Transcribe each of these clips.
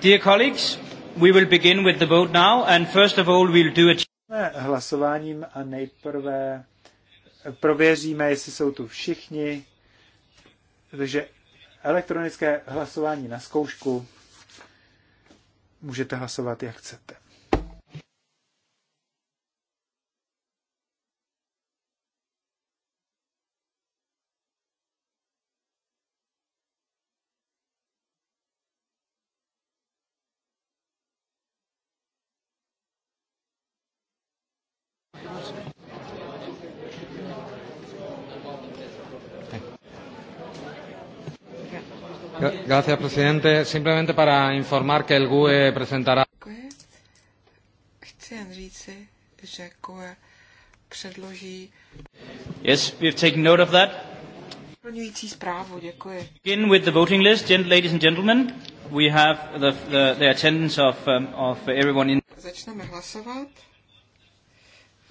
Dear colleagues, we will begin with the vote now and first of all we'll do a hlasováním a nejprve prověříme, jestli jsou tu všichni. Takže elektronické hlasování na zkoušku můžete hlasovat, jak chcete. Gracias, presidente. Simplemente para informar que el GUE presentará. Děkuji. Chci jen e Yes, we've taken note of that. Begin with the voting list, ladies and gentlemen. We have the, the, the attendance of, um, of everyone in. Začneme hlasovat.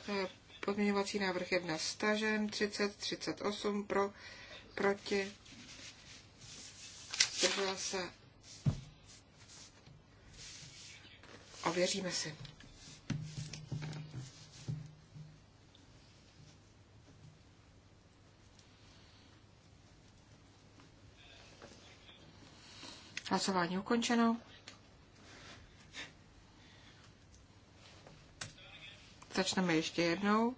E, podměňovací návrh je v nás stažen, 30, 38 pro, proti zdržel se, ověříme si. Hlasování ukončeno. Začneme ještě jednou.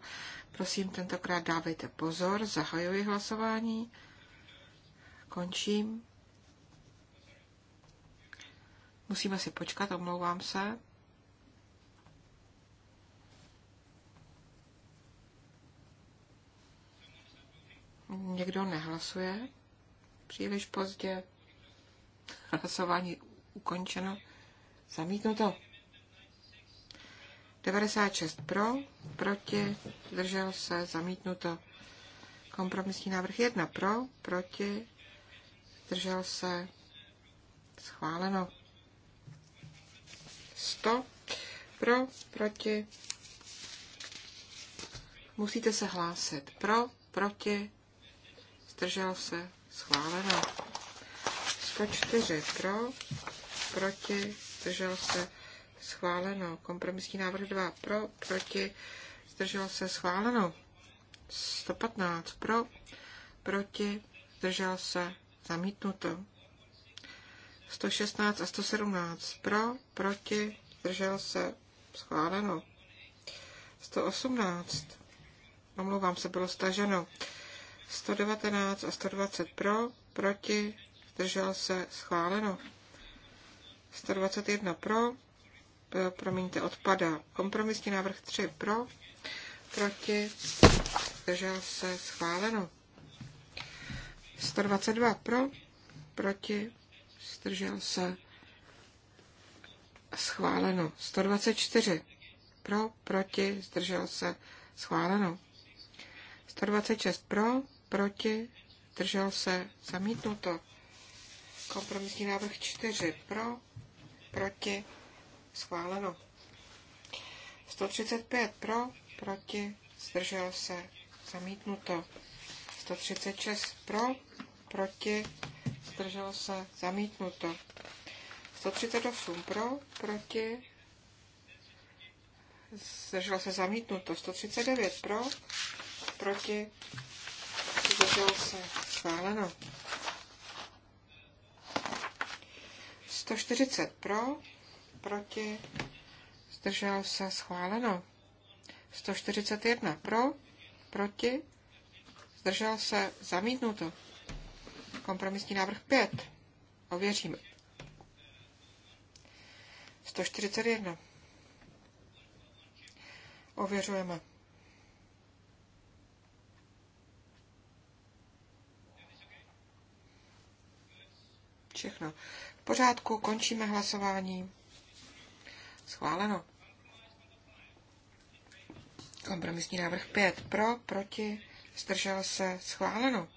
Prosím, tentokrát dávejte pozor. Zahajuji hlasování. Končím. Musíme si počkat, omlouvám se. Někdo nehlasuje příliš pozdě. Hlasování ukončeno. Zamítnuto. 96 pro, proti, zdržel se, zamítnuto. Kompromisní návrh 1 pro, proti, zdržel se, schváleno. 100 pro, proti. Musíte se hlásit. Pro, proti. Zdržel se. Schváleno. 104 pro, proti. Zdržel se. Schváleno. Kompromisní návrh 2 pro, proti. Zdržel se. Schváleno. 115 pro, proti. Zdržel se. Zamítnuto. 116 a 117 pro, proti, zdržel se, schváleno. 118, omlouvám se, bylo staženo. 119 a 120 pro, proti, zdržel se, schváleno. 121 pro, eh, promiňte, odpada. Kompromisní návrh 3 pro, proti, zdržel se, schváleno. 122 pro, proti, zdržel se, schváleno. 124 pro, proti, zdržel se, schváleno. 126 pro, proti, zdržel se, zamítnuto. Kompromisní návrh 4 pro, proti, schváleno. 135 pro, proti, zdržel se, zamítnuto. 136 pro, proti, zdrželo se, zamítnuto. 138 pro, proti, zdrželo se, zamítnuto. 139 pro, proti, zdrželo se, schváleno. 140 pro, proti, zdrželo se, schváleno. 141 pro, proti, zdrželo se, zamítnuto. Kompromisní návrh 5. Ověříme. 141. Ověřujeme. Všechno. V pořádku, končíme hlasování. Schváleno. Kompromisní návrh 5. Pro, proti, zdržel se, schváleno.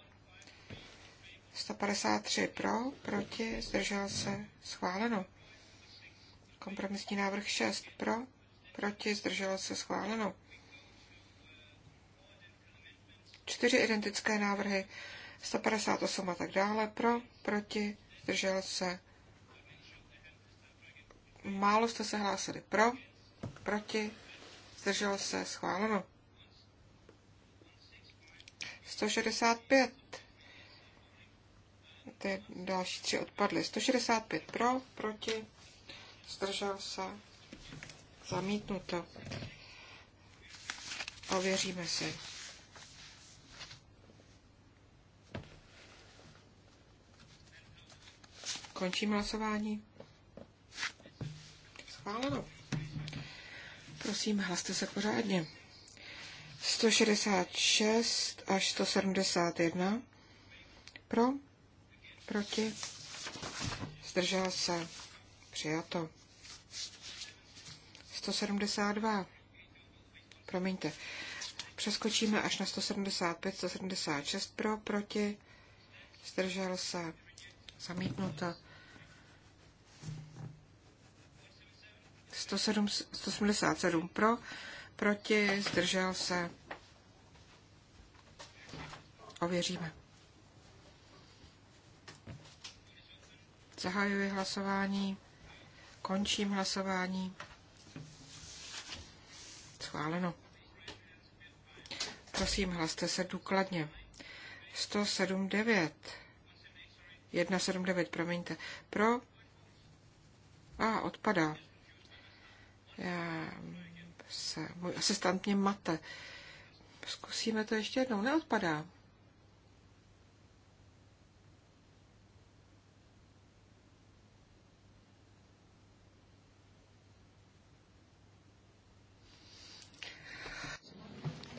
153 pro, proti, zdržel se, schváleno. Kompromisní návrh 6 pro, proti, zdrželo se, schváleno. Čtyři identické návrhy 158 a tak dále pro, proti, zdržel se. Málo jste se hlásili pro, proti, zdrželo se, schváleno. 165 ty další tři odpadly. 165 pro, proti, zdržel se, zamítnuto. Ověříme si. Končím hlasování. Schváleno. Prosím, hlaste se pořádně. 166 až 171 pro proti, zdržel se, přijato. 172, promiňte, přeskočíme až na 175, 176 pro, proti, zdržel se, zamítnuto. 177 pro, proti, zdržel se, ověříme. Zahajuji hlasování. Končím hlasování. Schváleno. Prosím, hlaste se důkladně. 179. 179, promiňte. Pro. A, odpadá. Já se, můj asistent mě mate. Zkusíme to ještě jednou. Neodpadá.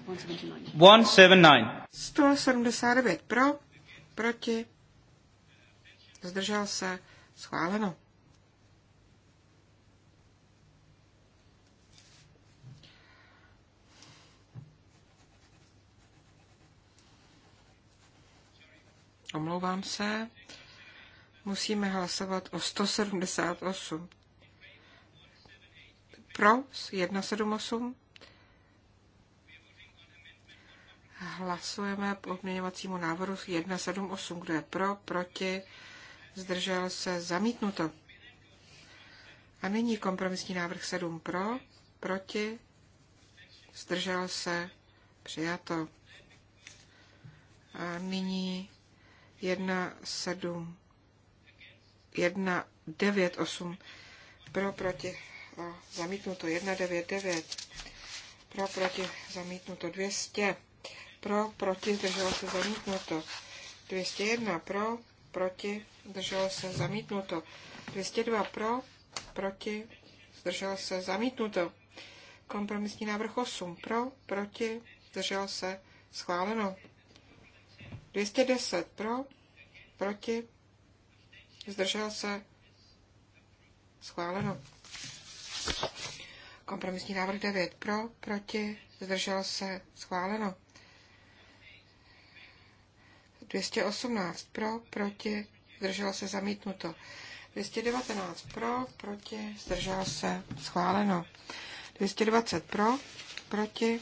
179. 179 pro, proti, zdržel se, schváleno. Omlouvám se. Musíme hlasovat o 178. Pro 178, Hlasujeme pozměňovacímu návrhu 178. Kdo je pro, proti, zdržel se, zamítnuto. A nyní kompromisní návrh 7 pro, proti, zdržel se, přijato. A nyní 1, 7, 1, 9, 8 pro, proti, zamítnuto 1, 9, 9 pro, proti, zamítnuto 200 pro, proti, zdrželo se zamítnuto. 201 pro, proti, zdrželo se zamítnuto. 202 pro, proti, zdrželo se zamítnuto. Kompromisní návrh 8 pro, proti, zdrželo se schváleno. 210 pro, proti, zdržel se, schváleno. Kompromisní návrh 9 pro, proti, zdržel se, schváleno. 218 pro, proti, zdržel se zamítnuto. 219 pro, proti, zdržel se schváleno. 220 pro, proti,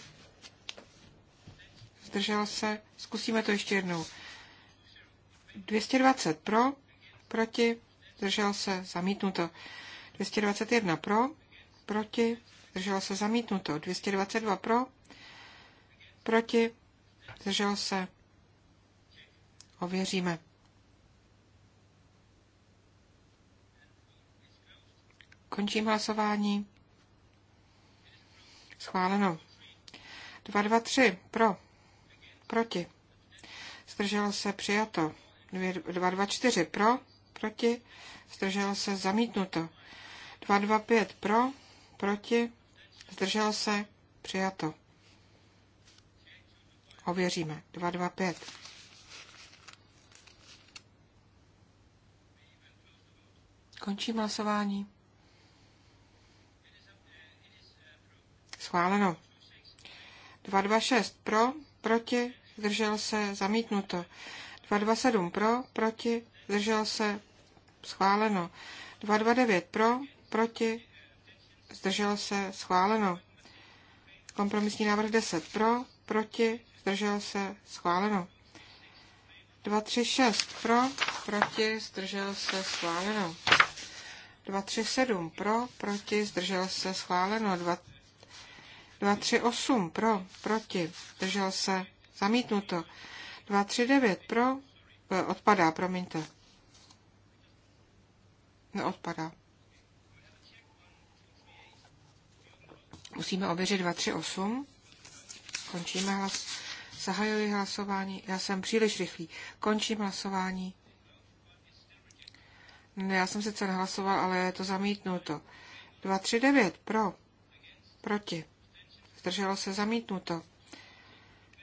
zdržel se, zkusíme to ještě jednou. 220 pro, proti, zdržel se, zamítnuto. 221 pro, proti, zdržel se, zamítnuto. 222 pro, proti, zdržel se, ověříme. Končím hlasování. Schváleno. 3. pro. Proti. Zdrželo se přijato. 4. pro. Proti. Zdrželo se zamítnuto. 5. pro. Proti. Zdrželo se přijato. Ověříme. 5. Končím hlasování. Schváleno. 226 pro, proti, zdržel se, zamítnuto. 227 pro, proti, zdržel se, schváleno. 229 pro, proti, zdržel se, schváleno. Kompromisní návrh 10 pro, proti, zdržel se, schváleno. 236 pro, proti, zdržel se, schváleno. 237 pro, proti, zdržel se, schváleno. 238 pro, proti, zdržel se, zamítnuto. 239 pro, eh, odpadá, promiňte. Neodpadá. Musíme ověřit 238. Končíme hlas. Zahajuji hlasování. Já jsem příliš rychlý. Končím hlasování. Já jsem sice nehlasoval, ale je to zamítnuto. 239 pro, proti, zdrželo se zamítnuto.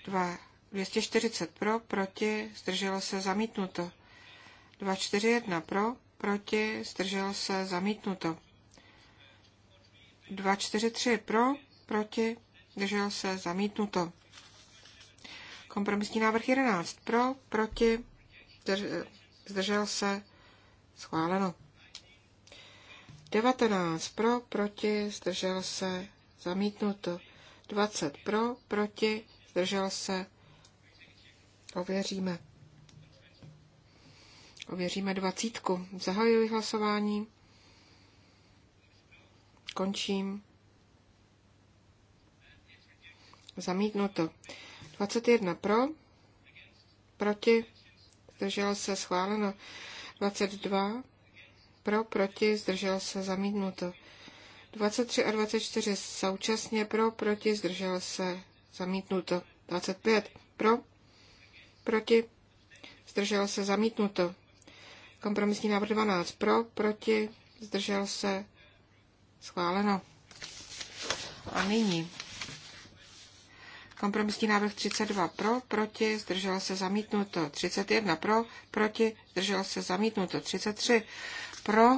2, 240 pro, proti, zdrželo se zamítnuto. 241 pro, proti, zdrželo se zamítnuto. 243 pro, proti, zdrželo se zamítnuto. Kompromisní návrh 11 pro, proti, Zdrželo se zamítnuto. Schváleno. 19 pro, proti, zdržel se, zamítnuto. 20 pro, proti, zdržel se, ověříme. Ověříme dvacítku. Zahajuji hlasování. Končím. Zamítnuto. 21 pro, proti, zdržel se, schváleno. 22 pro, proti, zdržel se, zamítnuto. 23 a 24 současně pro, proti, zdržel se, zamítnuto. 25 pro, proti, zdržel se, zamítnuto. Kompromisní návrh 12 pro, proti, zdržel se, schváleno. A nyní Kompromisní návrh 32 pro, proti, zdržel se zamítnuto. 31 pro, proti, zdržel se zamítnuto. 33 pro,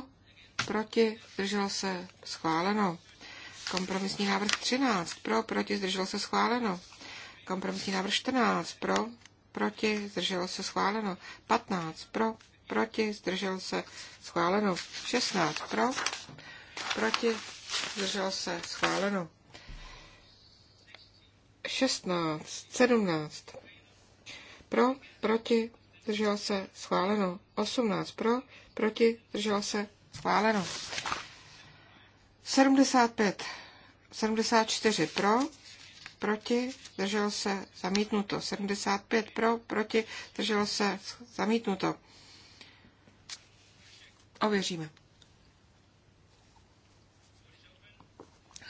proti, zdržel se schváleno. Kompromisní návrh 13 pro, proti, zdržel se schváleno. Kompromisní návrh 14 pro, proti, zdržel se schváleno. 15 pro, proti, zdržel se schváleno. 16 pro, proti, zdržel se schváleno. 16, 17 pro, proti, držel se, schváleno. 18 pro, proti, držel se, schváleno. 75, 74 pro, proti, držel se, zamítnuto. 75 pro, proti, držel se, zamítnuto. Ověříme.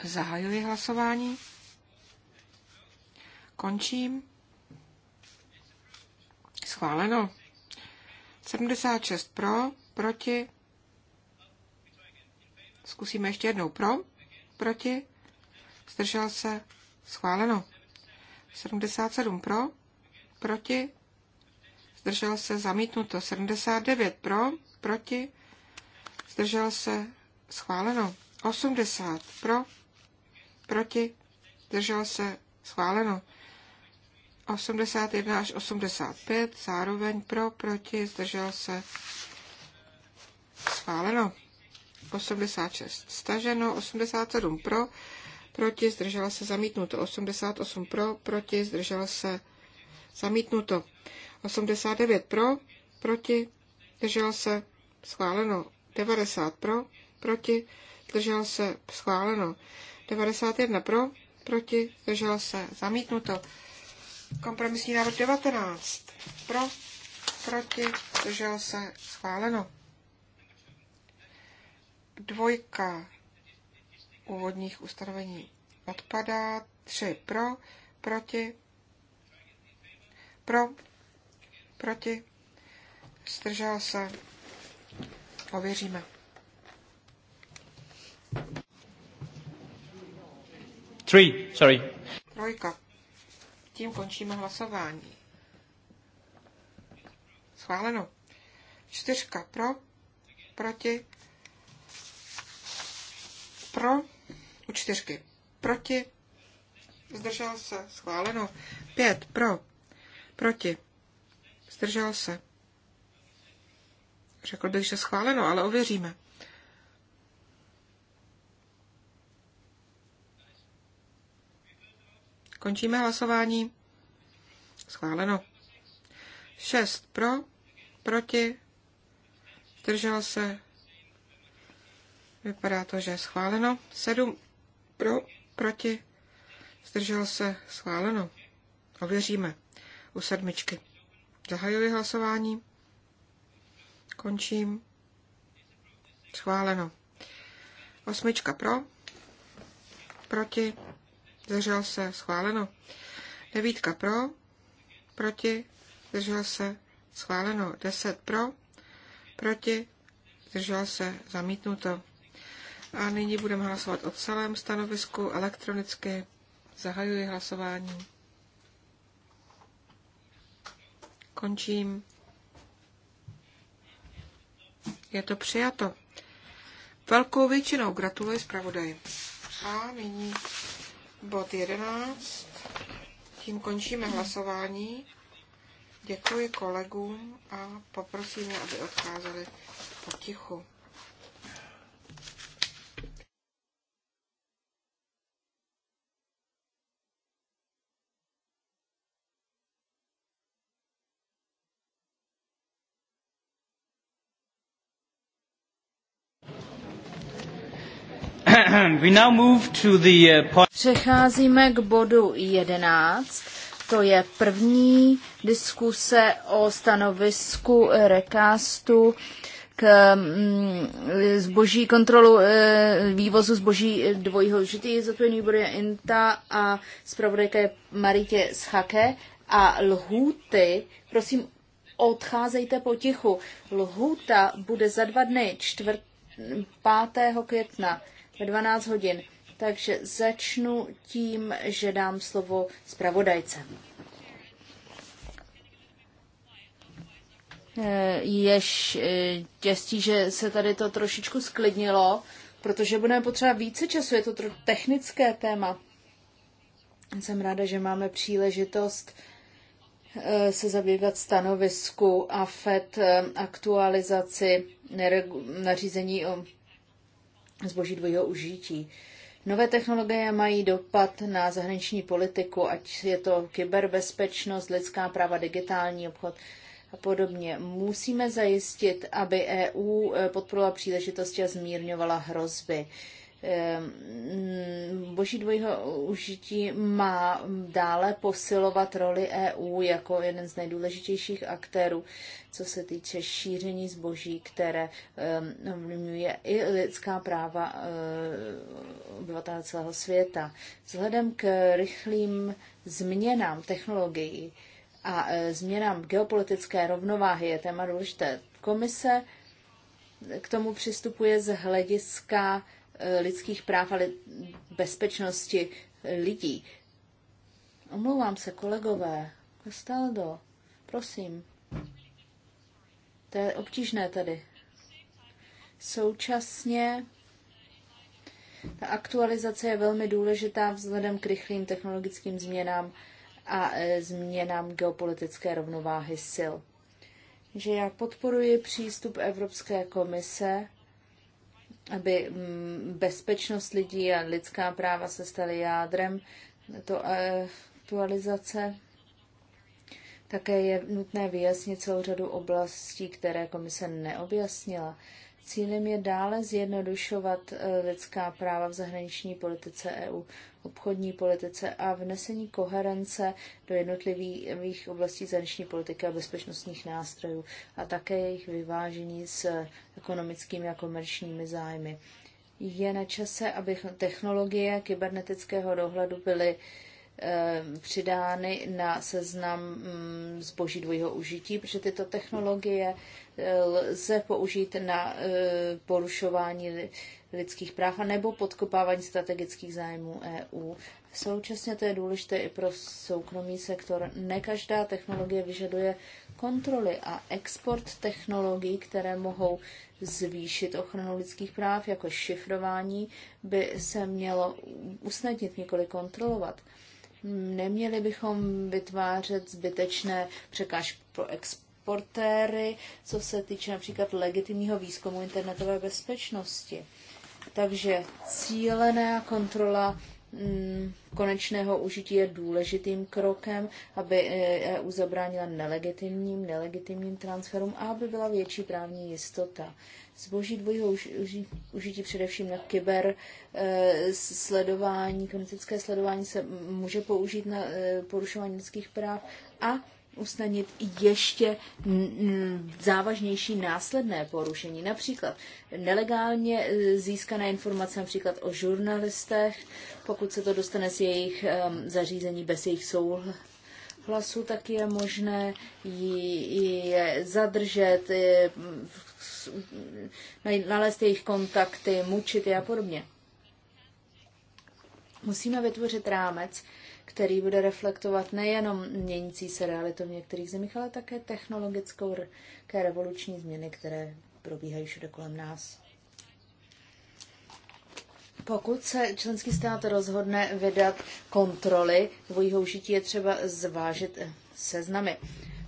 Zahajuji hlasování. Končím. Schváleno. 76 pro, proti. Zkusíme ještě jednou pro, proti. Zdržel se. Schváleno. 77 pro, proti. Zdržel se zamítnuto. 79 pro, proti. Zdržel se. Schváleno. 80 pro, proti. Zdržel se. Schváleno. 81 až 85, zároveň pro, proti, zdržel se, schváleno. 86 staženo, 87 pro, proti, zdržel se, zamítnuto. 88 pro, proti, zdržel se, zamítnuto. 89 pro, proti, zdržel se, schváleno. 90 pro, proti, zdržel se, schváleno. 91 pro, proti, zdržel se, zamítnuto. Kompromisní návrh 19. Pro, proti, zdržel se, schváleno. Dvojka úvodních ustanovení odpadá. Tři pro, proti, pro, proti, zdržel se, ověříme. Three, sorry. Trojka. Tím končíme hlasování. Schváleno. Čtyřka pro, proti, pro, u čtyřky, proti, zdržel se, schváleno. Pět pro, proti, zdržel se. Řekl bych, že schváleno, ale ověříme. Končíme hlasování. Schváleno. 6 pro, proti, zdržel se. Vypadá to, že je schváleno. 7 pro, proti, zdržel se. Schváleno. Ověříme. U sedmičky. Zahajuji hlasování. Končím. Schváleno. Osmička pro, proti, zdržel se, schváleno. Devítka pro, proti, zdržel se, schváleno. Deset pro, proti, zdržel se, zamítnuto. A nyní budeme hlasovat o celém stanovisku elektronicky. Zahajuji hlasování. Končím. Je to přijato. Velkou většinou gratuluji zpravodaji. A nyní bod 11. Tím končíme hlasování. Děkuji kolegům a poprosím je, aby odcházeli potichu. Uh, Přecházíme k bodu 11. To je první diskuse o stanovisku rekástu k mm, zboží, kontrolu eh, vývozu zboží dvojího užití. Zodpovědný výbor je INTA a zpravodajka je Maritě Schake. A lhůty, prosím, odcházejte potichu. Lhůta bude za dva dny, čtvrt, 5. května ve 12 hodin. Takže začnu tím, že dám slovo zpravodajce. Eh, jež eh, těstí, že se tady to trošičku sklidnilo, protože budeme potřebovat více času, je to tro- technické téma. Jsem ráda, že máme příležitost eh, se zabývat stanovisku a FED aktualizaci nařízení o zboží dvojího užití. Nové technologie mají dopad na zahraniční politiku, ať je to kyberbezpečnost, lidská práva, digitální obchod a podobně. Musíme zajistit, aby EU eh, podporovala příležitosti a zmírňovala hrozby. Ehm, boží dvojího užití má dále posilovat roli EU jako jeden z nejdůležitějších aktérů, co se týče šíření zboží, které ehm, ovlivňuje i lidská práva ehm, obyvatel celého světa. Vzhledem k rychlým změnám technologií a změnám geopolitické rovnováhy je téma důležité. Komise k tomu přistupuje z hlediska Eh, lidských práv, ale bezpečnosti lidí. Omlouvám se, kolegové. Castaldo, prosím. To je obtížné tady. Současně ta aktualizace je velmi důležitá vzhledem k rychlým technologickým změnám a eh, změnám geopolitické rovnováhy sil. Že já podporuji přístup Evropské komise aby mm, bezpečnost lidí a lidská práva se staly jádrem to eh, aktualizace. Také je nutné vyjasnit celou řadu oblastí, které komise neobjasnila. Cílem je dále zjednodušovat eh, lidská práva v zahraniční politice EU obchodní politice a vnesení koherence do jednotlivých oblastí zahraniční politiky a bezpečnostních nástrojů a také jejich vyvážení s ekonomickými a komerčními zájmy. Je na čase, aby technologie kybernetického dohledu byly Eh, přidány na seznam mm, zboží dvojího užití, protože tyto technologie eh, lze použít na eh, porušování lidských práv a nebo podkopávání strategických zájmů EU. Současně to je důležité i pro soukromý sektor. Ne každá technologie vyžaduje kontroly a export technologií, které mohou zvýšit ochranu lidských práv, jako šifrování, by se mělo usnadnit, nikoli kontrolovat. Neměli bychom vytvářet zbytečné překážky pro exportéry, co se týče například legitimního výzkumu internetové bezpečnosti. Takže cílená kontrola Mm, konečného užití je důležitým krokem, aby eh, EU zabránila nelegitimním, nelegitimním transferům a aby byla větší právní jistota. Zboží dvojího užití především na kyber eh, sledování, kinetické sledování se může použít na eh, porušování lidských práv a usnadnit ještě závažnější následné porušení. Například nelegálně e, získané informace například o žurnalistech, pokud se to dostane z jejich zařízení bez jejich souhlasu, tak je možné je zadržet, e, nalézt jejich kontakty, mučit je a podobně. Musíme vytvořit rámec, který bude reflektovat nejenom měnící se realitu v některých zemích, ale také technologickou ke revoluční změny, které probíhají všude kolem nás. Pokud se členský stát rozhodne vydat kontroly dvojího užití, je třeba zvážit eh, seznamy.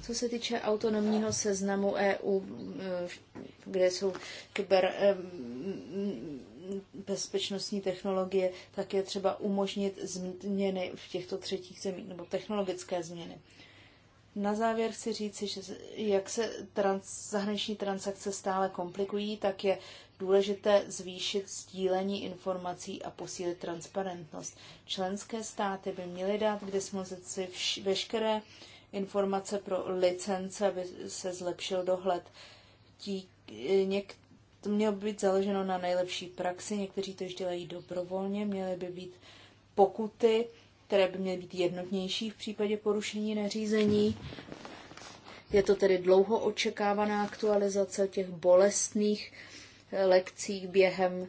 Co se týče autonomního seznamu EU, eh, kde jsou kyber eh, bezpečnostní technologie, tak je třeba umožnit změny v těchto třetích zemích nebo technologické změny. Na závěr chci říci, že jak se trans, zahraniční transakce stále komplikují, tak je důležité zvýšit sdílení informací a posílit transparentnost. Členské státy by měly dát k dispozici veškeré informace pro licence, aby se zlepšil dohled. Tí, něk, to mělo být založeno na nejlepší praxi, někteří to již dělají dobrovolně, měly by být pokuty, které by měly být jednotnější v případě porušení nařízení. Je to tedy dlouho očekávaná aktualizace těch bolestných eh, lekcí během um,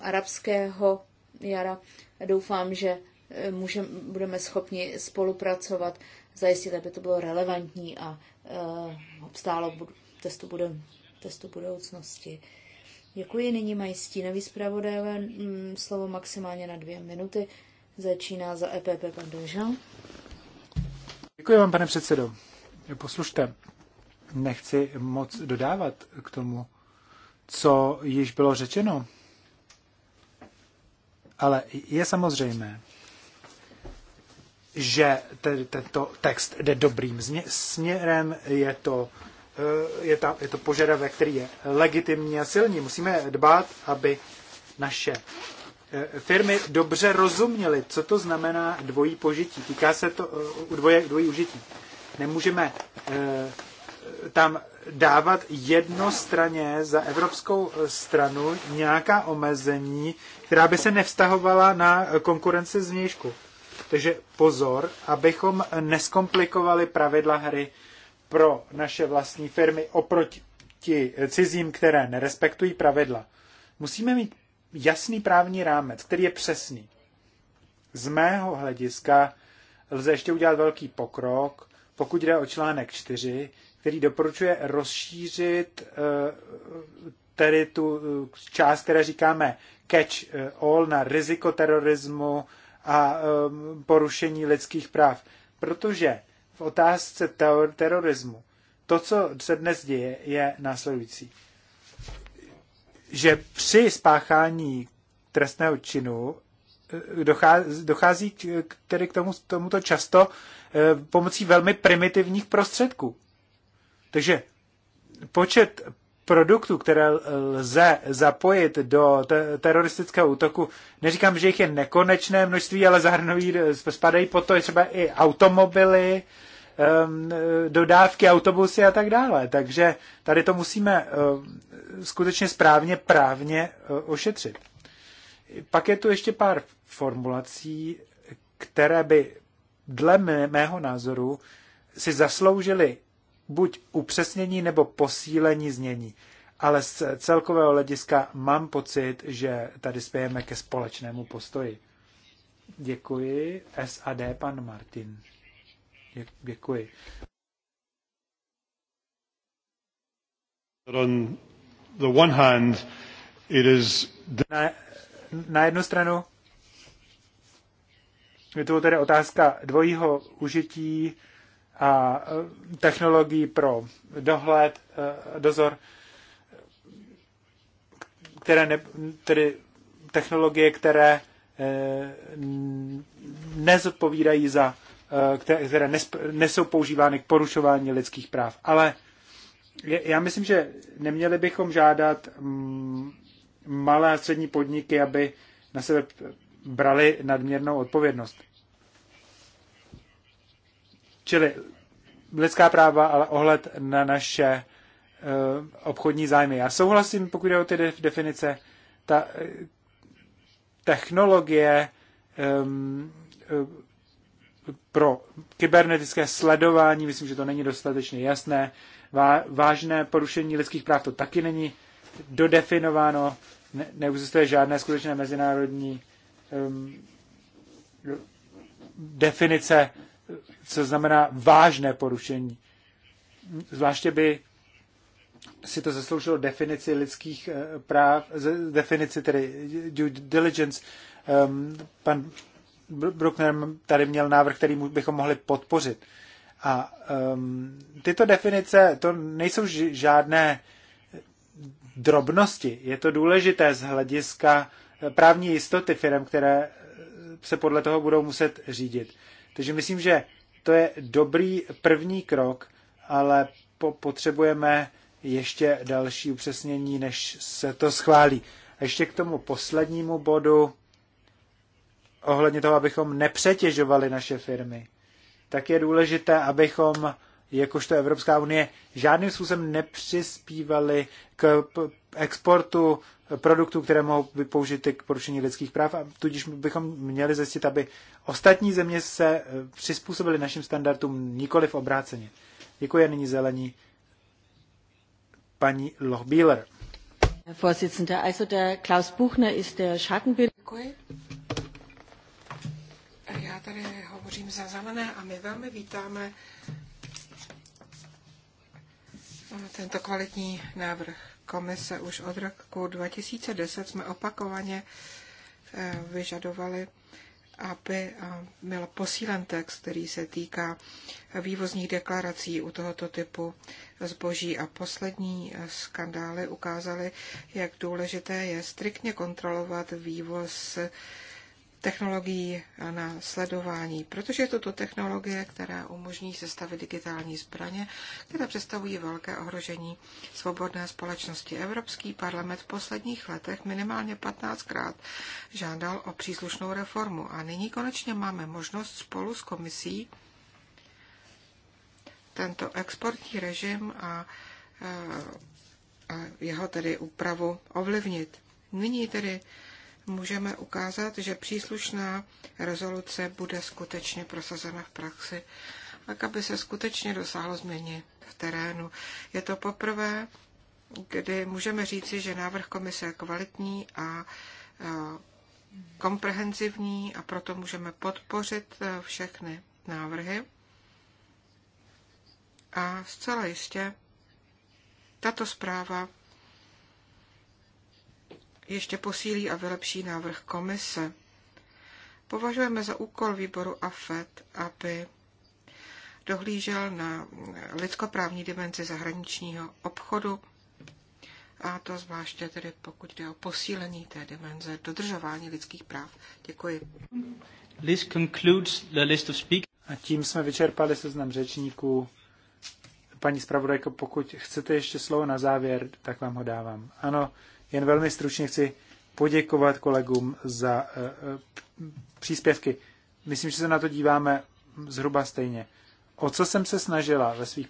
arabského jara. Doufám, že eh, můžem, budeme schopni spolupracovat, zajistit, aby to bylo relevantní a uh, obstálo testu bude testu budoucnosti. Děkuji, nyní mají stínový zpravodajové mm, slovo maximálně na dvě minuty. Začíná za EPP pan Dožal. Děkuji vám, pane předsedo. Poslušte, nechci moc dodávat k tomu, co již bylo řečeno. Ale je samozřejmé, že tento text jde dobrým směrem, je to je, ta, je to požadavek, který je legitimní a silný. Musíme dbát, aby naše eh, firmy dobře rozuměly, co to znamená dvojí požití. Týká se to u eh, dvoje, dvojí užití. Nemůžeme eh, tam dávat jednostraně za evropskou stranu nějaká omezení, která by se nevztahovala na konkurenci vnějšku. Takže pozor, abychom neskomplikovali pravidla hry pro naše vlastní firmy oproti cizím, které nerespektují pravidla. Musíme mít jasný právní rámec, který je přesný. Z mého hlediska lze ještě udělat velký pokrok, pokud jde o článek 4, který doporučuje rozšířit eh, tedy tu eh, část, které říkáme catch eh, all na riziko terorismu a porušení lidských práv. Protože v otázce teror, terorismu. To, co se dnes děje, je následující. Že při spáchání trestného činu eh, dochází, dochází k, tedy k tomu, tomuto často eh, pomocí velmi primitivních prostředků. Takže počet produktů, které lze zapojit do te- teroristického útoku, neříkám, že jich je nekonečné množství, ale zahrnují, spadají pod to třeba i automobily, dodávky, autobusy a tak dále. Takže tady to musíme eh, skutečně správně právně eh, ošetřit. Pak je tu ještě pár formulací, které by dle mého názoru si zasloužily buď upřesnění nebo posílení znění. Ale z celkového hlediska mám pocit, že tady spějeme ke společnému postoji. Děkuji. SAD, pan Martin. Děkuji. On the one hand, it is... na, na jednu stranu je to tedy otázka dvojího užití a e, technologií pro dohled, e, dozor, které ne, tedy technologie, které e, nezodpovídají za, které nesou používány k porušování lidských práv. Ale já myslím, že neměli bychom žádat malé a střední podniky, aby na sebe brali nadměrnou odpovědnost. Čili lidská práva, ale ohled na naše eh, obchodní zájmy. Já souhlasím, pokud jde o ty definice, ta eh, technologie um, pro kybernetické sledování, myslím, že to není dostatečně jasné. Vážné porušení lidských práv to taky není dodefinováno, ne, neexistuje žádné skutečné mezinárodní um, definice co znamená vážné porušení. Zvláště by si to zasloužilo definici lidských eh, práv, definici tedy due diligence. Ehm, pan Bruckner tady měl návrh, který bychom mohli podpořit. A ehm, tyto definice, to nejsou žádné drobnosti. Je to důležité z hlediska eh, právní jistoty firm, které eh, se podle toho budou muset řídit. Takže myslím, že to je dobrý první krok, ale po- potřebujeme ještě další upřesnění, než se to schválí. A ještě k tomu poslednímu bodu, ohledně toho, abychom nepřetěžovali naše firmy, tak je důležité, abychom jakožto Evropská unie žádným způsobem nepřispívali k exportu produktů, které mohou být použity k porušení lidských práv a tudíž bychom měli zjistit, aby ostatní země se eh, přizpůsobily našim standardům nikoli v obráceně. Děkuji nyní zelení paní Lochbíler. also der Klaus Buchner ist der Schattenbild. Děkuji. Já tady hovořím za zelené a my velmi vítáme eh, tento kvalitní návrh komise už od roku 2010 jsme opakovaně eh, vyžadovali, aby eh, byl posílen text, který se týká vývozních deklarací u tohoto typu zboží. A poslední eh, skandály ukázaly, jak důležité je striktně kontrolovat vývoz technologií na sledování, protože je toto technologie, která umožní sestavit digitální zbraně, které představují velké ohrožení svobodné společnosti. Evropský parlament v posledních letech minimálně 15krát žádal o příslušnou reformu a nyní konečně máme možnost spolu s komisí tento exportní režim a, a jeho tedy úpravu ovlivnit. Nyní tedy můžeme ukázat, že příslušná rezoluce bude skutečně prosazena v praxi, tak aby se skutečně dosáhlo změny v terénu. Je to poprvé, kdy můžeme říci, že návrh komise je kvalitní a e, komprehenzivní a proto můžeme podpořit e, všechny návrhy. A zcela jistě tato zpráva ještě posílí a vylepší návrh komise. Považujeme za úkol výboru AFET, aby dohlížel na lidskoprávní dimenzi zahraničního obchodu, a to zvláště tedy pokud jde o posílení té dimenze dodržování lidských práv. Děkuji. This concludes the list of speak. A tím jsme vyčerpali seznam řečníků. Paní zpravodajko, pokud chcete ještě slovo na závěr, tak vám ho dávám. Ano, jen velmi stručně chci poděkovat kolegům za eh, eh, příspěvky. Myslím, že se na to díváme zhruba stejně. O co jsem se snažila ve svých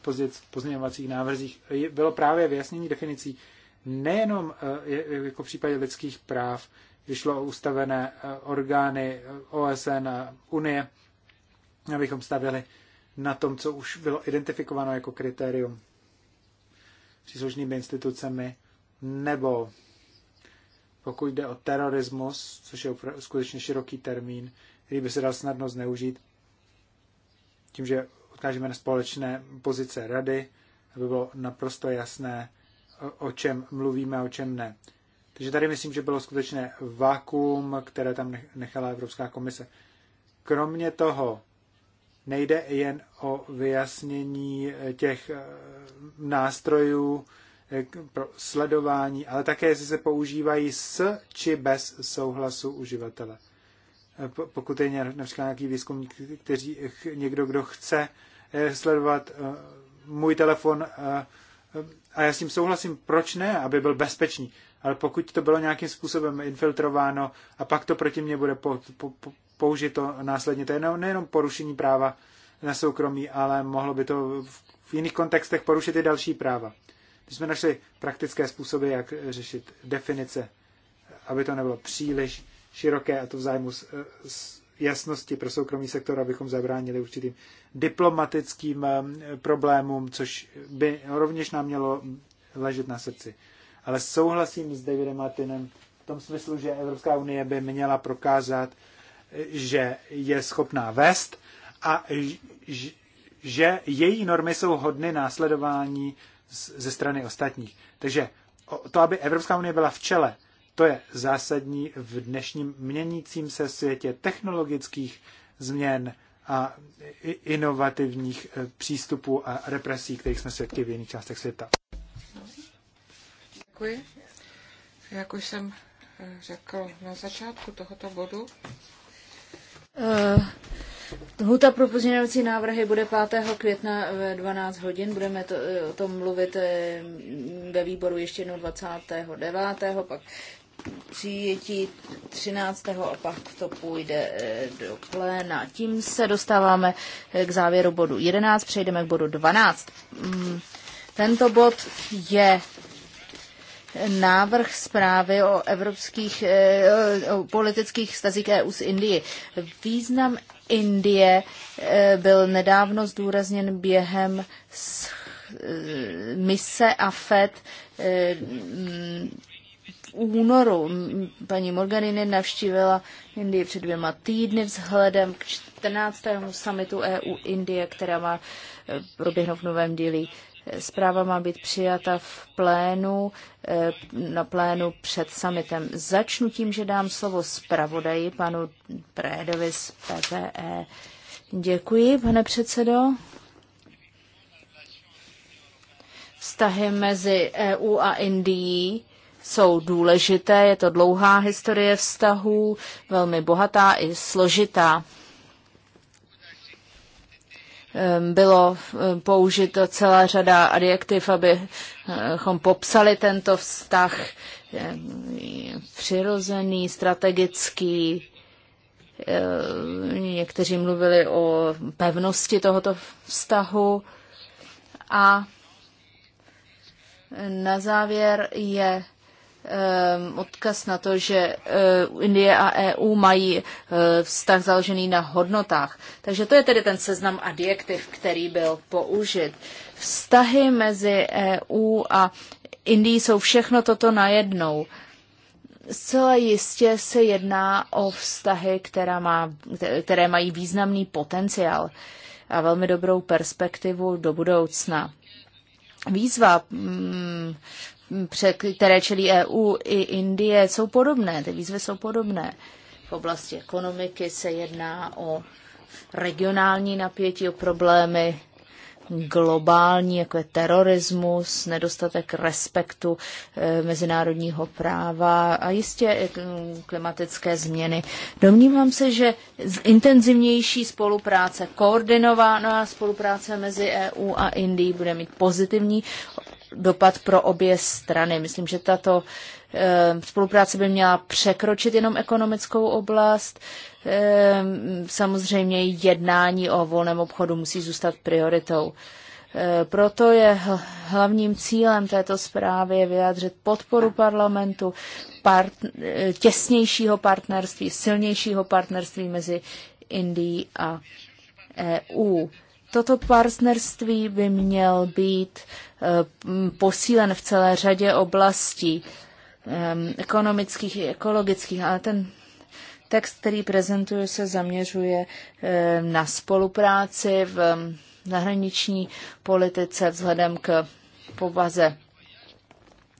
pozměňovacích návrzích, bylo právě vyjasnění definicí nejenom eh, jako v případě lidských práv, když šlo o ustavené orgány OSN a Unie, abychom stavěli na tom, co už bylo identifikováno jako kritérium příslušnými institucemi nebo pokud jde o terorismus, což je skutečně široký termín, který by se dal snadno zneužít, tím, že odkážeme na společné pozice rady, aby bylo naprosto jasné, o čem mluvíme a o čem ne. Takže tady myslím, že bylo skutečné vakuum, které tam nechala Evropská komise. Kromě toho nejde jen o vyjasnění eh, těch eh, nástrojů, Eh, pro sledování, ale také jestli se používají s či bez souhlasu uživatele. Eh, pokud je například nějaký výzkumník, kteří, eh, někdo, kdo chce sledovat můj telefon a já s tím souhlasím, proč ne, aby byl bezpečný. Ale pokud to bylo nějakým způsobem infiltrováno a pak to proti mě bude po, po, použito následně, to je nejenom porušení práva na soukromí, ale mohlo by to v jiných kontextech porušit i další práva. Když jsme našli praktické způsoby, jak řešit definice, aby to nebylo příliš široké a to v zájmu jasnosti pro soukromý sektor, abychom zabránili určitým diplomatickým eh, problémům, což by rovněž nám mělo ležet na srdci. Ale souhlasím s Davidem Martinem v tom smyslu, že Evropská unie by měla prokázat, že je schopná vést a že její normy jsou hodny následování ze strany ostatních. Takže to, aby Evropská unie byla v čele, to je zásadní v dnešním měnícím se světě technologických změn a inovativních e, přístupů a represí, kterých jsme svědky v jiných částech světa. Děkuji. Jak už jsem e, řekl na začátku tohoto bodu, eh, Huta pro pozměňovací návrhy bude 5. května ve 12 hodin. Budeme to, eh, o tom mluvit eh, ve výboru ještě jednou 29. pak přijetí 13. a pak to půjde eh, do pléna. Tím se dostáváme k závěru bodu 11, přejdeme k bodu 12. Mm, tento bod je návrh zprávy o evropských o politických stazích EU s Indii. Význam Indie eh, byl nedávno zdůrazněn během eh, mise AFED eh, v únoru. Paní Morganini navštívila Indii před dvěma týdny vzhledem k 14. samitu EU Indie, která má proběhnout v Novém dílí. Zpráva má být přijata v plénu, eh, na plénu před summitem. Začnu tím, že dám slovo zpravodaji panu Prédovi z PPE. Děkuji, pane předsedo. Vztahy mezi EU a Indií jsou důležité, je to dlouhá historie vztahů, velmi bohatá i složitá bylo eh, použito celá řada adjektiv, abychom eh, popsali tento vztah přirozený, strategický. Někteří mluvili o pevnosti tohoto vztahu. A na závěr je Ehm, odkaz na to, že eh, Indie a EU mají eh, vztah založený na hodnotách. Takže to je tedy ten seznam adjektiv, který byl použit. Vztahy mezi EU a Indií jsou všechno toto najednou. Zcela jistě se jedná o vztahy, která má, které mají významný potenciál a velmi dobrou perspektivu do budoucna. Výzva mm, které čelí EU i Indie, jsou podobné, ty výzvy jsou podobné. V oblasti ekonomiky se jedná o regionální napětí, o problémy globální, jako je terorismus, nedostatek respektu eh, mezinárodního práva a jistě mm, klimatické změny. Domnívám se, že intenzivnější spolupráce, koordinovaná spolupráce mezi EU a Indií bude mít pozitivní dopad pro obě strany. Myslím, že tato eh, spolupráce by měla překročit jenom ekonomickou oblast. Eh, samozřejmě jednání o volném obchodu musí zůstat prioritou. Eh, proto je hlavním cílem této zprávy vyjádřit podporu parlamentu, part, těsnějšího partnerství, silnějšího partnerství mezi Indií a EU. Toto partnerství by měl být eh, posílen v celé řadě oblastí ehm, ekonomických i ekologických, ale ten text, který prezentuje, se zaměřuje ehm, na spolupráci v zahraniční politice vzhledem k povaze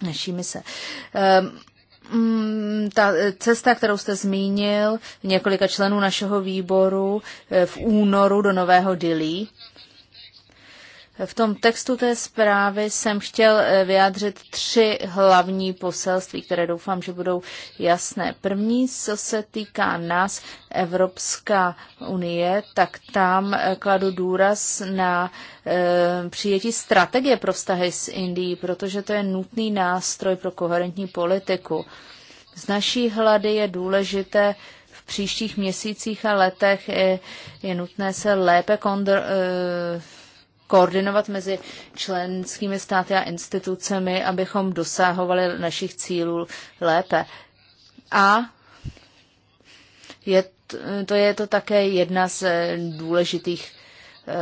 naší mise. Ehm, Mm, ta cesta, kterou jste zmínil, několika členů našeho výboru eh, v únoru do Nového Dilí, v tom textu té zprávy jsem chtěl eh, vyjádřit tři hlavní poselství, které doufám, že budou jasné. První, co se týká nás, Evropská unie, tak tam eh, kladu důraz na e, přijetí strategie pro vztahy s Indií, protože to je nutný nástroj pro koherentní politiku. Z naší hlady je důležité v příštích měsících a letech je, je nutné se lépe E, koordinovat mezi členskými státy a institucemi, abychom dosahovali našich cílů lépe. A je, to je to také jedna z eh, důležitých eh,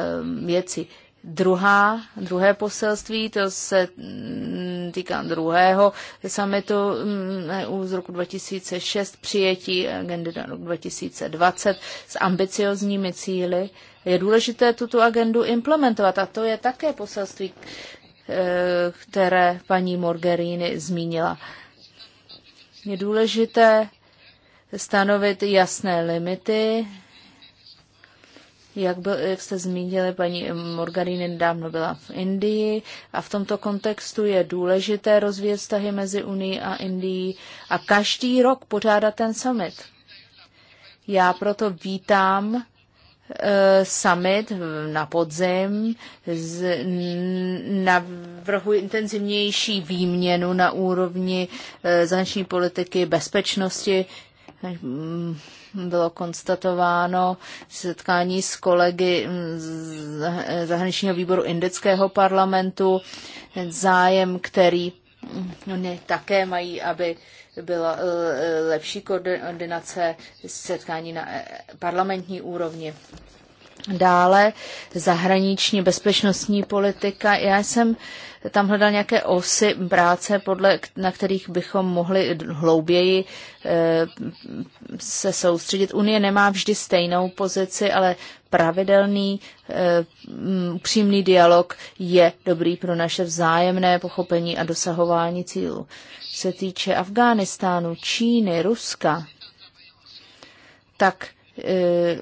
věcí. Druhá, druhé poselství, to se mm, týká druhého samitu mm, EU z roku 2006, přijetí agendy do roku 2020 s ambiciozními cíly je důležité tuto agendu implementovat a to je také poselství, eh, které paní Morgerini zmínila. Je důležité stanovit jasné limity. Jak, byl, jak jste zmínili, paní Morgarini nedávno byla v Indii a v tomto kontextu je důležité rozvíjet vztahy mezi Unii a Indií a každý rok pořádat ten summit. Já proto vítám Eh, summit na podzim z, navrhuji intenzivnější výměnu na úrovni eh, zahraniční politiky, bezpečnosti. Mm, bylo konstatováno setkání s kolegy mm, z zahraničního výboru indického parlamentu, zájem, který oni také mají, aby byla eh, lepší koordinace setkání na eh, parlamentní úrovni. Dále zahraniční bezpečnostní politika. Já jsem tam hledal nějaké osy práce, podle, na kterých bychom mohli hlouběji eh, se soustředit. Unie nemá vždy stejnou pozici, ale pravidelný, eh, upřímný dialog je dobrý pro naše vzájemné pochopení a dosahování cílů. Se týče Afghánistánu, Číny, Ruska, tak eh,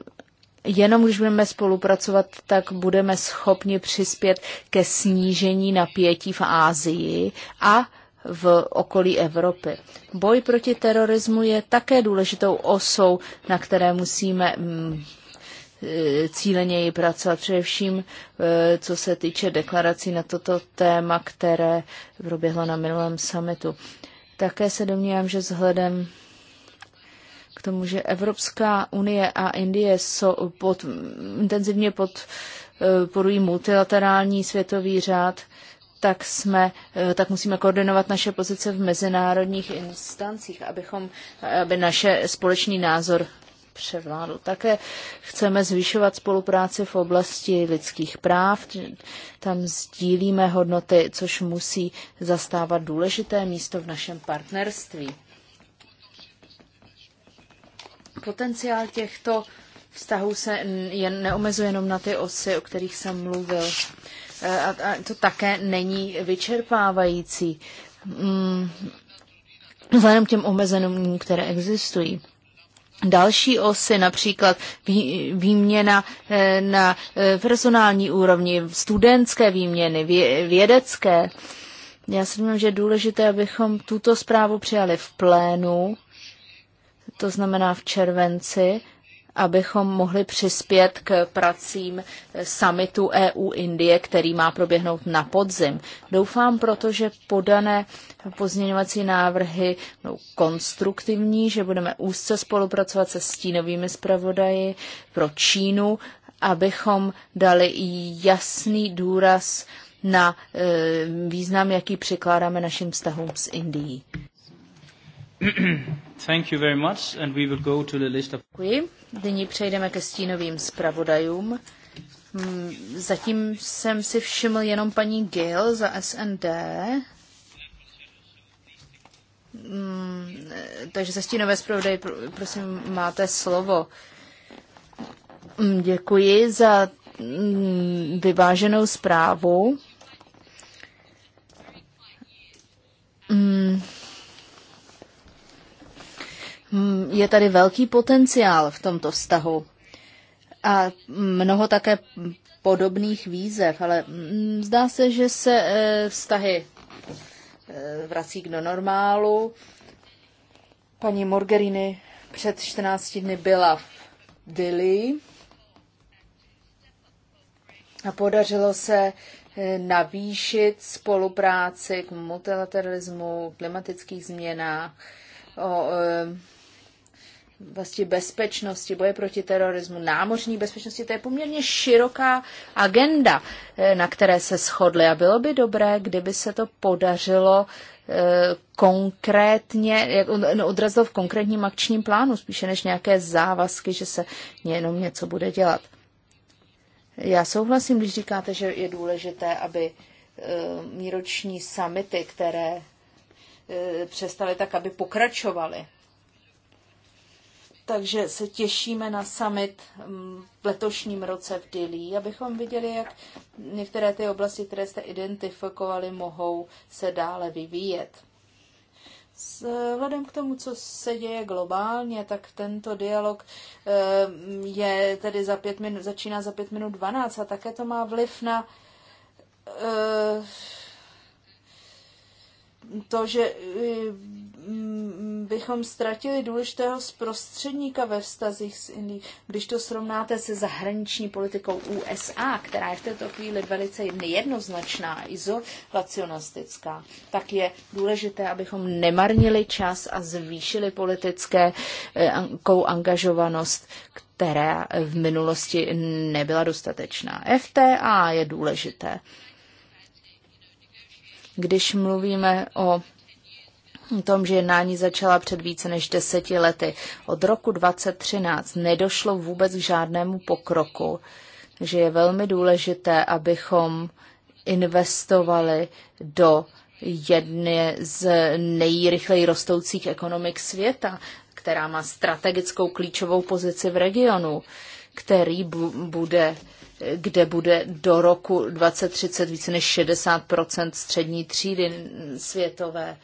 Jenom když budeme spolupracovat, tak budeme schopni přispět ke snížení napětí v Ázii a v okolí Evropy. Boj proti terorismu je také důležitou osou, na které musíme mm, e, cíleněji pracovat, především e, co se týče deklarací na toto téma, které proběhlo na minulém summitu. Také se domnívám, že vzhledem tomu, že Evropská unie a Indie jsou pod, intenzivně podporují eh, multilaterální světový řád, tak, jsme, eh, tak musíme koordinovat naše pozice v mezinárodních instancích, abychom, aby naše společný názor převládl. Také chceme zvyšovat spolupráci v oblasti lidských práv, tam sdílíme hodnoty, což musí zastávat důležité místo v našem partnerství. Potenciál těchto vztahů se jen neomezuje jenom na ty osy, o kterých jsem mluvil. E, a, to také není vyčerpávající. Mm, vzhledem k těm omezeným, které existují. Další osy, například výměna e, na e, personální úrovni, studentské výměny, vědecké. Já si myslím, že je důležité, abychom tuto zprávu přijali v plénu to znamená v červenci, abychom mohli přispět k pracím summitu EU-Indie, který má proběhnout na podzim. Doufám proto, že podané pozměňovací návrhy budou konstruktivní, že budeme úzce spolupracovat se stínovými zpravodaji pro Čínu, abychom dali jasný důraz na e, význam, jaký přikládáme našim vztahům s Indií. Thank you very much and we will go to the list of... Děkuji. Nyní přejdeme ke stínovým zpravodajům. Hmm, zatím jsem si všiml jenom paní Gill za SND. Hmm, takže za stínové zpravodaj, prosím, máte slovo. Hmm, děkuji za vyváženou zprávu. Hmm, je tady velký potenciál v tomto vztahu a mnoho také podobných výzev, ale hmm, zdá se, že se eh, vztahy eh, vrací k normálu. Paní Morgerini před 14 dny byla v Dili a podařilo se eh, navýšit spolupráci k multilateralismu, klimatických změnách, o vlastně bezpečnosti, boje proti terorismu, námořní bezpečnosti, to je poměrně široká agenda, eh, na které se shodly. A bylo by dobré, kdyby se to podařilo eh, konkrétně, no, odrazilo v konkrétním akčním plánu, spíše než nějaké závazky, že se jenom něco bude dělat. Já souhlasím, když říkáte, že je důležité, aby eh, míroční samity, které přestaly, tak aby pokračovaly takže se těšíme na summit mm, v letošním roce v Dili, abychom viděli, jak některé ty oblasti, které jste identifikovali, mohou se dále vyvíjet. Eh, vzhledem k tomu, co se děje globálně, tak tento dialog eh, je tedy za pět minut, začíná za pět minut 12 a také to má vliv na eh, to, že Mm, bychom ztratili důležitého zprostředníka ve vztazích s Indií, když to srovnáte se zahraniční politikou USA, která je v této chvíli velice nejednoznačná, izolacionistická, tak je důležité, abychom nemarnili čas a zvýšili politické eh, angažovanost, která v minulosti nebyla dostatečná. FTA je důležité. Když mluvíme o tom, že jednání začala před více než deseti lety. Od roku 2013 nedošlo vůbec k žádnému pokroku, takže je velmi důležité, abychom investovali do jedné z nejrychleji rostoucích ekonomik světa, která má strategickou klíčovou pozici v regionu, který bu- bude kde bude do roku 2030 více než 60 střední třídy světové.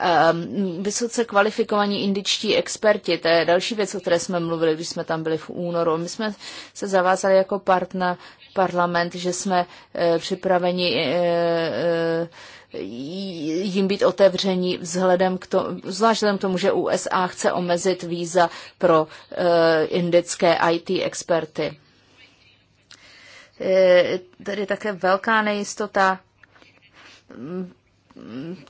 Ehm, vysoce kvalifikovaní indičtí experti, to je další věc, o které jsme mluvili, když jsme tam byli v únoru. My jsme se zavázali jako partner parlament, že jsme eh, připraveni eh, eh, jim být otevření vzhledem k tomu, zvlášť k tomu, že USA chce omezit víza pro indické IT experty. Tady také velká nejistota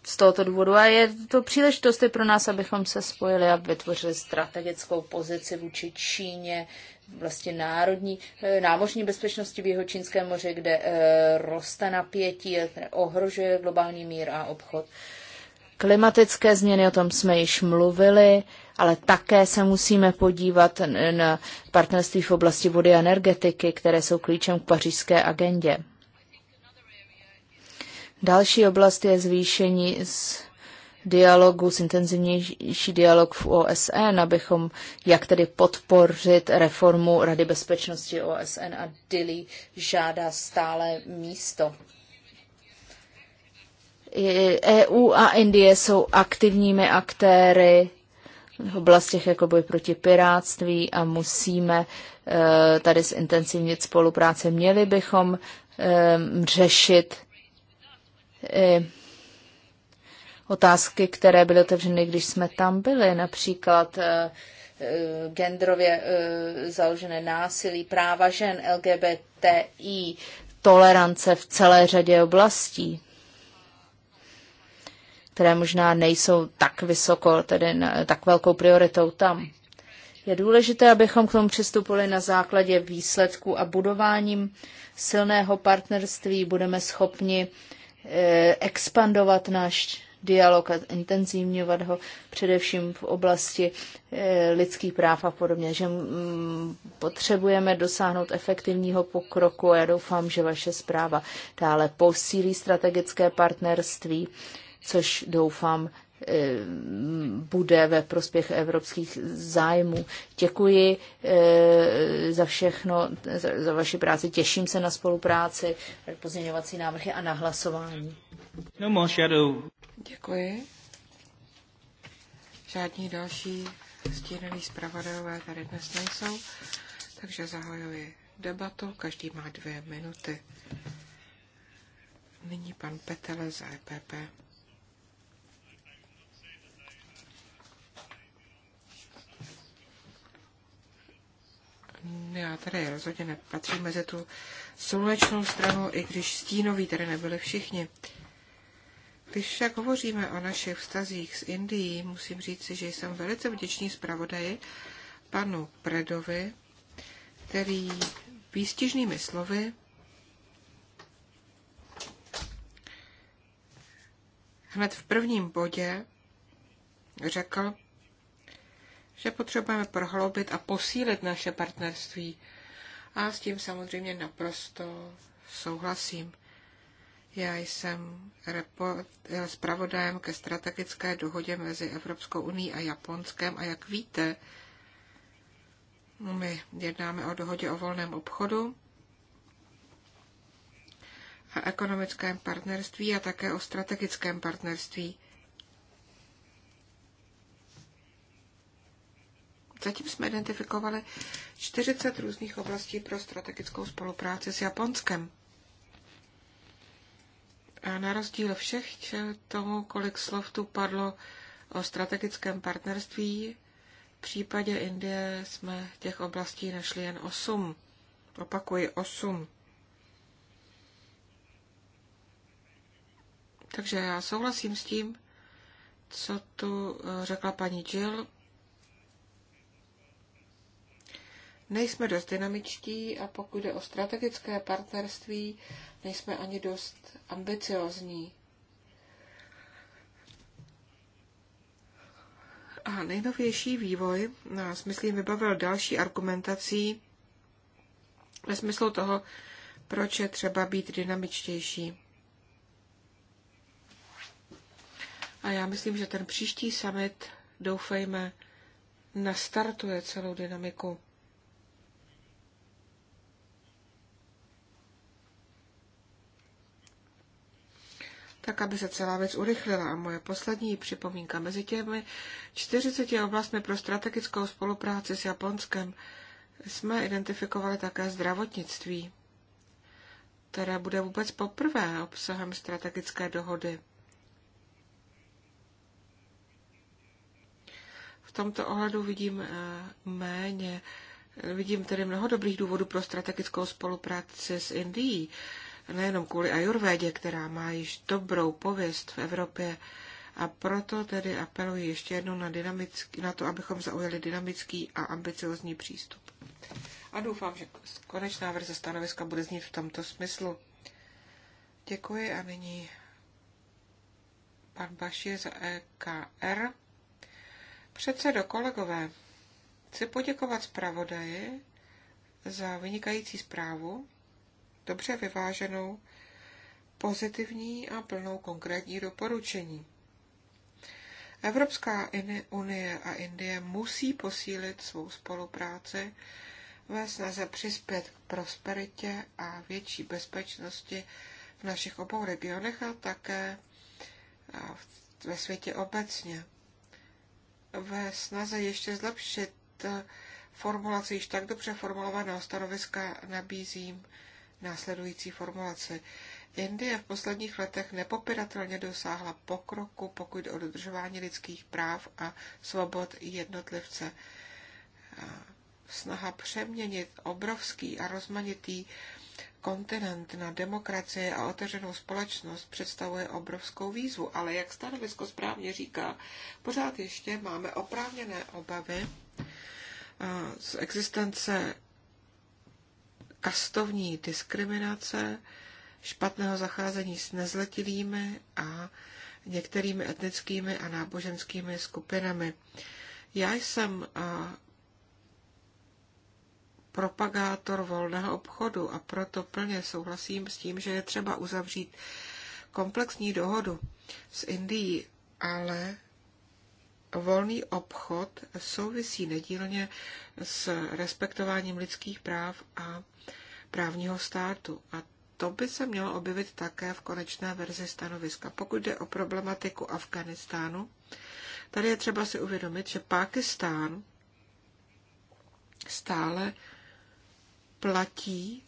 z tohoto důvodu a je to příležitost pro nás, abychom se spojili a vytvořili strategickou pozici vůči Číně, vlastně národní, eh, námořní bezpečnosti v jeho Čínském moře, kde eh, roste napětí, eh, ohrožuje globální mír a obchod. Klimatické změny, o tom jsme již mluvili, ale také se musíme podívat na partnerství v oblasti vody a energetiky, které jsou klíčem k pařížské agendě. Další oblast je zvýšení z dialogu, intenzivnější dialog v OSN, abychom jak tedy podpořit reformu Rady bezpečnosti OSN a Dili žádá stále místo. EU e a Indie jsou aktivními aktéry v oblastech jako boj proti piráctví a musíme eh, tady zintenzivnit spolupráce. Měli bychom eh, řešit otázky, které byly otevřeny, když jsme tam byli, například e, e, genderově e, založené násilí, práva žen, LGBTI, tolerance v celé řadě oblastí, které možná nejsou tak vysoko, tedy na, tak velkou prioritou tam. Je důležité, abychom k tomu přistupovali na základě výsledků a budováním silného partnerství budeme schopni uh, Eh, expandovat náš dialog a intenzivňovat ho především v oblasti eh, lidských práv a podobně, že mm, potřebujeme dosáhnout efektivního pokroku a já doufám, že vaše zpráva dále posílí strategické partnerství, což doufám Eh, bude ve prospěch evropských zájmů. Děkuji eh, za všechno, za, vaši práci, těším se na spolupráci, pozměňovací návrhy a na hlasování. No more shadow. Děkuji. Žádní další stínoví zpravodajové tady dnes nejsou, takže zahajuji debatu. Každý má dvě minuty. Nyní pan Petele za EPP. já tady rozhodně nepatřím mezi tu slunečnou stranu, i když stínoví tady nebyli všichni. Když však hovoříme o našich vztazích s Indií, musím říci, že jsem velice vděčný zpravodaji panu Predovi, který výstižnými slovy hned v prvním bodě řekl, že potřebujeme prohloubit a posílit naše partnerství. A s tím samozřejmě naprosto souhlasím. Já jsem zpravodajem ke strategické dohodě mezi Evropskou uní a Japonskem a jak víte, my jednáme o dohodě o volném obchodu a ekonomickém partnerství a také o strategickém partnerství. Zatím jsme identifikovali 40 různých oblastí pro strategickou spolupráci s Japonskem. A na rozdíl všech tomu, kolik slov tu padlo o strategickém partnerství, v případě Indie jsme těch oblastí našli jen 8. Opakuji, 8. Takže já souhlasím s tím, co tu eh, řekla paní Jill. nejsme dost dynamičtí a pokud je o strategické partnerství, nejsme ani dost ambiciozní. A nejnovější vývoj nás, myslím, vybavil další argumentací ve smyslu toho, proč je třeba být dynamičtější. A já myslím, že ten příští summit, doufejme, nastartuje celou dynamiku. tak aby se celá věc urychlila. A moje poslední připomínka mezi těmi 40 oblastmi pro strategickou spolupráci s Japonskem jsme identifikovali také zdravotnictví, které bude vůbec poprvé obsahem strategické dohody. V tomto ohledu vidím eh, méně eh, Vidím tedy mnoho dobrých důvodů pro strategickou spolupráci s Indií nejenom kvůli ajurvédě, která má již dobrou pověst v Evropě, a proto tedy apeluji ještě jednou na, dynamický, na to, abychom zaujali dynamický a ambiciozní přístup. A doufám, že konečná verze stanoviska bude znít v tomto smyslu. Děkuji a nyní pan Bašir za EKR. Předsedo, kolegové, chci poděkovat zpravodaji za vynikající zprávu dobře vyváženou, pozitivní a plnou konkrétní doporučení. Evropská unie a Indie musí posílit svou spolupráci ve snaze přispět k prosperitě a větší bezpečnosti v našich obou regionech a také ve světě obecně. Ve snaze ještě zlepšit formulaci již tak dobře formulovaného stanoviska nabízím následující formulaci. Indie v posledních letech nepopiratelně dosáhla pokroku, pokud o dodržování lidských práv a svobod jednotlivce. Snaha přeměnit obrovský a rozmanitý kontinent na demokracii a otevřenou společnost představuje obrovskou výzvu, ale jak stanovisko správně říká, pořád ještě máme oprávněné obavy z existence kastovní diskriminace, špatného zacházení s nezletilými a některými etnickými a náboženskými skupinami. Já jsem propagátor volného obchodu a proto plně souhlasím s tím, že je třeba uzavřít komplexní dohodu s Indií, ale volný obchod souvisí nedílně s respektováním lidských práv a právního státu. A to by se mělo objevit také v konečné verzi stanoviska. Pokud jde o problematiku Afganistánu, tady je třeba si uvědomit, že Pákistán stále platí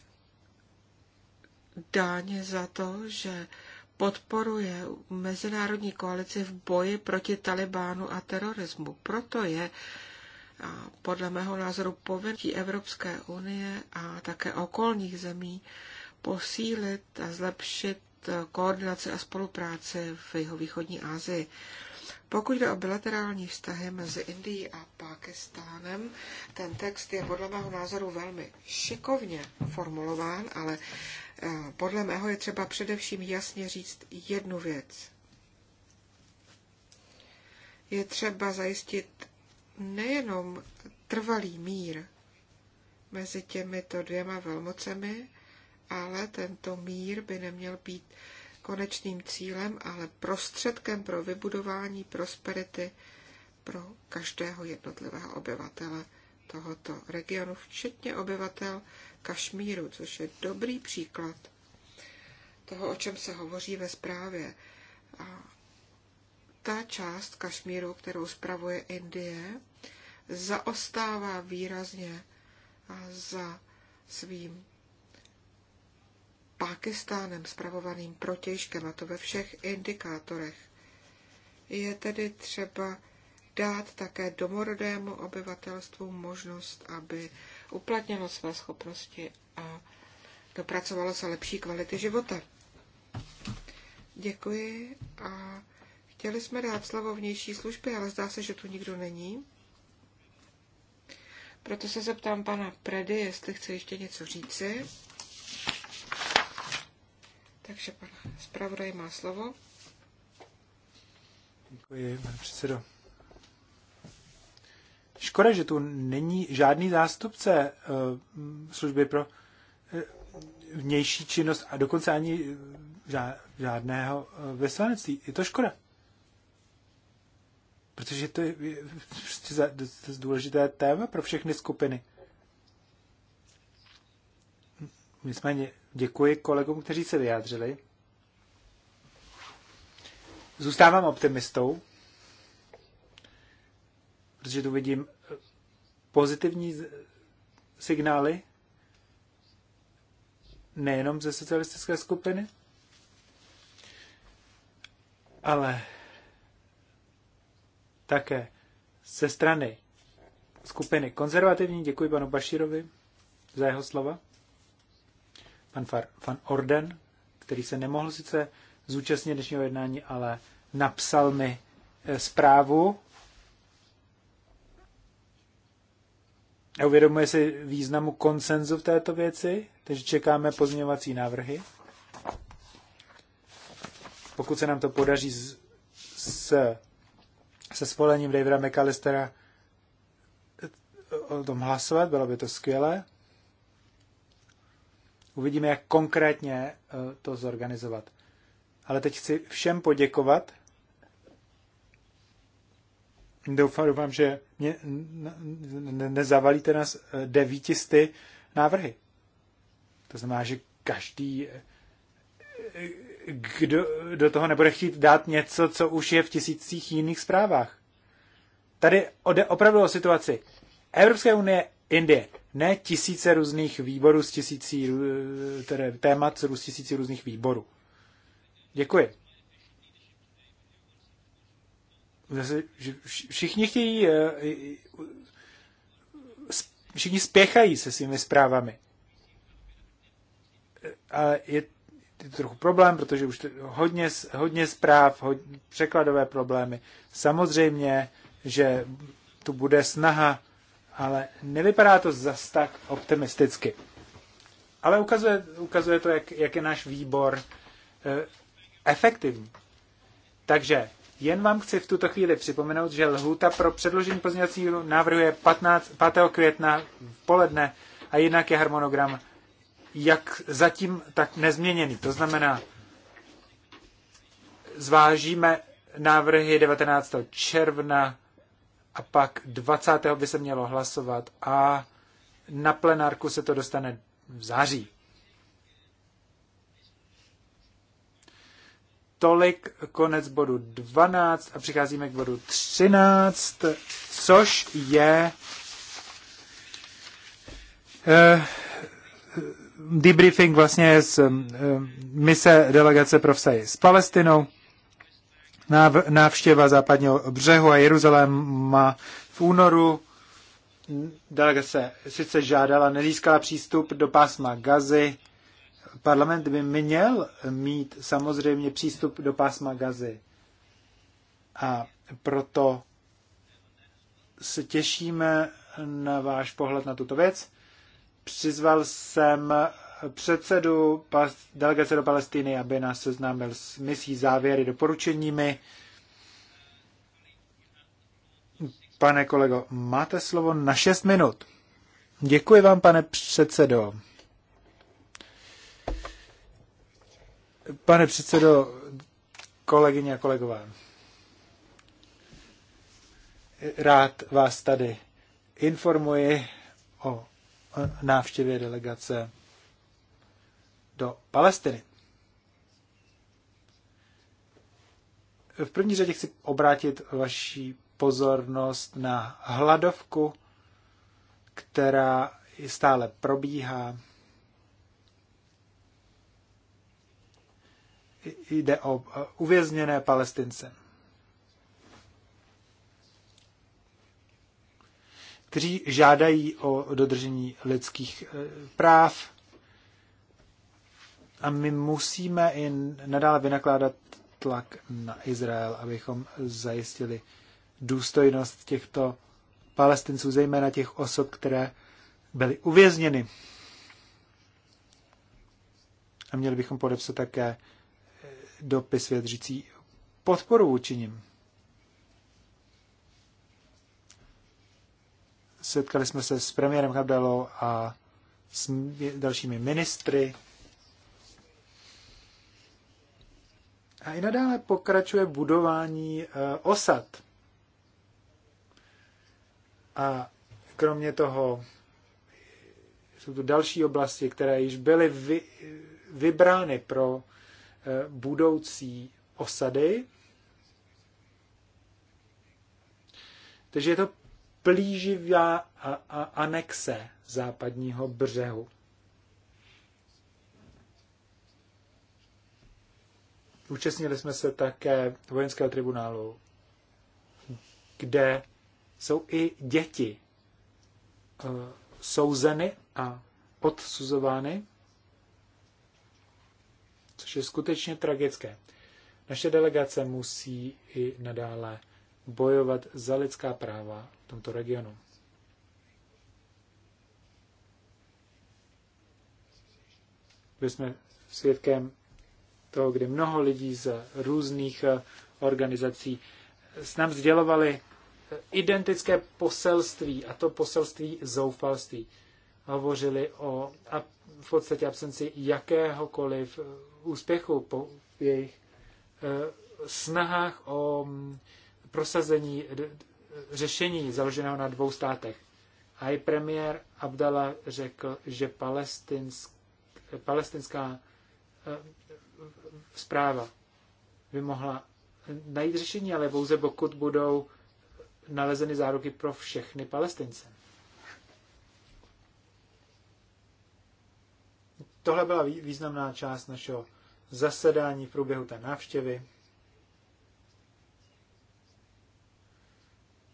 dáně za to, že podporuje mezinárodní koalici v boji proti Talibánu a terorismu. Proto je podle mého názoru povinností Evropské unie a také okolních zemí posílit a zlepšit koordinaci a spolupráci v jeho východní Asii. Pokud jde o bilaterální vztahy mezi Indií a Pákistánem, ten text je podle mého názoru velmi šikovně formulován, ale Eh, podle mého je třeba především jasně říct jednu věc. Je třeba zajistit nejenom trvalý mír mezi těmito dvěma velmocemi, ale tento mír by neměl být konečným cílem, ale prostředkem pro vybudování prosperity pro každého jednotlivého obyvatele tohoto regionu, včetně obyvatel Kašmíru, což je dobrý příklad toho, o čem se hovoří ve zprávě. A ta část Kašmíru, kterou spravuje Indie, zaostává výrazně za svým Pákistánem spravovaným protějškem, a to ve všech indikátorech. Je tedy třeba dát také domorodému obyvatelstvu možnost, aby uplatnilo své schopnosti a dopracovalo se lepší kvality života. Děkuji a chtěli jsme dát slovo vnější služby, ale zdá se, že tu nikdo není. Proto se zeptám pana Predy, jestli chce ještě něco říci. Takže pan zpravodaj má slovo. Děkuji, pane předsedo. Škoda, že tu není žádný zástupce eh, služby pro eh, vnější činnost a dokonce ani eh, žádného vyslanectví. Je to škoda. Protože to je prostě důležité téma pro všechny skupiny. Nicméně děkuji kolegům, kteří se vyjádřili. Zůstávám optimistou protože tu vidím eh, pozitivní signály, nejenom ze socialistické skupiny, ale také ze strany skupiny konzervativní. Děkuji panu Bašírovi za jeho slova. Pan Far, van Orden, který se nemohl sice zúčastnit dnešního jednání, ale napsal mi eh, zprávu A uvědomuje si významu konsenzu v této věci, takže čekáme pozměňovací návrhy. Pokud se nám to podaří s, s, se spolením Davida McAllistera eh, o tom hlasovat, bylo by to skvělé. Uvidíme, jak konkrétně eh, to zorganizovat. Ale teď chci všem poděkovat Doufám, doufám že mě nezavalíte nás devítisty návrhy. To znamená, že každý, eh, kdo do toho nebude chtít dát něco, co už je v tisících jiných zprávách. Tady jde opravdu o situaci. Evropské unie, Indie, ne tisíce různých výborů z tisící, eh, tedy témat z tisící různých výborů. Děkuji. zase, že všichni chtějí, eh, všichni spěchají se svými zprávami. Eh, A je, je to trochu problém, protože už hodně, hodně zpráv, hodně, překladové problémy. Samozřejmě, že tu bude snaha, ale nevypadá to zas tak optimisticky. Ale ukazuje, ukazuje to, jak, jak je náš výbor eh, efektivní. Takže jen vám chci v tuto chvíli připomenout, že lhůta pro předložení pozměňovacího návrhu je 15, 5. května v poledne a jinak je harmonogram jak zatím, tak nezměněný. To znamená, zvážíme návrhy 19. června a pak 20. by se mělo hlasovat a na plenárku se to dostane v září. Tolik konec bodu 12 a přicházíme k bodu 13, což je eh, debriefing vlastně z eh, mise delegace pro vztahy s Palestinou, Náv, návštěva západního břehu a Jeruzaléma v únoru. Delegace sice žádala, nezískala přístup do pásma Gazy, parlament by měl mít samozřejmě přístup do pásma gazy. A proto se těšíme na váš pohled na tuto věc. Přizval jsem předsedu delegace do Palestiny, aby nás seznámil s misí závěry doporučeními. Pane kolego, máte slovo na 6 minut. Děkuji vám, pane předsedo. Pane předsedo, kolegyně a kolegové, rád vás tady informuji o návštěvě delegace do Palestiny. V první řadě chci obrátit vaši pozornost na hladovku, která stále probíhá jde o eh, uvězněné palestince, kteří žádají o dodržení lidských eh, práv a my musíme i nadále vynakládat tlak na Izrael, abychom zajistili důstojnost těchto palestinců, zejména těch osob, které byly uvězněny. A měli bychom podepsat také dopis vědřící podporu učiním. Setkali jsme se s premiérem Kabdelou a s dalšími ministry. A i nadále pokračuje budování eh, osad. A kromě toho jsou tu další oblasti, které již byly vy, vybrány pro Eh, budoucí osady. Takže je to plíživá a, anexe západního břehu. Účastnili jsme se také vojenského tribunálu, kde jsou i děti eh, souzeny a odsuzovány což je skutečně tragické. Naše delegace musí i nadále bojovat za lidská práva v tomto regionu. Byli jsme svědkem toho, kdy mnoho lidí z různých eh, organizací s nám sdělovali eh, identické poselství, a to poselství zoufalství. Hovořili o v podstatě absenci jakéhokoliv eh, úspěchu po jejich eh, snahách o mm, prosazení řešení založeného na dvou státech. A i premiér Abdala řekl, že palestinsk, palestinská eh, zpráva by mohla najít řešení, ale pouze pokud budou nalezeny záruky pro všechny palestince. Tohle byla významná část našeho zasedání v průběhu té návštěvy.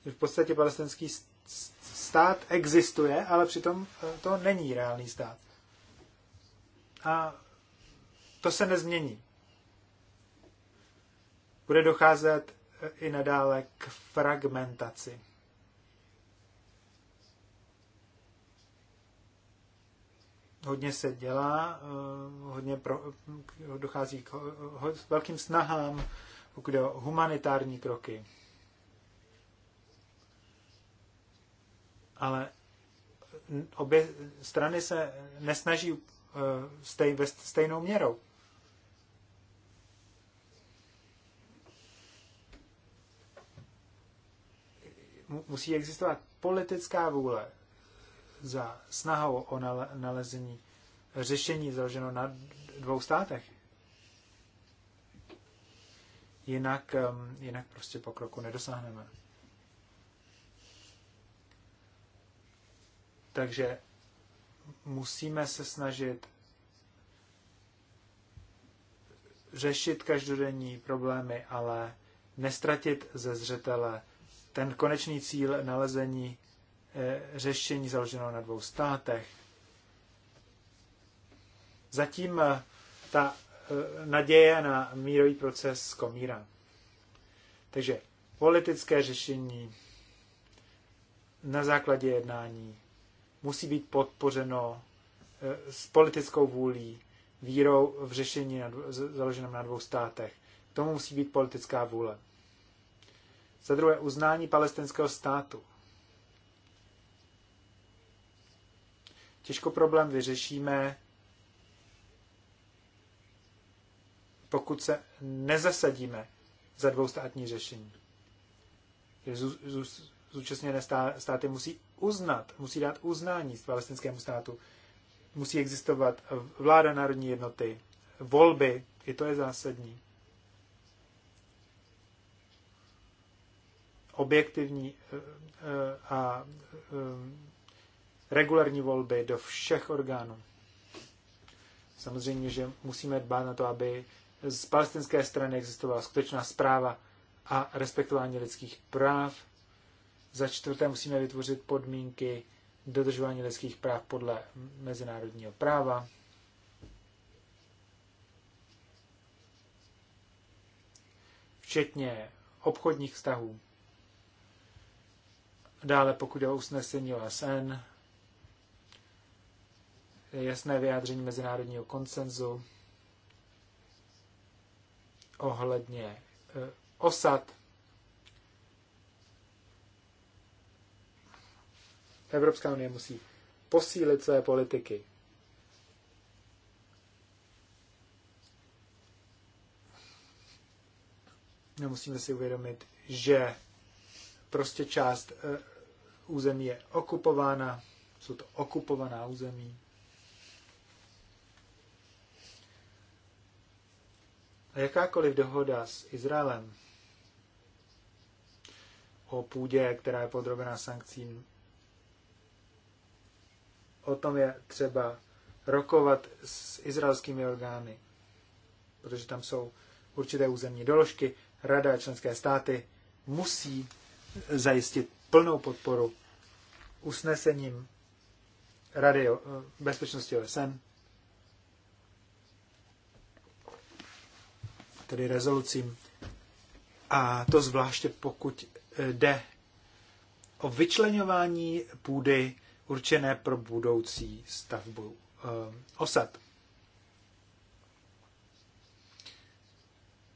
V podstatě palestinský stát existuje, ale přitom eh, to není reálný stát. A to se nezmění. Bude docházet eh, i nadále k fragmentaci. hodně se dělá, eh, hodně pro, eh, dochází k eh, velkým snahám, pokud je o humanitární kroky. Ale obě strany se nesnaží stej, ve stejnou měrou. Musí existovat politická vůle za snahou o nalezení řešení založeno na dvou státech. Jinak, um, jinak prostě pokroku nedosáhneme. Takže musíme se snažit řešit každodenní problémy, ale nestratit ze zřetele ten konečný cíl nalezení Eh, řešení založeno na dvou státech. Zatím eh, ta eh, naděje na mírový proces komíra. Takže politické řešení na základě jednání musí být podpořeno s politickou vůlí, vírou v řešení založeném na dvou státech. K tomu musí být politická vůle. Za druhé, uznání palestinského státu Těžko problém vyřešíme, pokud se nezasadíme za dvoustátní řešení. Zúčastněné státy musí uznat, musí dát uznání palestinskému státu. Musí existovat vláda národní jednoty, volby, i to je zásadní. Objektivní eh, eh, a eh, regulární volby do všech orgánů. Samozřejmě, že musíme dbát na to, aby z palestinské strany existovala skutečná zpráva a respektování lidských práv. Za čtvrté musíme vytvořit podmínky dodržování lidských práv podle mezinárodního práva. Včetně obchodních vztahů. Dále pokud je o usnesení OSN, jasné vyjádření mezinárodního konsenzu ohledně e, osad. Evropská unie musí posílit své politiky. Nemusíme si uvědomit, že prostě část e, území je okupována, jsou to okupovaná území. A jakákoliv dohoda s Izraelem o půdě, která je podrobená sankcím, o tom je třeba rokovat s izraelskými orgány, protože tam jsou určité územní doložky, rada a členské státy musí zajistit plnou podporu usnesením Rady bezpečnosti OSN tedy rezolucím. A to zvláště pokud eh, jde o vyčlenování půdy určené pro budoucí stavbu eh, osad.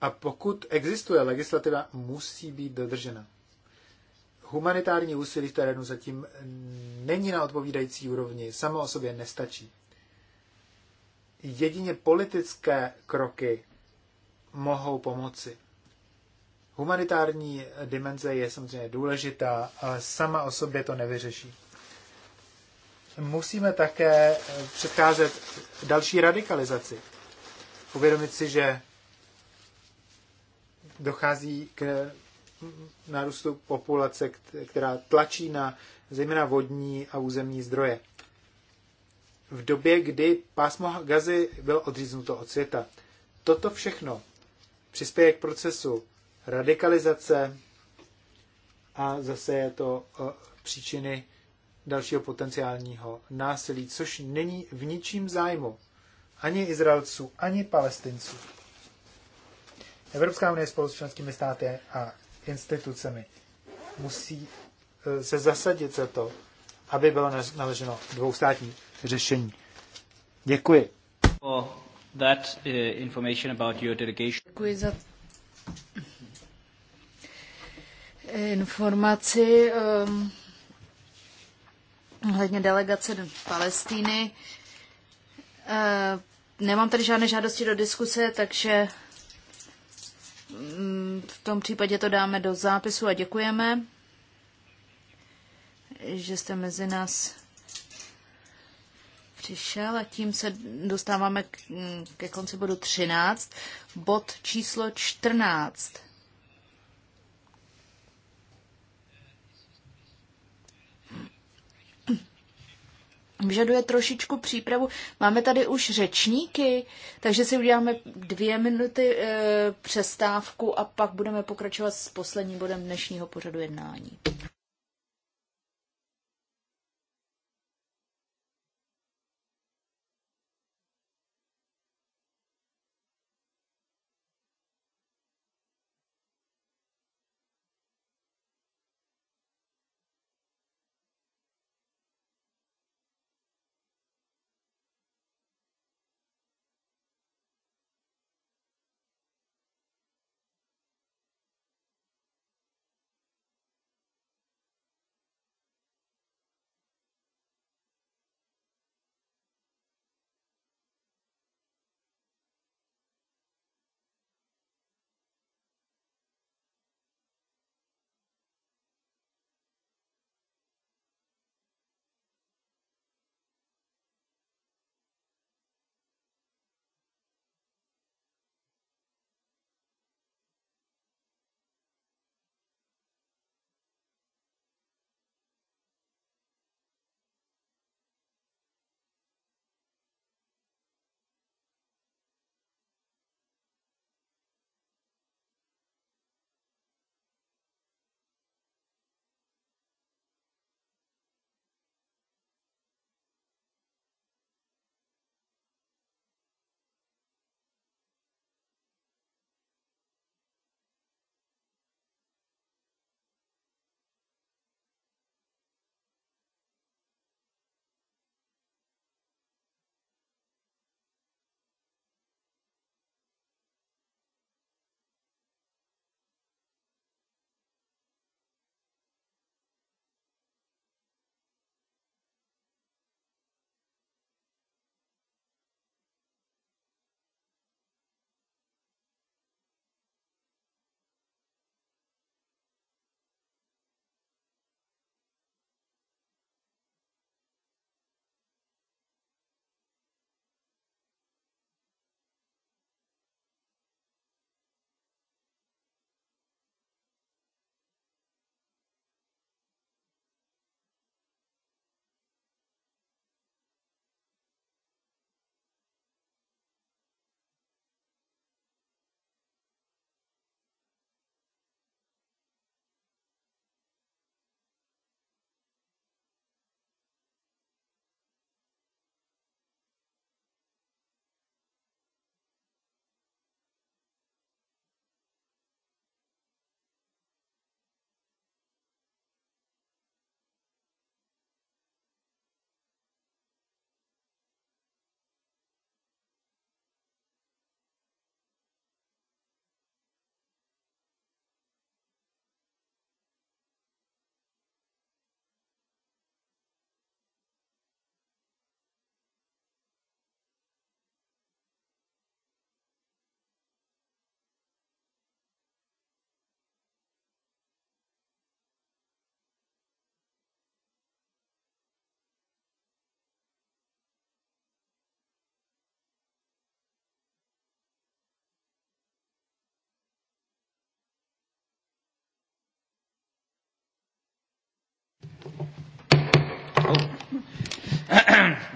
A pokud existuje legislativa, musí být dodržena. Humanitární úsilí v terénu zatím není na odpovídající úrovni, samo o sobě nestačí. Jedině politické kroky mohou pomoci. Humanitární dimenze je samozřejmě důležitá, ale sama o sobě to nevyřeší. Musíme také předcházet další radikalizaci. Uvědomit si, že dochází k nárůstu populace, která tlačí na zejména vodní a územní zdroje. V době, kdy pásmo Gazy bylo odříznuto od světa. Toto všechno přispěje k procesu radikalizace a zase je to e, příčiny dalšího potenciálního násilí, což není v ničím zájmu ani Izraelců, ani Palestinců. Evropská unie spolu s členskými státy a institucemi musí e, se zasadit za to, aby bylo naleženo dvoustátní řešení. Děkuji. Děkuji za informaci um, delegace do Palestíny. Uh, nemám tady žádné žádosti do diskuse, takže mm, v tom případě to dáme do zápisu a děkujeme, že jste mezi nás přišel a tím se dostáváme k, ke konci bodu 13, bod číslo 14. Vžaduje trošičku přípravu. Máme tady už řečníky, takže si uděláme dvě minuty e, přestávku a pak budeme pokračovat s posledním bodem dnešního pořadu jednání.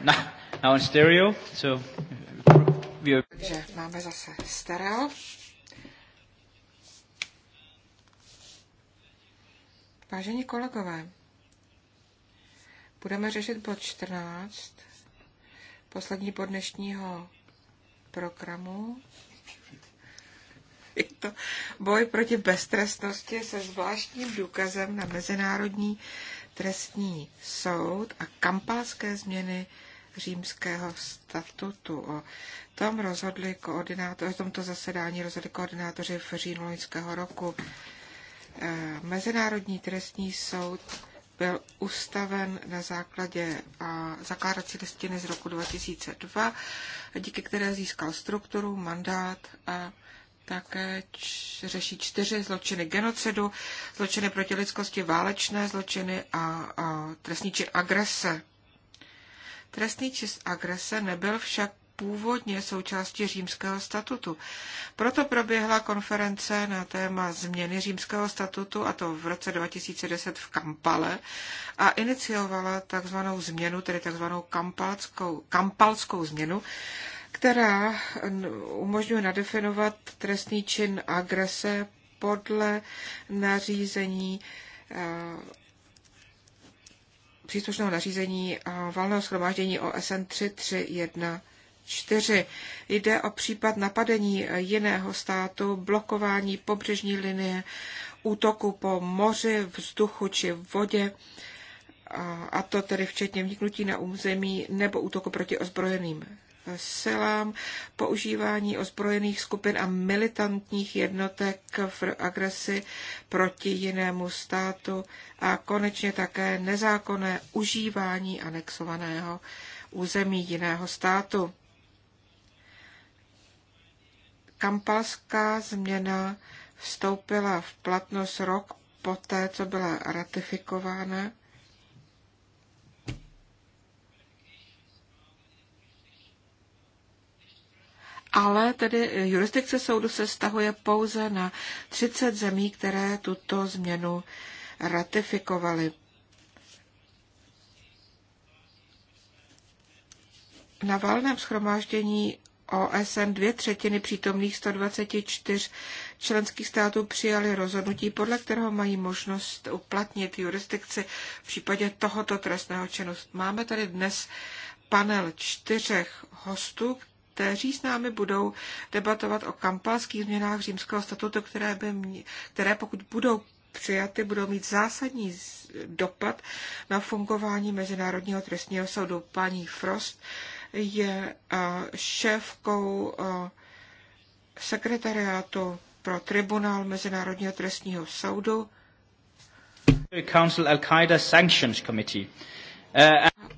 Now on stereo, so... Takže máme zase stereo. Vážení kolegové, budeme řešit bod 14, poslední bod dnešního programu. Je to boj proti beztrestnosti se zvláštním důkazem na mezinárodní trestní soud a kampalské změny římského statutu. O tom rozhodli koordinátoři, o tomto zasedání rozhodli koordinátoři v říjnu loňského roku. E, Mezinárodní trestní soud byl ustaven na základě zakládací listiny z roku 2002, díky které získal strukturu, mandát a také řeší čtyři zločiny genocidu, zločiny proti lidskosti, válečné zločiny a, a trestní čin agrese. Trestný čin agrese nebyl však původně součástí římského statutu. Proto proběhla konference na téma změny římského statutu, a to v roce 2010 v Kampale, a iniciovala takzvanou změnu, tedy takzvanou kampalskou, kampalskou změnu, která umožňuje nadefinovat trestný čin agrese podle nařízení eh, příslušného nařízení eh, valného schromáždění OSN 3314. Jde o případ napadení jiného státu, blokování pobřežní linie, útoku po moři, vzduchu či vodě, a to tedy včetně vniknutí na území nebo útoku proti ozbrojeným selám, používání ozbrojených skupin a militantních jednotek v agresi proti jinému státu a konečně také nezákonné užívání anexovaného území jiného státu. Kampalská změna vstoupila v platnost rok poté, co byla ratifikována ale tedy eh, jurisdikce soudu se stahuje pouze na 30 zemí, které tuto změnu ratifikovaly. Na valném schromáždění OSN dvě třetiny přítomných 124 členských států přijali rozhodnutí, podle kterého mají možnost uplatnit jurisdikci v případě tohoto trestného činu. Máme tady dnes panel čtyřech hostů, kteří s námi budou debatovat o kampalských změnách římského statutu, které, by mě, které pokud budou přijaty, budou mít zásadní dopad na fungování Mezinárodního trestního soudu. Paní Frost je šéfkou sekretariátu pro tribunál Mezinárodního trestního soudu. Council Al-Qaeda Sanctions Committee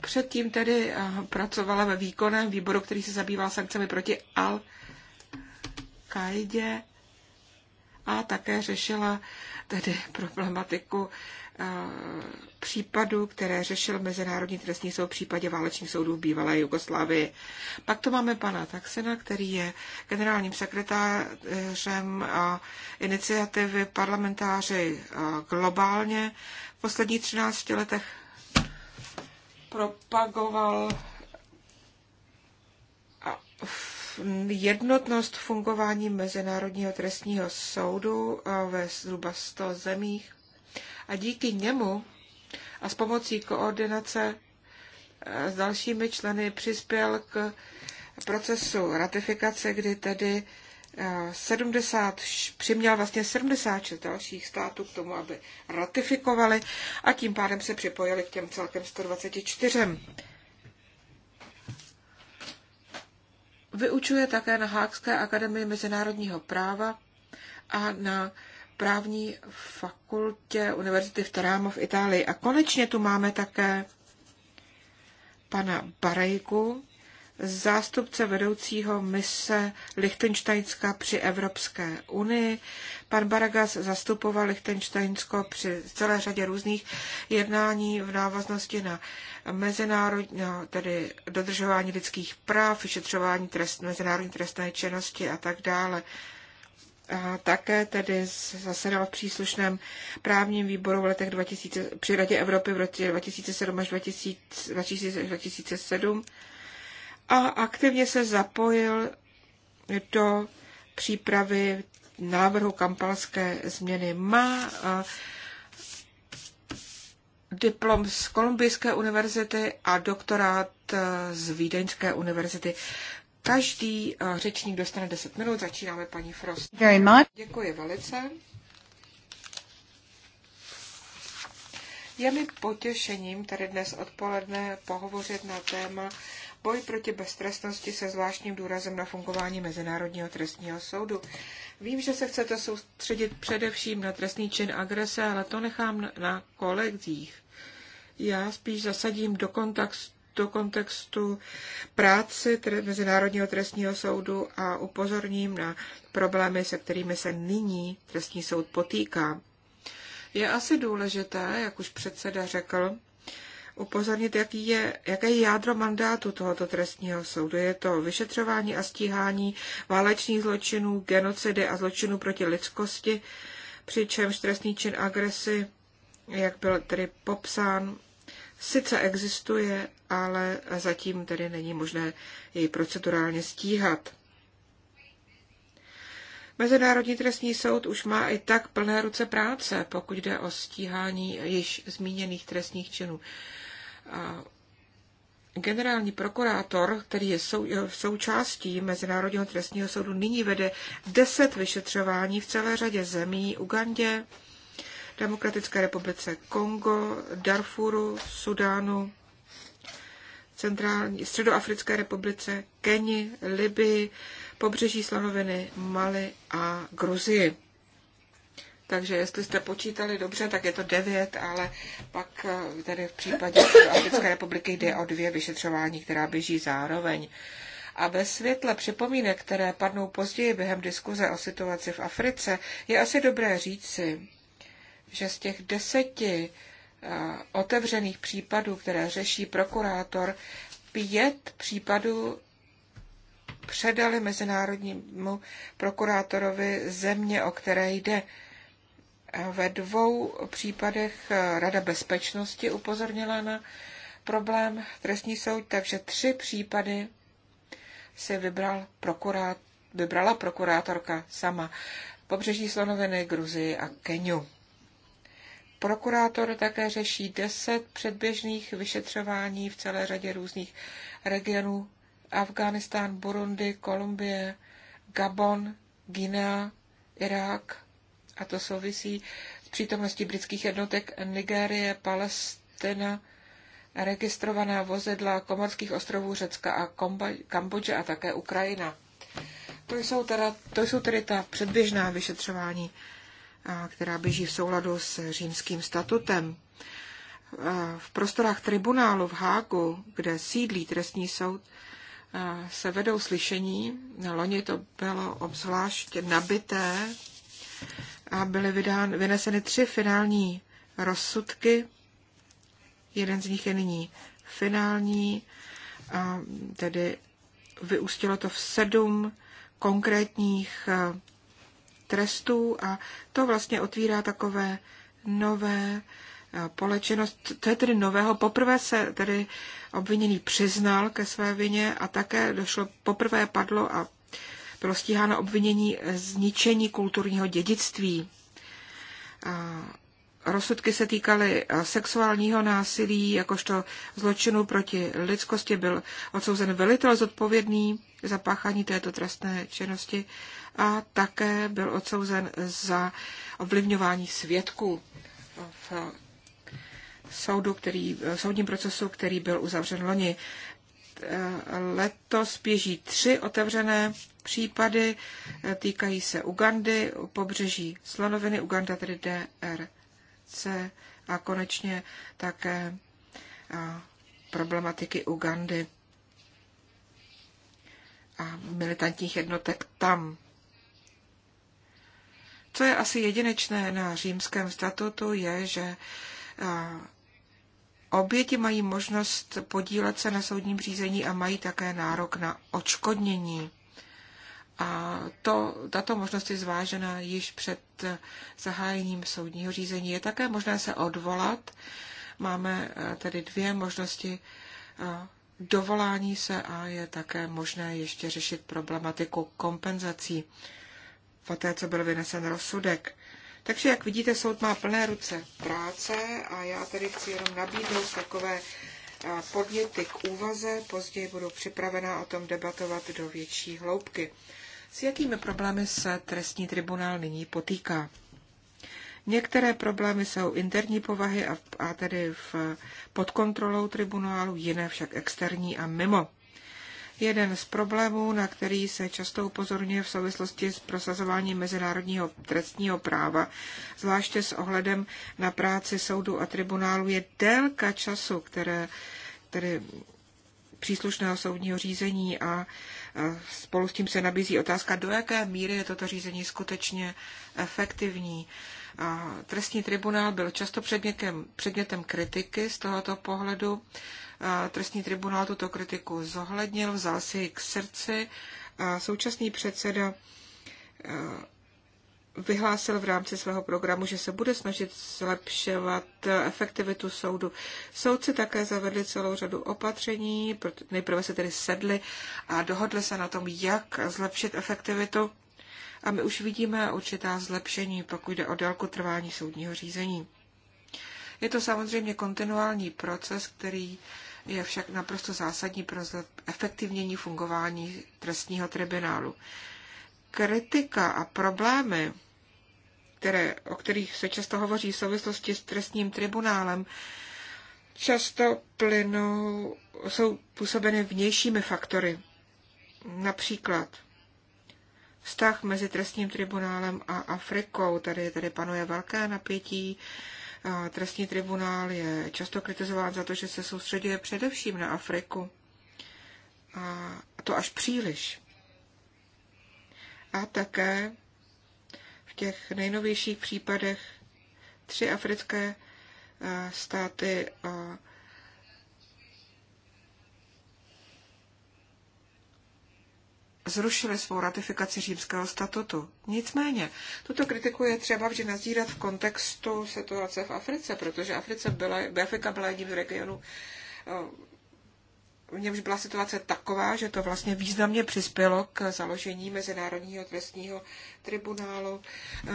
Předtím tedy eh, pracovala ve výkonném výboru, který se zabýval sankcemi proti al kaidě a také řešila tedy problematiku eh, případů, které řešil Mezinárodní trestní soud v případě válečných soudů v bývalé Jugoslávii. Pak to máme pana Taxena, který je generálním sekretářem eh, iniciativy parlamentáři globálně. V posledních 13 letech propagoval jednotnost fungování Mezinárodního trestního soudu ve zhruba 100 zemích a díky němu a s pomocí koordinace e, s dalšími členy přispěl k procesu ratifikace, kdy tedy 70, přiměl vlastně 76 dalších států k tomu, aby ratifikovali a tím pádem se připojili k těm celkem 124. Vyučuje také na Hákské akademii mezinárodního práva a na právní fakultě Univerzity v Tarámo v Itálii. A konečně tu máme také pana Barejku, zástupce vedoucího mise Lichtensteinska při Evropské unii. Pan Baragas zastupoval Lichtensteinsko při celé řadě různých jednání v návaznosti na mezinárodní, no, tedy dodržování lidských práv, vyšetřování trest, mezinárodní trestné činnosti a tak dále. A také tedy zasedal v příslušném právním výboru v letech 2000, při Radě Evropy v roce 2007 až 2000, 2007 a aktivně se zapojil do přípravy návrhu kampalské změny. Má diplom z Kolumbijské univerzity a doktorát e, z Vídeňské univerzity. Každý e, řečník dostane 10 minut. Začínáme paní Frost. Very much. Děkuji velice. Je mi potěšením tady dnes odpoledne pohovořit na téma boj proti beztrestnosti se zvláštním důrazem na fungování Mezinárodního trestního soudu. Vím, že se chcete soustředit především na trestný čin agrese, ale to nechám na kolegích. Já spíš zasadím do kontextu do kontextu práci Mezinárodního trestního soudu a upozorním na problémy, se kterými se nyní trestní soud potýká. Je asi důležité, jak už předseda řekl, upozornit, jaký je, jaké je jádro mandátu tohoto trestního soudu. Je to vyšetřování a stíhání válečných zločinů, genocidy a zločinů proti lidskosti, přičemž trestný čin agresy, jak byl tedy popsán, sice existuje, ale zatím tedy není možné jej procedurálně stíhat. Mezinárodní trestní soud už má i tak plné ruce práce, pokud jde o stíhání již zmíněných trestních činů generální prokurátor, který je součástí Mezinárodního trestního soudu, nyní vede deset vyšetřování v celé řadě zemí, Ugandě, Demokratické republice Kongo, Darfuru, Sudánu, centrální, Středoafrické republice, Keni, Libii, pobřeží slanoviny Mali a Gruzii. Takže jestli jste počítali dobře, tak je to devět, ale pak eh, tady v případě Africké republiky jde o dvě vyšetřování, která běží zároveň. A ve světle připomínek, které padnou později během diskuze o situaci v Africe, je asi dobré říci, že z těch deseti eh, otevřených případů, které řeší prokurátor, pět případů předali mezinárodnímu prokurátorovi země, o které jde. Ve dvou případech eh, Rada bezpečnosti upozornila na problém trestní soud, takže tři případy si vybral prokurát, vybrala prokurátorka sama. Pobřeží slonoviny, Gruzii a Keniu. Prokurátor také řeší deset předběžných vyšetřování v celé řadě různých regionů Afghánistán, Burundi, Kolumbie, Gabon, Guinea, Irák, a to souvisí s přítomností britských jednotek Nigérie, Palestina, registrovaná vozidla Komorských ostrovů Řecka a Kambodže a také Ukrajina. To jsou, teda, to jsou tedy ta předběžná vyšetřování, která běží v souladu s římským statutem. V prostorách tribunálu v Hágu, kde sídlí trestní soud, se vedou slyšení. Loni to bylo obzvlášť nabité a byly vydán, vyneseny tři finální rozsudky. Jeden z nich je nyní finální, a tedy vyústilo to v sedm konkrétních e, trestů a to vlastně otvírá takové nové e, polečenost, to je tedy nového. Poprvé se tedy obviněný přiznal ke své vině a také došlo, poprvé padlo a bylo stíháno obvinění zničení kulturního dědictví. Rozsudky se týkaly sexuálního násilí, jakožto zločinu proti lidskosti byl odsouzen velitel zodpovědný za páchání této trestné činnosti a také byl odsouzen za ovlivňování svědků v soudu, který, v soudním procesu, který byl uzavřen loni. Letos běží tři otevřené případy, eh, týkají se Ugandy, pobřeží Slonoviny, Uganda tedy DRC a konečně také eh, problematiky Ugandy a militantních jednotek tam. Co je asi jedinečné na římském statutu, je, že eh, oběti mají možnost podílet se na soudním řízení a mají také nárok na očkodnění. A to, tato možnost je zvážena již před zahájením soudního řízení. Je také možné se odvolat. Máme eh, tedy dvě možnosti eh, dovolání se a je také možné ještě řešit problematiku kompenzací po té, co byl vynesen rozsudek. Takže, jak vidíte, soud má plné ruce práce a já tady chci jenom nabídnout takové eh, podněty k úvaze. Později budu připravena o tom debatovat do větší hloubky. S jakými problémy se trestní tribunál nyní potýká? Některé problémy jsou interní povahy a, a tedy v, pod kontrolou tribunálu, jiné však externí a mimo. Jeden z problémů, na který se často upozorňuje v souvislosti s prosazováním mezinárodního trestního práva, zvláště s ohledem na práci soudu a tribunálu, je délka času, které, které příslušného soudního řízení a spolu s tím se nabízí otázka, do jaké míry je toto řízení skutečně efektivní. Trestní tribunál byl často předmětem, předmětem kritiky z tohoto pohledu. Trestní tribunál tuto kritiku zohlednil, vzal si ji k srdci. Současný předseda vyhlásil v rámci svého programu, že se bude snažit zlepšovat efektivitu soudu. Soudci také zavedli celou řadu opatření, nejprve se tedy sedli a dohodli se na tom, jak zlepšit efektivitu. A my už vidíme určitá zlepšení, pokud jde o délku trvání soudního řízení. Je to samozřejmě kontinuální proces, který je však naprosto zásadní pro efektivnění fungování trestního tribunálu kritika a problémy, které, o kterých se často hovoří v souvislosti s trestním tribunálem, často plynou, jsou působeny vnějšími faktory. Například vztah mezi trestním tribunálem a Afrikou. Tady, tady panuje velké napětí. Trestní tribunál je často kritizován za to, že se soustředuje především na Afriku. A to až příliš. A také těch nejnovějších případech tři africké eh, státy zrušily svou ratifikaci římského statutu. Nicméně, tuto kritiku je třeba vždy nazírat v kontextu situace v Africe, protože Africe byla, Afrika byla jedním z regionů, eh, v němž byla situace taková, že to vlastně významně přispělo k založení Mezinárodního trestního tribunálu.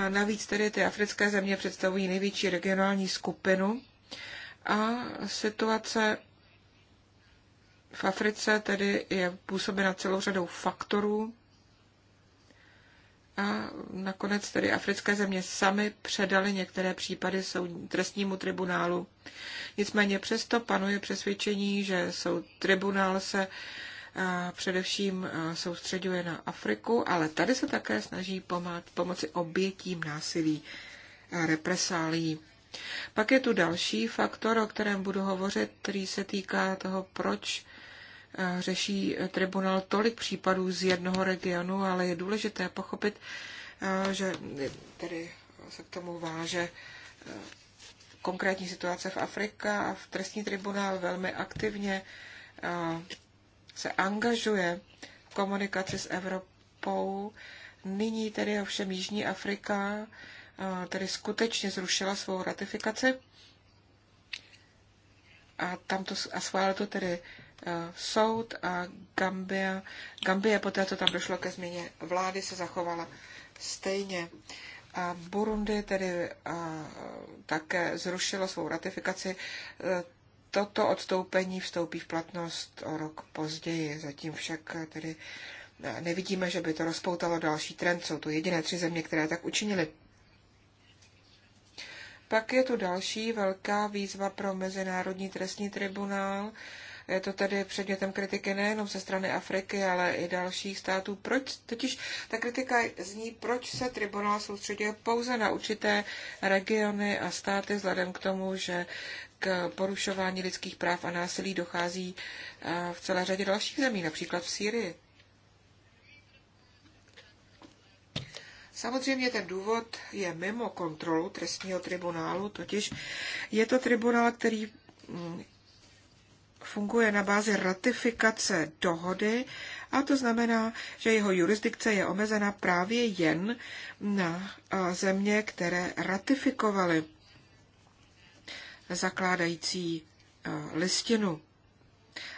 Navíc tedy ty africké země představují největší regionální skupinu a situace v Africe tedy je působena celou řadou faktorů, a nakonec tedy africké země sami předali některé případy trestnímu tribunálu. Nicméně přesto panuje přesvědčení, že soud tribunál se především soustředuje na Afriku, ale tady se také snaží pomáhat, pomoci obětím násilí a represálí. Pak je tu další faktor, o kterém budu hovořit, který se týká toho, proč Eh, řeší eh, tribunál tolik případů z jednoho regionu, ale je důležité pochopit, eh, že tedy se k tomu váže konkrétní situace v Afrika a v trestní tribunál velmi aktivně se angažuje v komunikaci s Evropou. Nyní tedy ovšem Jižní Afrika tedy skutečně zrušila svou ratifikaci a, tam to, a schválil to tedy Eh, soud a Gambia, Gambie poté, co tam došlo ke změně vlády, se zachovala stejně. A Burundi tedy a, eh, také zrušilo svou ratifikaci. Eh, toto odstoupení vstoupí v platnost o rok později. Zatím však tedy nevidíme, že by to rozpoutalo další trend. Jsou to jediné tři země, které tak učinily. Pak je tu další velká výzva pro Mezinárodní trestní tribunál je to tedy předmětem kritiky nejenom ze strany Afriky, ale i dalších států. Proč? Totiž ta kritika zní, proč se tribunál soustředuje pouze na určité regiony a státy, vzhledem k tomu, že k porušování lidských práv a násilí dochází eh, v celé řadě dalších zemí, například v Sýrii. Samozřejmě ten důvod je mimo kontrolu trestního tribunálu, totiž je to tribunál, který mm, funguje na bázi ratifikace dohody a to znamená, že jeho jurisdikce je omezena právě jen na země, které ratifikovaly zakládající listinu.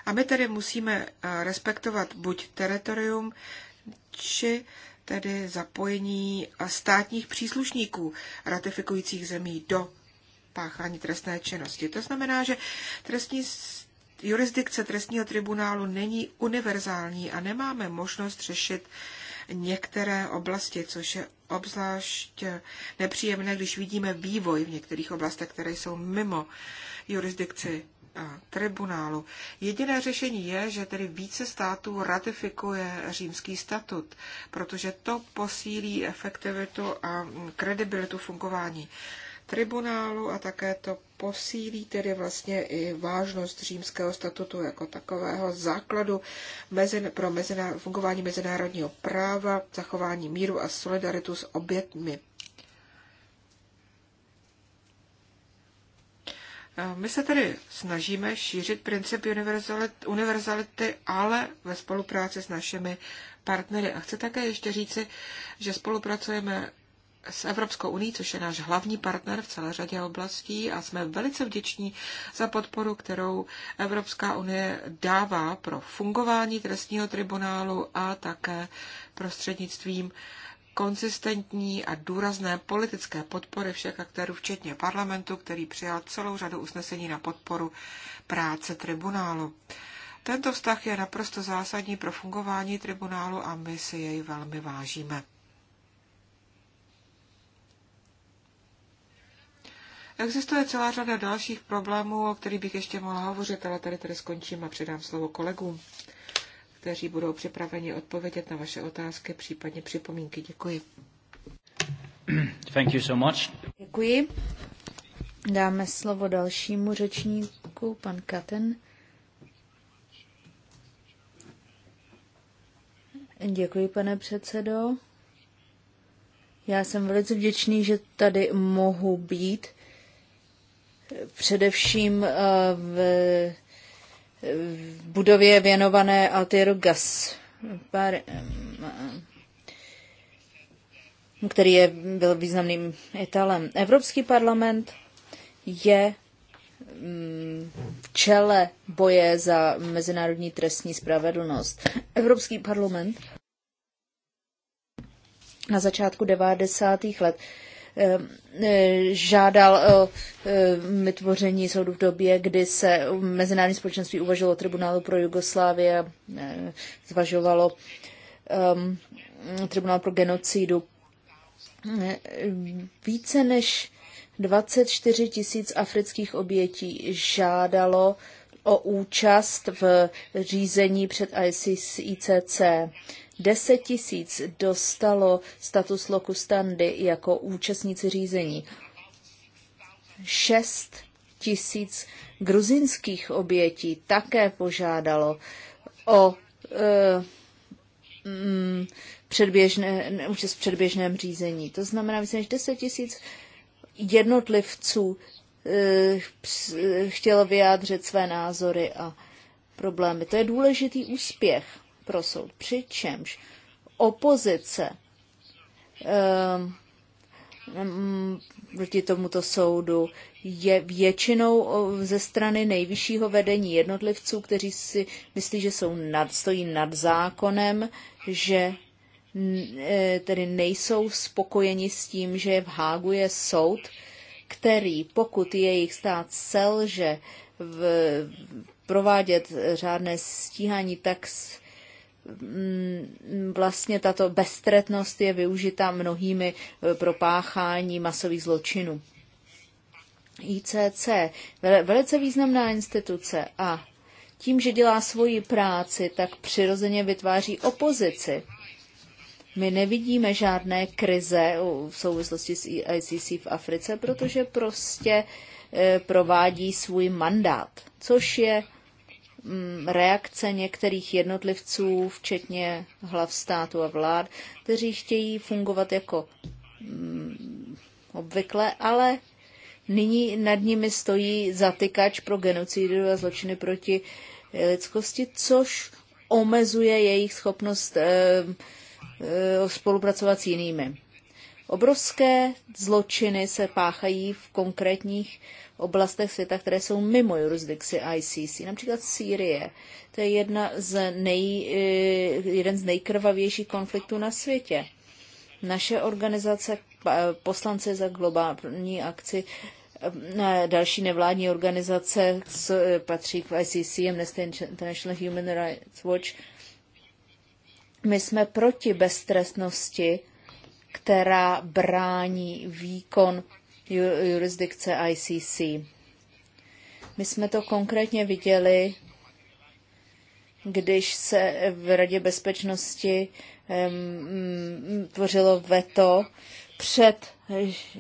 A my tedy musíme respektovat buď teritorium, či tedy zapojení státních příslušníků ratifikujících zemí do páchání trestné činnosti. To znamená, že trestní jurisdikce trestního tribunálu není univerzální a nemáme možnost řešit některé oblasti, což je obzvlášť nepříjemné, když vidíme vývoj v některých oblastech, které jsou mimo jurisdikci tribunálu. Jediné řešení je, že tedy více států ratifikuje římský statut, protože to posílí efektivitu a kredibilitu fungování tribunálu a také to posílí tedy vlastně i vážnost římského statutu jako takového základu pro meziná, fungování mezinárodního práva, zachování míru a solidaritu s obětmi. My se tedy snažíme šířit princip univerzality, ale ve spolupráci s našimi partnery. A chci také ještě říci, že spolupracujeme s Evropskou uní, což je náš hlavní partner v celé řadě oblastí a jsme velice vděční za podporu, kterou Evropská unie dává pro fungování trestního tribunálu a také prostřednictvím konzistentní a důrazné politické podpory všech aktérů, včetně parlamentu, který přijal celou řadu usnesení na podporu práce tribunálu. Tento vztah je naprosto zásadní pro fungování tribunálu a my si jej velmi vážíme. Existuje celá řada dalších problémů, o kterých bych ještě mohla hovořit, ale tady tady skončím a předám slovo kolegům, kteří budou připraveni odpovědět na vaše otázky, případně připomínky. Děkuji. Thank you so much. Děkuji. Dáme slovo dalšímu řečníku, pan Katen. Děkuji, pane předsedo. Já jsem velice vděčný, že tady mohu být Především eh, v budově věnované Altieru Gas, eh, který je, byl významným Italem. Evropský parlament je mm, v čele boje za mezinárodní trestní spravedlnost. Evropský parlament na začátku 90. let Eh, eh, žádal o eh, vytvoření soudu v době, kdy se mezinárodní společenství uvažovalo o tribunálu pro Jugoslávie, zvažovalo ehm, tribunál pro genocidu. Více než 24 tisíc afrických obětí žádalo o účast v řízení před ICC. 10 tisíc dostalo status locustandy jako účastníci řízení. 6 tisíc gruzinských obětí také požádalo o e, mm, předběžné, v předběžném řízení. To znamená, myslím, že 10 tisíc jednotlivců eh, chtělo vyjádřit své názory a problémy. To je důležitý úspěch pro soud. Přičemž opozice ehm, ehm, proti tomuto soudu je většinou ze strany nejvyššího vedení jednotlivců, kteří si myslí, že jsou nad, stojí nad zákonem, že e, tedy nejsou spokojeni s tím, že v Hágu je soud, který, pokud jejich stát selže v, provádět řádné stíhání, tak s, Mm, vlastně tato beztretnost je využita mnohými eh, propáchání masových zločinů. ICC, velice významná instituce a tím, že dělá svoji práci, tak přirozeně vytváří opozici. My nevidíme žádné krize v souvislosti s ICC v Africe, protože prostě eh, provádí svůj mandát, což je Mm, reakce některých jednotlivců, včetně hlav státu a vlád, kteří chtějí fungovat jako mm, obvykle, ale nyní nad nimi stojí zatykač pro genocidu a zločiny proti eh, lidskosti, což omezuje jejich schopnost eh, eh, spolupracovat s jinými. Obrovské zločiny se páchají v konkrétních oblastech světa, které jsou mimo jurisdikci ICC, například Sýrie. To je jedna z nej, eh, jeden z nejkrvavějších konfliktů na světě. Naše organizace, poslanci za globální akci, eh, další nevládní organizace eh, patří k ICC, Amnesty International Human Rights Watch. My jsme proti beztrestnosti která brání výkon jurisdikce ICC. My jsme to konkrétně viděli, když se v Radě bezpečnosti um, tvořilo veto před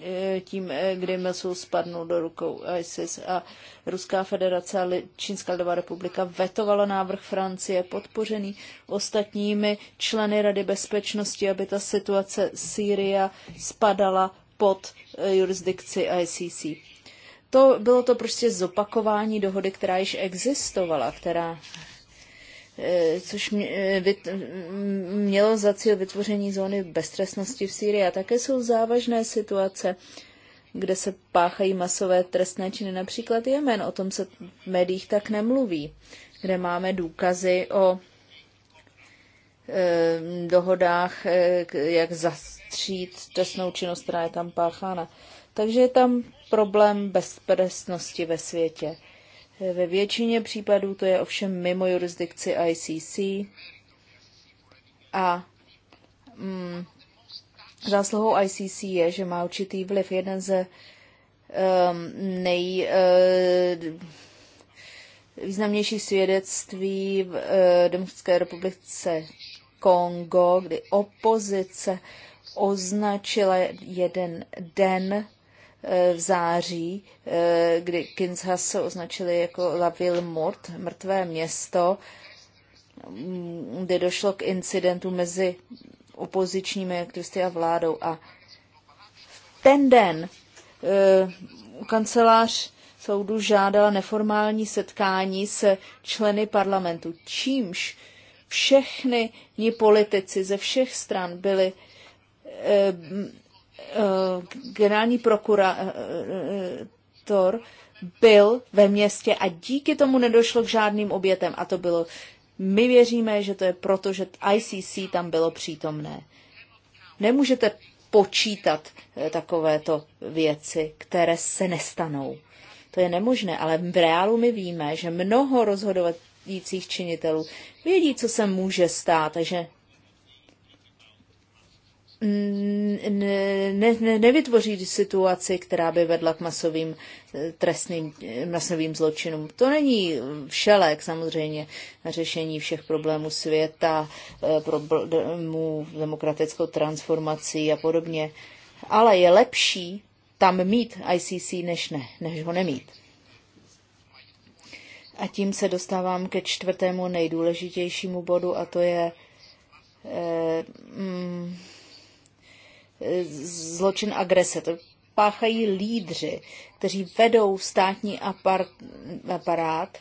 eh, tím, eh, kdy Mesu spadnul do rukou ISIS a Ruská federace a Čínská lidová republika vetovala návrh Francie, podpořený ostatními členy Rady bezpečnosti, aby ta situace Sýria spadala pod eh, jurisdikci ICC. To bylo to prostě zopakování dohody, která již existovala, která Eh, což eh, mm, mělo za cíl vytvoření zóny beztrestnosti v Sýrii. A také jsou závažné situace, kde se páchají masové trestné činy, například Jemen, o tom se v médiích tak nemluví, kde máme důkazy o eh, dohodách, jak zastřít trestnou činnost, která je tam páchána. Takže je tam problém bezpresnosti ve světě. Ve většině případů to je ovšem mimo jurisdikci ICC a mm, zásluhou ICC je, že má určitý vliv. Jeden ze um, nej, uh, svědectví v uh, Demokratické republice Kongo, kdy opozice označila jeden den Eh, v září, eh, kdy Kinshas označili jako La Ville Mort, mrtvé město, mm, kde došlo k incidentu mezi opozičními aktivisty a vládou. A ten den eh, kancelář soudu žádala neformální setkání se členy parlamentu, čímž všechny politici ze všech stran byli Eh, generální prokurátor eh, eh, byl ve městě a díky tomu nedošlo k žádným obětem. A to bylo, my věříme, že to je proto, že ICC tam bylo přítomné. Nemůžete počítat takovéto věci, které se nestanou. To je nemožné, ale v reálu my víme, že mnoho rozhodovat činitelů vědí, co se může stát, takže ne, ne, nevytvoří situaci, která by vedla k masovým eh, trestným eh, masovým zločinům. To není všelek samozřejmě na řešení všech problémů světa, eh, problémů demokratickou transformací a podobně, ale je lepší tam mít ICC, než ne, než ho nemít. A tím se dostávám ke čtvrtému nejdůležitějšímu bodu a to je eh, mm, zločin agrese. To páchají lídři, kteří vedou státní aparát,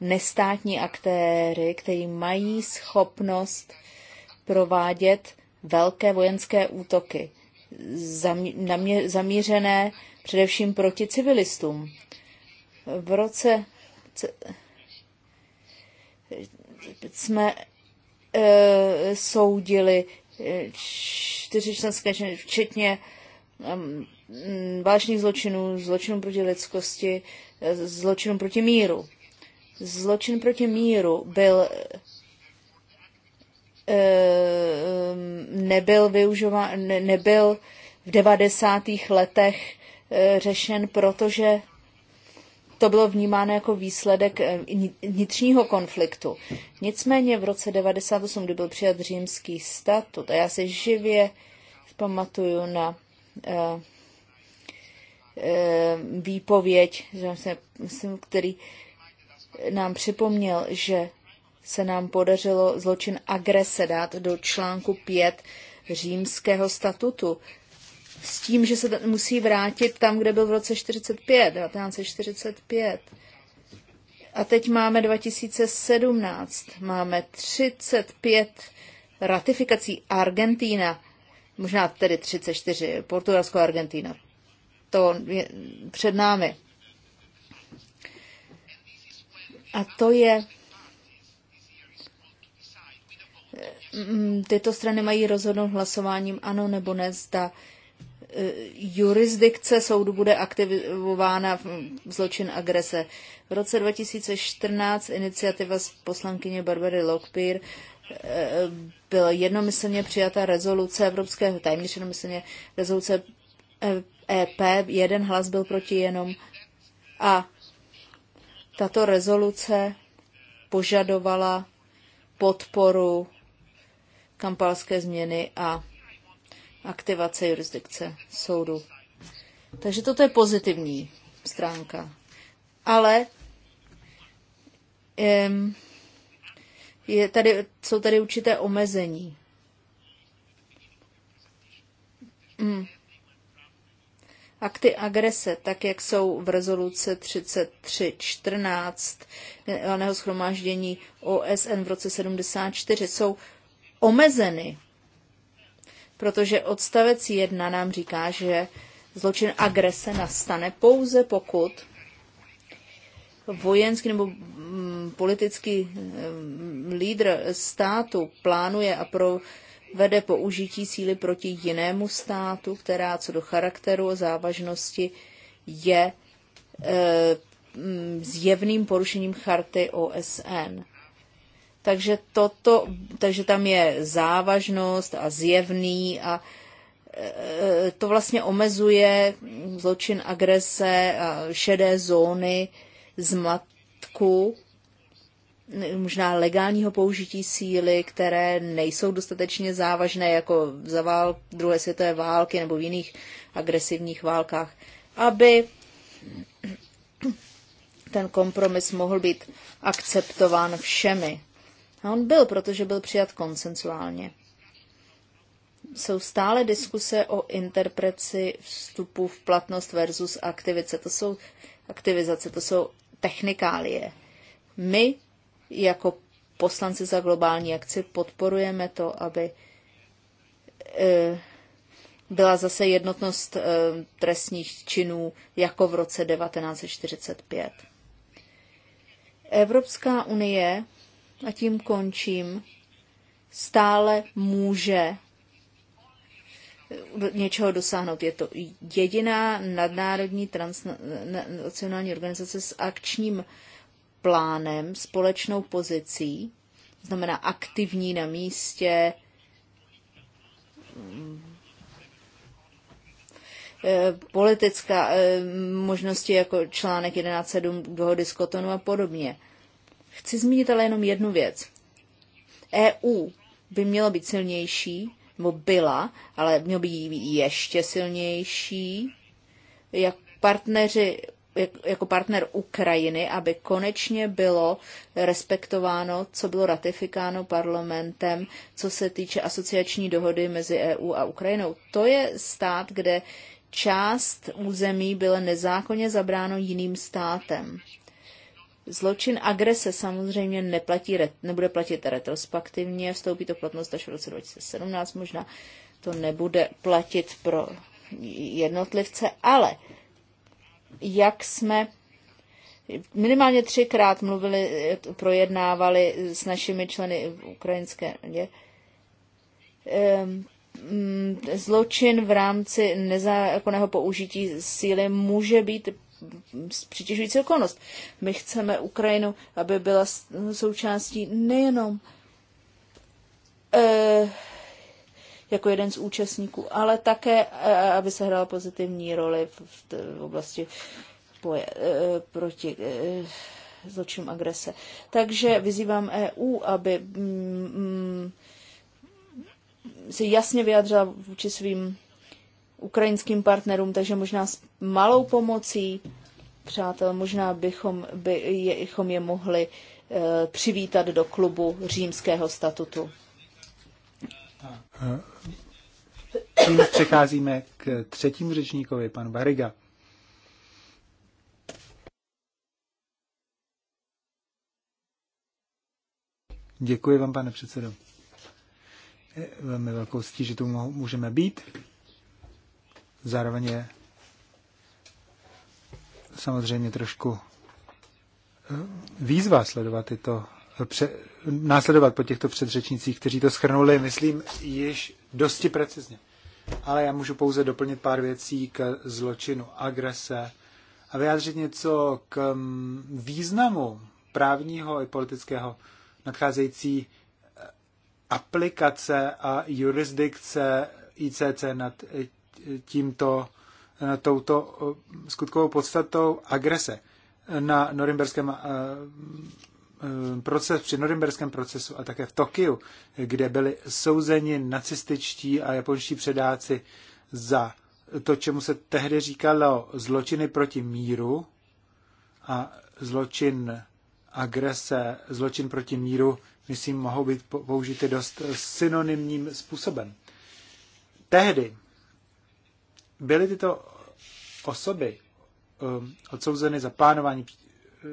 nestátní aktéry, kteří mají schopnost provádět velké vojenské útoky, zamířené především proti civilistům. V roce jsme e, soudili čtyři členské, včetně um, vážných zločinů, zločinů proti lidskosti, zločinů proti míru. Zločin proti míru byl eh, um, nebyl využován, nebyl v 90. letech eh, řešen, protože to bylo vnímáno jako výsledek eh, vnitřního konfliktu. Nicméně v roce 1998, kdy byl přijat římský statut, a já se živě pamatuju na eh, eh, výpověď, který nám připomněl, že se nám podařilo zločin agrese dát do článku 5 římského statutu, s tím, že se musí vrátit tam, kde byl v roce 45, 1945. A teď máme 2017, máme 35 ratifikací Argentína, možná tedy 34, Portugalsko Argentína. To je před námi. A to je mm, tyto strany mají rozhodnout hlasováním ano nebo ne, zda Eh, jurisdikce soudu bude aktivována v zločin agrese. V roce 2014 iniciativa z poslankyně Barbary Lockpeer eh, byla jednomyslně přijata rezoluce Evropského, tajemnice, jednomyslně rezoluce EP, jeden hlas byl proti jenom a tato rezoluce požadovala podporu kampalské změny a aktivace jurisdikce soudu. Takže toto je pozitivní stránka. Ale je tady, jsou tady určité omezení. Hmm. Akty agrese, tak jak jsou v rezoluce 3314 neho eh, schromáždění OSN v roce 74, jsou omezeny protože odstavec 1 nám říká, že zločin agrese nastane pouze pokud vojenský nebo mm, politický mm, lídr státu plánuje a pro vede použití síly proti jinému státu, která co do charakteru a závažnosti je e, zjevným porušením charty OSN. Takže, toto, takže tam je závažnost a zjevný a e, e, to vlastně omezuje zločin agrese a šedé zóny zmatku, možná legálního použití síly, které nejsou dostatečně závažné, jako za vál, druhé světové války nebo v jiných agresivních válkách, aby ten kompromis mohl být akceptován všemi. A on byl, protože byl přijat konsensuálně. Jsou stále diskuse o interpreci vstupu v platnost versus aktivice. To jsou aktivizace, to jsou technikálie. My jako poslanci za globální akci podporujeme to, aby e, byla zase jednotnost e, trestních činů jako v roce 1945. Evropská unie a tím končím, stále může něčeho dosáhnout. Je to jediná nadnárodní transnacionální organizace s akčním plánem, společnou pozicí, znamená aktivní na místě, eh, politická eh, možnosti jako článek 11.7 dohody z Kotonu a podobně. Chci zmínit ale jenom jednu věc. EU by měla být silnější, nebo byla, ale měla by být ještě silnější, jak partneři jako partner Ukrajiny, aby konečně bylo respektováno, co bylo ratifikáno parlamentem, co se týče asociační dohody mezi EU a Ukrajinou. To je stát, kde část území byla nezákonně zabráno jiným státem. Zločin agrese samozřejmě neplatí, nebude platit retrospektivně, vstoupí to platnost až v roce 2017, možná to nebude platit pro jednotlivce, ale jak jsme minimálně třikrát mluvili, projednávali s našimi členy v ukrajinské radě, ehm, mm, zločin v rámci nezákonného použití síly může být přitěžující okolnost. My chceme Ukrajinu, aby byla součástí nejenom eh, jako jeden z účastníků, ale také, eh, aby se hrála pozitivní roli v, v, v oblasti boje eh, proti eh, zločinům agrese. Takže vyzývám EU, aby mm, mm, se jasně vyjádřila vůči svým ukrajinským partnerům, takže možná s malou pomocí, přátel, možná bychom, bychom je mohli eh, přivítat do klubu římského statutu. Eh, tím přecházíme k třetímu řečníkovi, pan Bariga. Děkuji vám, pane předsedo. Velmi velkou stí, že tu můžeme být Zároveň je samozřejmě trošku eh, výzva sledovat tyto, eh, pře, následovat po těchto předřečnicích, kteří to schrnuli, myslím, již dosti precizně. Ale já můžu pouze doplnit pár věcí k zločinu agrese a vyjádřit něco k mm, významu právního i politického nadcházející eh, aplikace a jurisdikce ICC nad tímto, eh, touto eh, skutkovou podstatou agrese. Na norimberském eh, proces, při norimberském procesu a také v Tokiu, kde byli souzeni nacističtí a japonští předáci za to, čemu se tehdy říkalo zločiny proti míru a zločin agrese, zločin proti míru, myslím, mohou být použity dost synonymním způsobem. Tehdy byly tyto osoby um, odsouzeny za plánování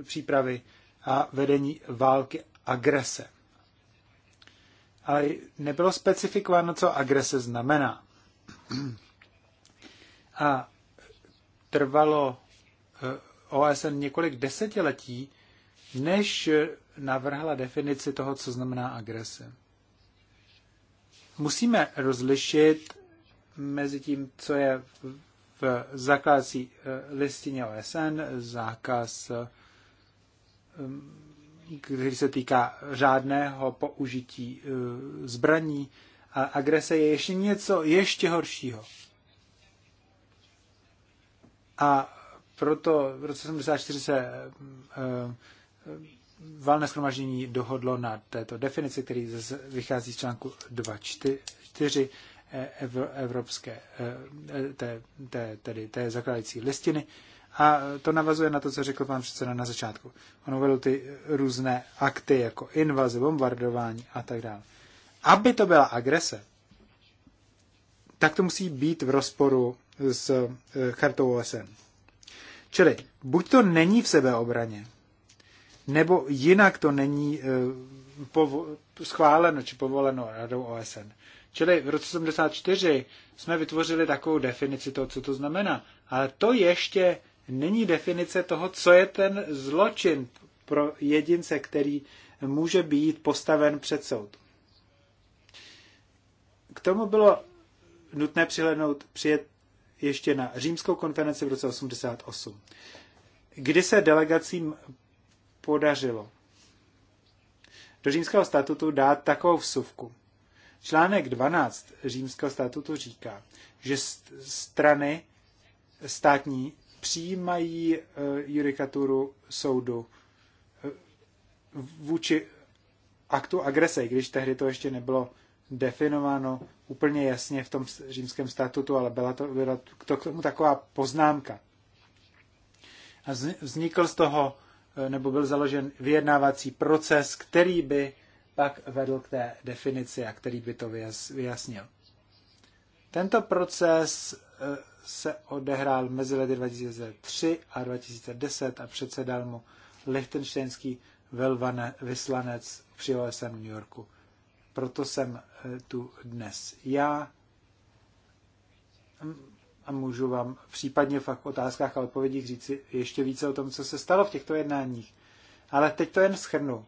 přípravy a vedení války agrese. Ale nebylo specifikováno, co agrese znamená. A trvalo eh, OSN několik desetiletí, než navrhla definici toho, co znamená agrese. Musíme rozlišit mezi tím, co je v zakází eh, listině OSN, zákaz, eh, mm, který se týká řádného použití eh, zbraní a agrese, je ještě něco ještě horšího. A proto v roce 1974 se valné schromaždění dohodlo na této definici, který vychází z článku 2.4 evropské, eh, té, té, tedy té zakládající listiny. A to navazuje na to, co řekl pan předseda na začátku. On uvedl ty různé akty jako invaze, bombardování a tak dále. Aby to byla agrese, tak to musí být v rozporu s eh, chartou OSN. Čili buď to není v sebeobraně, nebo jinak to není eh, schváleno či povoleno radou OSN. Čili v roce 74 jsme vytvořili takovou definici toho, co to znamená. Ale to ještě není definice toho, co je ten zločin pro jedince, který může být postaven před soud. K tomu bylo nutné přihlednout přijet ještě na římskou konferenci v roce 88, kdy se delegacím podařilo do římského statutu dát takovou vsuvku, Článek 12 římského statutu říká, že strany státní přijímají e, judikaturu soudu e, vůči aktu agrese, když tehdy to ještě nebylo definováno úplně jasně v tom římském statutu, ale byla to, byla to k tomu taková poznámka. A vznikl z toho, e, nebo byl založen vyjednávací proces, který by pak vedl k té definici a který by to vyjasnil. Tento proces eh, se odehrál mezi lety 2003 a 2010 a předsedal mu lichtenštejnský vyslanec při OSM v New Yorku. Proto jsem eh, tu dnes já a můžu vám případně v otázkách a odpovědích říci ještě více o tom, co se stalo v těchto jednáních. Ale teď to jen schrnu.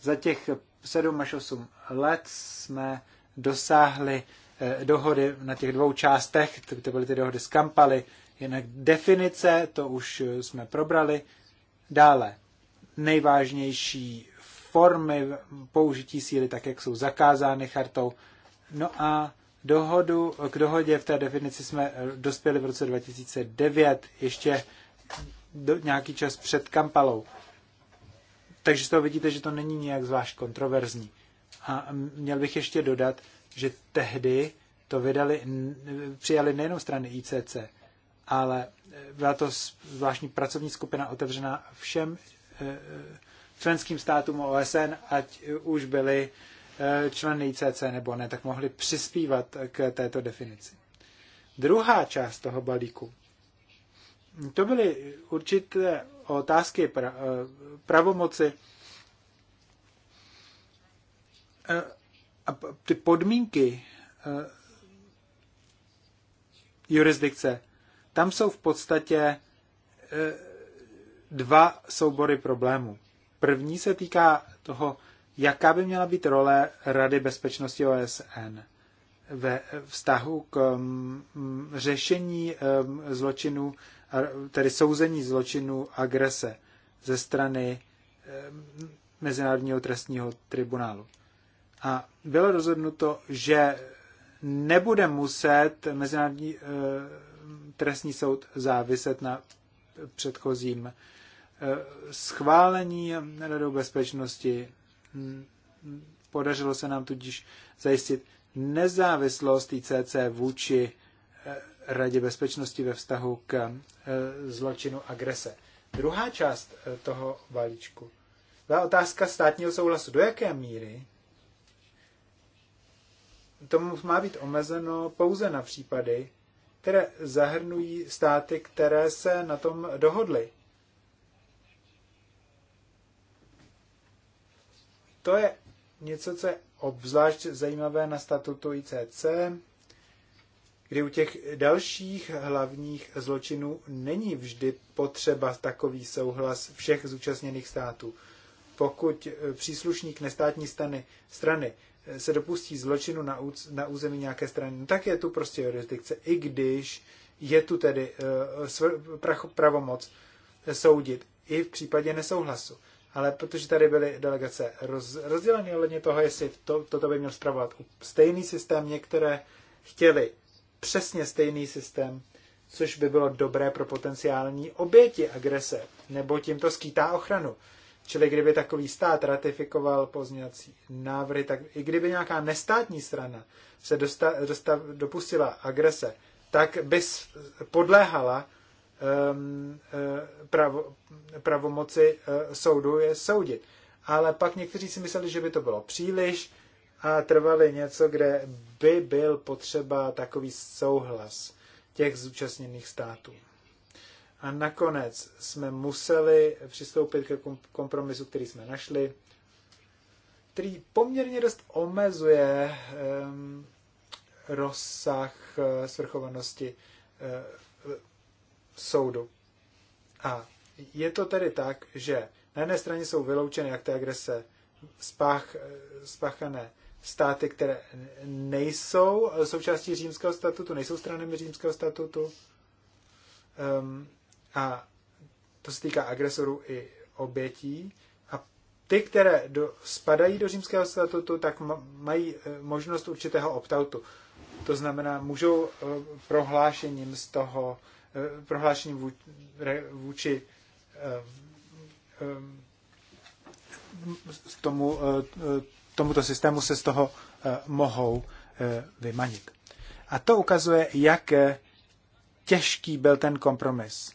Za těch 7 až 8 let jsme dosáhli eh, dohody na těch dvou částech, to byly ty dohody z Kampaly, jinak definice, to už eh, jsme probrali. Dále, nejvážnější formy použití síly, tak jak jsou zakázány chartou. No a dohodu, k dohodě v té definici jsme eh, dospěli v roce 2009, ještě do, nějaký čas před Kampalou. Takže z toho vidíte, že to není nějak zvlášť kontroverzní. A měl bych ještě dodat, že tehdy to vydali, přijali nejenom strany ICC, ale e, byla to zvláštní pracovní skupina otevřená všem e, e, členským státům OSN, ať už byli členy ICC nebo ne, tak mohli přispívat k této definici. Druhá část toho balíku, to byly určité otázky pra, eh, pravomoci eh, a ty podmínky eh, jurisdikce, tam jsou v podstatě dva soubory problémů. První se týká toho, jaká by měla být role Rady bezpečnosti OSN – ve vztahu k mm, řešení mm, zločinu, tedy souzení zločinu agrese ze strany mm, Mezinárodního trestního tribunálu. A bylo rozhodnuto, že nebude muset Mezinárodní e, trestní soud záviset na předchozím e, schválení Radou bezpečnosti. Podařilo se nám tudíž zajistit nezávislost ICC vůči eh, Radě bezpečnosti ve vztahu k eh, zločinu agrese. Druhá část eh, toho balíčku byla otázka státního souhlasu. Do jaké míry tomu má být omezeno pouze na případy, které zahrnují státy, které se na tom dohodly. To je něco, co je obzvlášť zajímavé na statutu ICC, kdy u těch dalších hlavních zločinů není vždy potřeba takový souhlas všech zúčastněných států. Pokud eh, příslušník nestátní strany, strany eh, se dopustí zločinu na, úz, na území nějaké strany, no tak je tu prostě jurisdikce, i když je tu tedy uh, eh, svr, pravomoc soudit i v případě nesouhlasu ale protože tady byly delegace roz, rozděleny ohledně toho, jestli to, toto by měl zpravovat stejný systém, některé chtěli přesně stejný systém, což by bylo dobré pro potenciální oběti agrese, nebo tím to skýtá ochranu. Čili kdyby takový stát ratifikoval pozměňovací návrhy, tak i kdyby nějaká nestátní strana se dosta, dosta, dopustila agrese, tak by podléhala Ehm, eh, pravo, pravomoci eh, soudu je soudit. Ale pak někteří si mysleli, že by to bylo příliš a trvali něco, kde by byl potřeba takový souhlas těch zúčastněných států. A nakonec jsme museli přistoupit ke kompromisu, který jsme našli, který poměrně dost omezuje ehm, rozsah eh, svrchovanosti soudu. A je to tedy tak, že na jedné straně jsou vyloučeny akty agrese spách, spáchané státy, které nejsou součástí římského statutu, nejsou stranami římského statutu. Um, a to se týká agresorů i obětí. A ty, které do, spadají do římského statutu, tak mají eh, možnost určitého optautu. To znamená, můžou eh, prohlášením z toho Eh, prohlášení vůči eh, eh, tomu, tomuto systému se z toho mohou vymanit. A to ukazuje, jak těžký byl ten kompromis.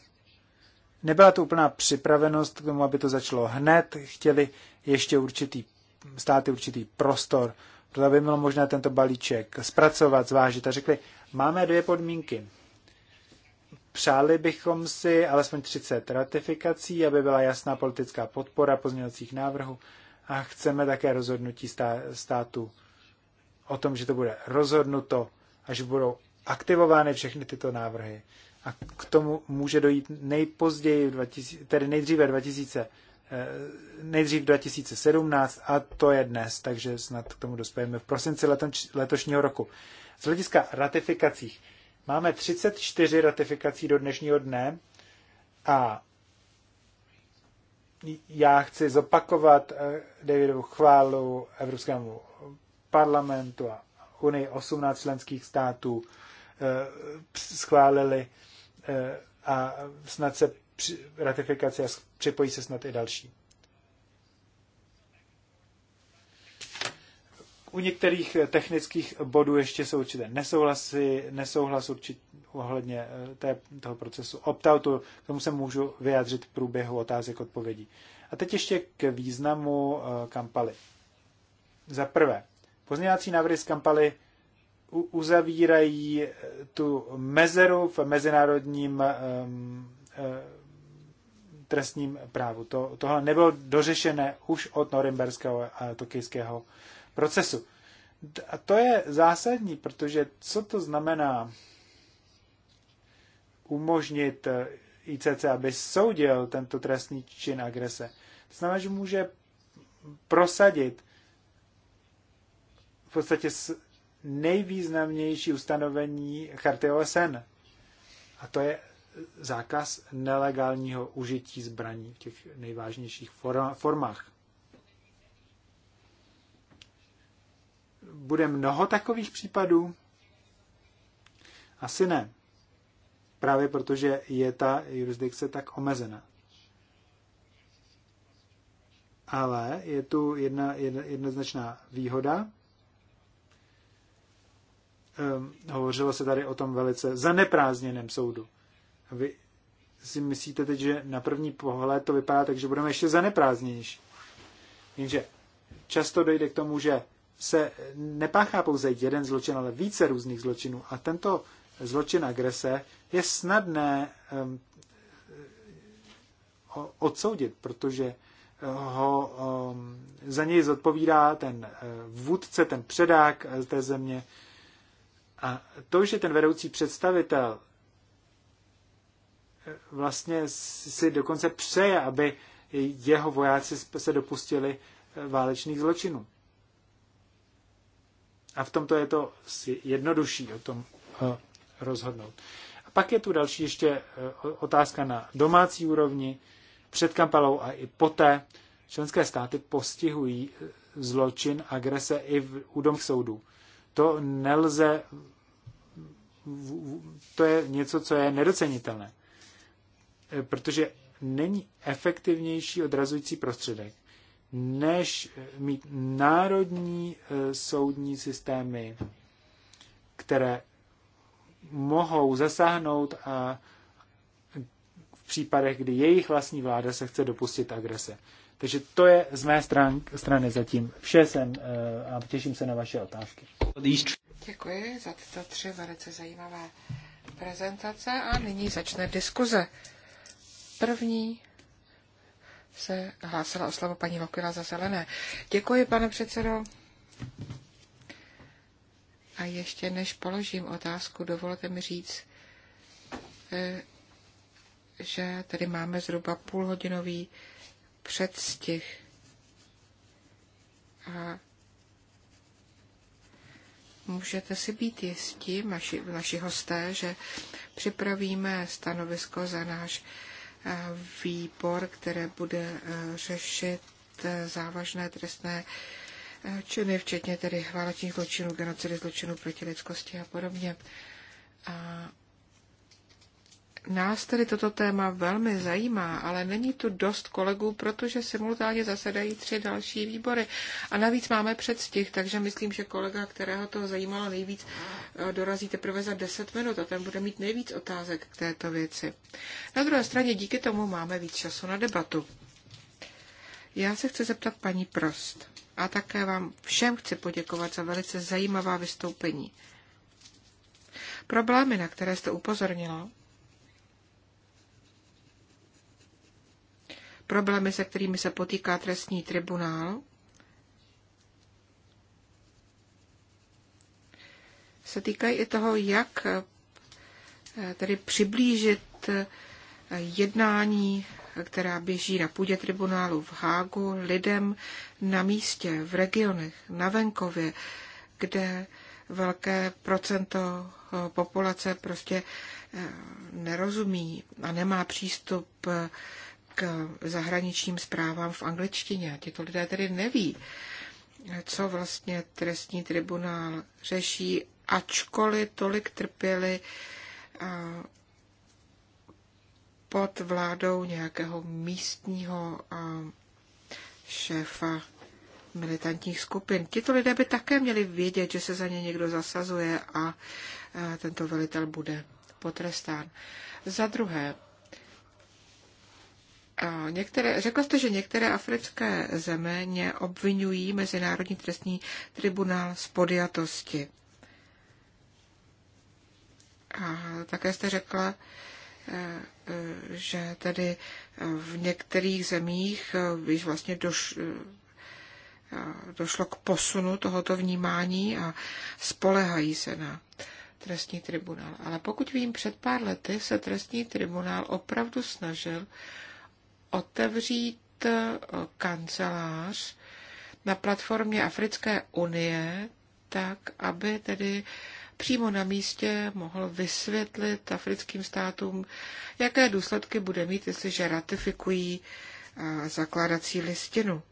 Nebyla to úplná připravenost k tomu, aby to začalo hned. Chtěli ještě určitý státy určitý prostor, proto by bylo možné tento balíček zpracovat, zvážit a řekli, máme dvě podmínky. Přáli bychom si alespoň 30 ratifikací, aby byla jasná politická podpora pozměňovacích návrhů a chceme také rozhodnutí státu o tom, že to bude rozhodnuto a že budou aktivovány všechny tyto návrhy. A k tomu může dojít nejpozději, 2000, tedy nejdříve 2000, eh, nejdřív 2017 a to je dnes, takže snad k tomu dospějeme v prosinci letoš, letošního roku. Z hlediska ratifikacích Máme 34 ratifikací do dnešního dne a já chci zopakovat eh, Davidovu chválu Evropskému parlamentu a Unii 18 členských států eh, schválili eh, a snad se ratifikace připojí se snad i další. U některých eh, technických bodů ještě jsou určité nesouhlasy, nesouhlas určitě ohledně eh, té, toho procesu opt-outu, k tomu se můžu vyjádřit v průběhu otázek odpovědí. A teď ještě k významu eh, kampaly. Za prvé, pozměňovací návrhy z kampaly uzavírají tu mezeru v mezinárodním um, trestním právu. To, tohle nebylo dořešené už od norimberského a tokijského procesu. A to je zásadní, protože co to znamená umožnit eh, ICC, aby soudil tento trestný čin agrese? To znamená, že může prosadit v podstatě nejvýznamnější ustanovení charty OSN. A to je zákaz nelegálního užití zbraní v těch nejvážnějších formách. bude mnoho takových případů? Asi ne. Právě protože je ta jurisdikce tak omezená. Ale je tu jedna, jedna jednoznačná výhoda. Um, hovořilo se tady o tom velice zaneprázdněném soudu. Vy si myslíte teď, že na první pohled to vypadá tak, že budeme ještě zaneprázdněnější. Jenže často dojde k tomu, že se nepáchá pouze jeden zločin, ale více různých zločinů. A tento zločin agrese je snadné um, odsoudit, protože ho, um, za něj zodpovídá ten eh, vůdce, ten předák z eh, té země. A to, že ten vedoucí představitel eh, vlastně si dokonce přeje, aby jeho vojáci se dopustili válečných zločinů. A v tomto je to jednodušší o tom eh, rozhodnout. A pak je tu další ještě eh, otázka na domácí úrovni, před kampalou a i poté. Členské státy postihují eh, zločin agrese i v, u dom soudů. To nelze, to je něco, co je nedocenitelné, protože není efektivnější odrazující prostředek, než mít národní eh, soudní systémy, které mohou zasáhnout a v případech, kdy jejich vlastní vláda se chce dopustit agrese. Takže to je z mé stran, strany zatím vše jsem eh, a těším se na vaše otázky. Děkuji za tyto tři velice zajímavé prezentace a nyní začne diskuze. První se hlásila o slovo paní Vokila za zelené. Děkuji, pane předsedo. A ještě než položím otázku, dovolte mi říct, eh, že tady máme zhruba půlhodinový předstih. A můžete si být jistí, naši, naši hosté, že připravíme stanovisko za náš Eh, výbor, které bude eh, řešit eh, závažné trestné činy, včetně tedy válečných zločinů, genocidy zločinů proti lidskosti a podobně. A Nás tedy toto téma velmi zajímá, ale není tu dost kolegů, protože simultánně zasedají tři další výbory. A navíc máme předstih, takže myslím, že kolega, kterého to zajímalo nejvíc, eh, dorazí teprve za 10 minut a ten bude mít nejvíc otázek k této věci. Na druhé straně díky tomu máme víc času na debatu. Já se chci zeptat paní Prost a také vám všem chci poděkovat za velice zajímavá vystoupení. Problémy, na které jste upozornila, problémy, se kterými se potýká trestní tribunál, se týkají i toho, jak eh, tedy přiblížit eh, jednání, která běží na půdě tribunálu v Hágu, lidem na místě, v regionech, na venkově, kde velké procento eh, populace prostě nerozumí a nemá přístup k zahraničním zprávám v angličtině. Tito lidé tedy neví, co vlastně trestní tribunál řeší, ačkoliv tolik trpěli pod vládou nějakého místního šéfa militantních skupin. Tito lidé by také měli vědět, že se za ně někdo zasazuje a tento velitel bude potrestán. Za druhé, Některé, řekla jste, že některé africké země obvinují Mezinárodní trestní tribunál z podjatosti. A také jste řekla, eh, eh, že tedy eh, v některých zemích již vlastně doš, došlo k posunu tohoto vnímání a spolehají se na trestní tribunál. Ale pokud vím, před pár lety se trestní tribunál opravdu snažil otevřít eh, kancelář na platformě Africké unie, tak aby tedy přímo na místě mohl vysvětlit africkým státům, jaké důsledky bude mít, jestliže ratifikují eh, zakládací listinu.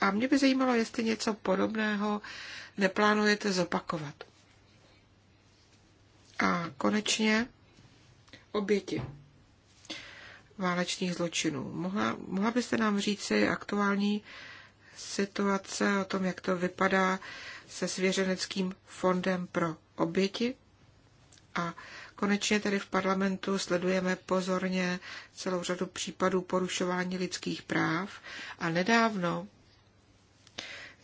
A mě by zajímalo, jestli něco podobného neplánujete zopakovat. A konečně oběti válečných zločinů. Mohla, mohla byste nám říci aktuální situace o tom, jak to vypadá se svěřeneckým fondem pro oběti? A konečně tedy v parlamentu sledujeme pozorně celou řadu případů porušování lidských práv a nedávno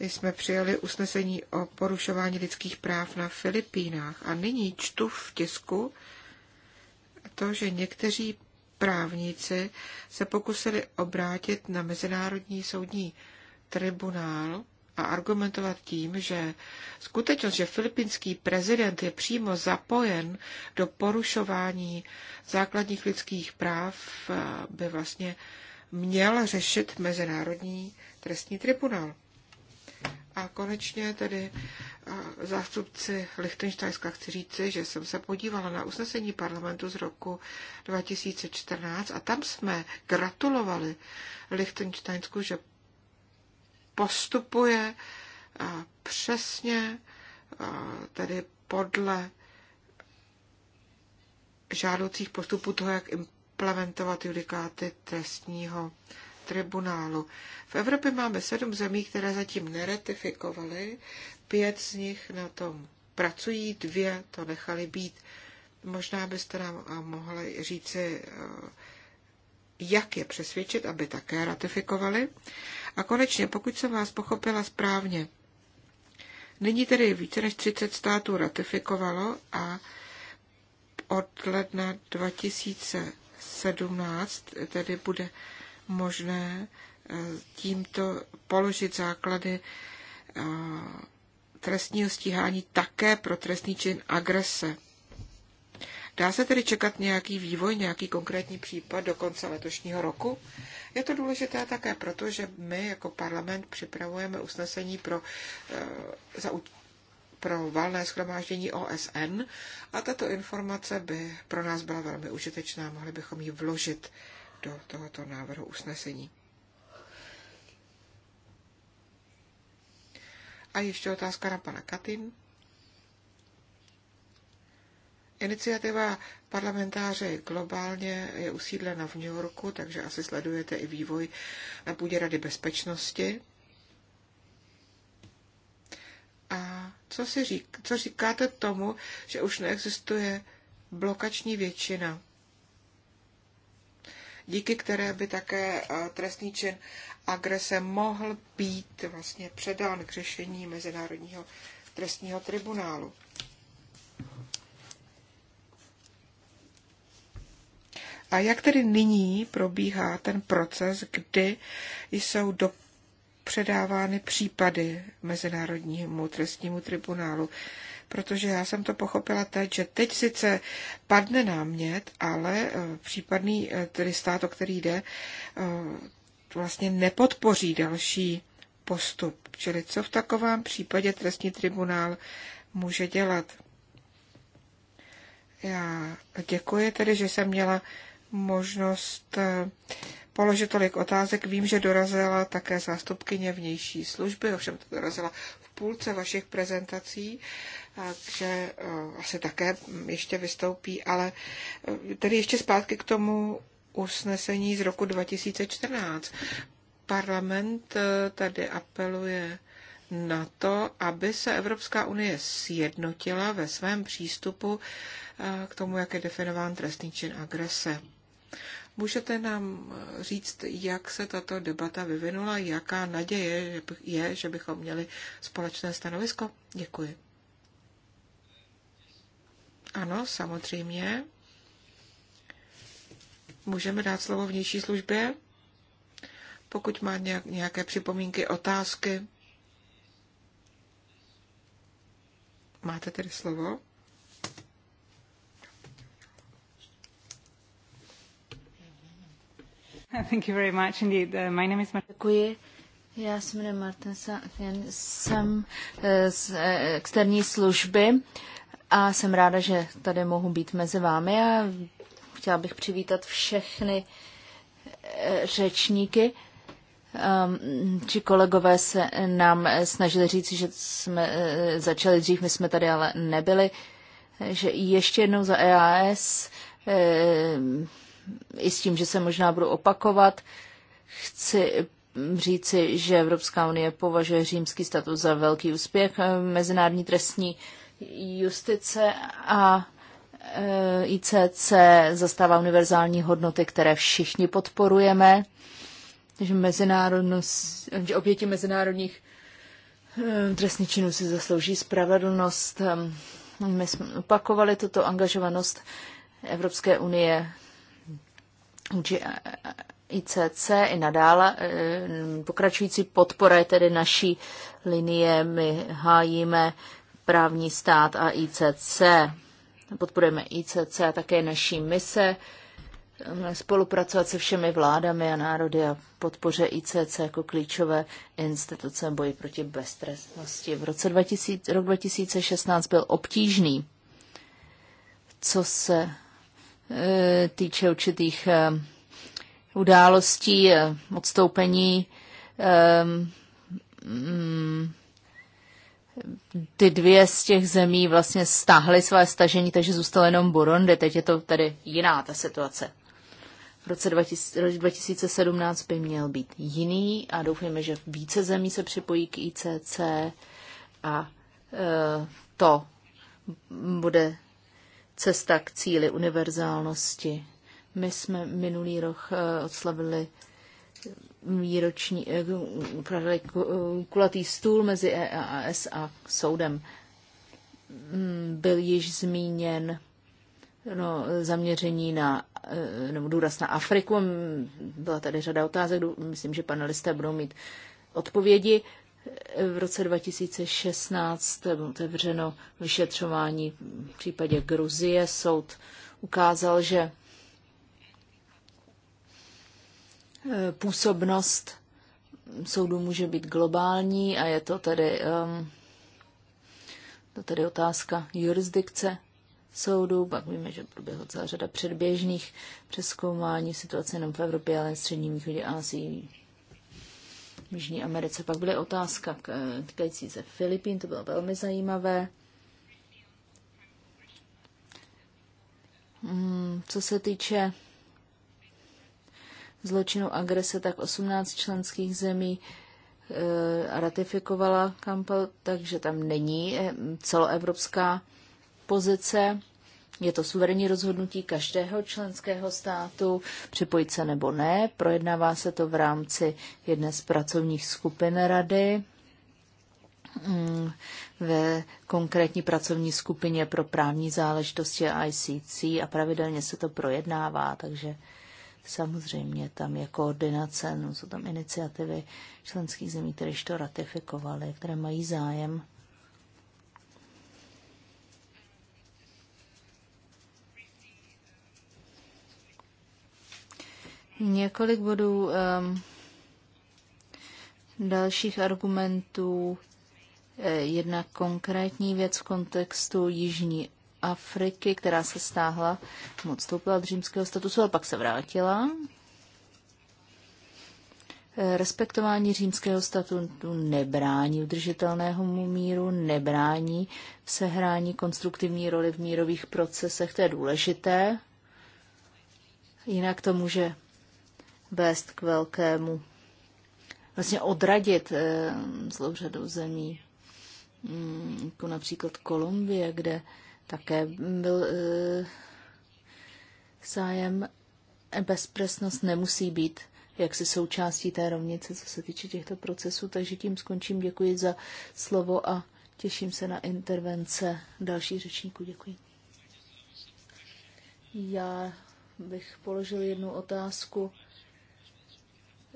jsme přijali usnesení o porušování lidských práv na Filipínách a nyní čtu v tisku to, že někteří právníci se pokusili obrátit na Mezinárodní soudní tribunál a argumentovat tím, že skutečnost, že filipínský prezident je přímo zapojen do porušování základních lidských práv, eh, by vlastně měl řešit Mezinárodní trestní tribunál. A konečně tedy zástupci Lichtensteinska chci říci, že jsem se podívala na usnesení parlamentu z roku 2014 a tam jsme gratulovali Lichtensteinsku, že postupuje přesně tedy podle žádoucích postupů toho, jak implementovat judikáty trestního tribunálu. V Evropě máme sedm zemí, které zatím neratifikovaly, pět z nich na tom pracují, dvě to nechali být. Možná byste nám eh, mohli říci, eh, jak je přesvědčit, aby také ratifikovali. A konečně, pokud jsem vás pochopila správně, nyní tedy více než 30 států ratifikovalo a od ledna 2017 tedy bude možné eh, tímto položit základy eh, trestního stíhání také pro trestný čin agrese. Dá se tedy čekat nějaký vývoj, nějaký konkrétní případ do konce letošního roku? Je to důležité také proto, že my jako parlament připravujeme usnesení pro, eh, za, pro valné schromáždění OSN a tato informace by pro nás byla velmi užitečná, mohli bychom ji vložit do tohoto návrhu usnesení. A ještě otázka na pana Katin. Iniciativa parlamentáře globálně je usídlena v New Yorku, takže asi sledujete i vývoj na půdě Rady bezpečnosti. A co, si řík, co říkáte tomu, že už neexistuje blokační většina díky které by také eh, trestný čin agrese mohl být vlastně předán k řešení Mezinárodního trestního tribunálu. A jak tedy nyní probíhá ten proces, kdy jsou do předávány případy Mezinárodnímu trestnímu tribunálu? protože já jsem to pochopila teď, že teď sice padne námět, ale eh, případný eh, tedy stát, o který jde, eh, vlastně nepodpoří další postup. Čili co v takovém případě trestní tribunál může dělat? Já děkuji tedy, že jsem měla možnost položit tolik otázek. Vím, že dorazila také zástupkyně vnější služby, ovšem to dorazila v půlce vašich prezentací, takže eh, asi také ještě vystoupí, ale eh, tedy ještě zpátky k tomu usnesení z roku 2014. Parlament eh, tady apeluje na to, aby se Evropská unie sjednotila ve svém přístupu k tomu, jak je definován trestný čin agrese. Můžete nám eh, říct, jak se tato debata vyvinula, jaká naděje je, že bychom měli společné stanovisko? Děkuji. Ano, samozřejmě. Můžeme dát slovo vnější službě? Pokud má nějaké připomínky, otázky, máte tedy slovo? Uh, Já jsem jmenuji Martin, jsem eh, z eh, externí služby a jsem ráda, že tady mohu být mezi vámi a chtěla bych přivítat všechny eh, řečníky. Či ehm, kolegové se nám snažili říct, že jsme začali dřív, my jsme tady ale nebyli, že ještě jednou za EAS i s tím, že se možná budu opakovat, chci říci, že Evropská unie považuje římský status za velký úspěch eh, mezinárodní trestní justice a eh, ICC zastává univerzální hodnoty, které všichni podporujeme. Takže mezinárodnost, oběti mezinárodních eh, trestných činů si zaslouží spravedlnost. My jsme opakovali tuto angažovanost Evropské unie vůči eh, ICC i nadále. Eh, pokračující podpora je tedy naší linie. My hájíme právní stát a ICC. Podporujeme ICC a také naší mise eh, spolupracovat se všemi vládami a národy a podpoře ICC jako klíčové instituce boji proti beztrestnosti. V roce 2000, rok 2016 byl obtížný, co se Eh, týče určitých eh, událostí, eh, odstoupení, mm, ty dvě z těch zemí vlastně stáhly své stažení, takže zůstalo jenom Burundi. Teď je to tedy jiná ta situace. V roce 2017 by měl být jiný a doufujeme, že více zemí se připojí k ICC a to bude cesta k cíli univerzálnosti. My jsme minulý rok eh, odslavili výroční eh, kulatý stůl mezi EAS a soudem. Mm, byl již zmíněn no, zaměření na, eh, nebo důraz na Afriku. Mm, byla tady řada otázek, myslím, že panelisté budou mít odpovědi. V roce 2016 bylo otevřeno vyšetřování v případě Gruzie. Soud ukázal, že eh, působnost soudu může být globální a je to tedy, um, to tedy otázka jurisdikce soudu. Pak víme, že proběhla celá řada předběžných přeskoumání situace jenom v Evropě, ale i v Středním východě Asii, v Jižní Americe. Pak byly otázka eh, týkající se Filipín, to bylo velmi zajímavé. Hmm, co se týče zločinu agrese, tak 18 členských zemí eh, ratifikovala Kampel, takže tam není eh, celoevropská pozice. Je to suverénní rozhodnutí každého členského státu, připojit se nebo ne. Projednává se to v rámci jedné z pracovních skupin rady mm, ve konkrétní pracovní skupině pro právní záležitosti ICC a pravidelně se to projednává, takže samozřejmě tam je koordinace, no, jsou tam iniciativy členských zemí, které to ratifikovaly, které mají zájem Několik bodů um, dalších argumentů. Eh, jedna konkrétní věc v kontextu Jižní Afriky, která se stáhla, odstoupila od římského statusu, ale pak se vrátila. Eh, respektování římského statutu nebrání udržitelnému míru, nebrání v sehrání konstruktivní roli v mírových procesech, to je důležité. Jinak to může vést k velkému, vlastně odradit eh, celou řadu zemí, mm, jako například Kolumbie, kde také byl eh, zájem bezpresnost nemusí být jak se součástí té rovnice, co se týče těchto procesů. Takže tím skončím. Děkuji za slovo a těším se na intervence další řečníků. Děkuji. Já bych položil jednu otázku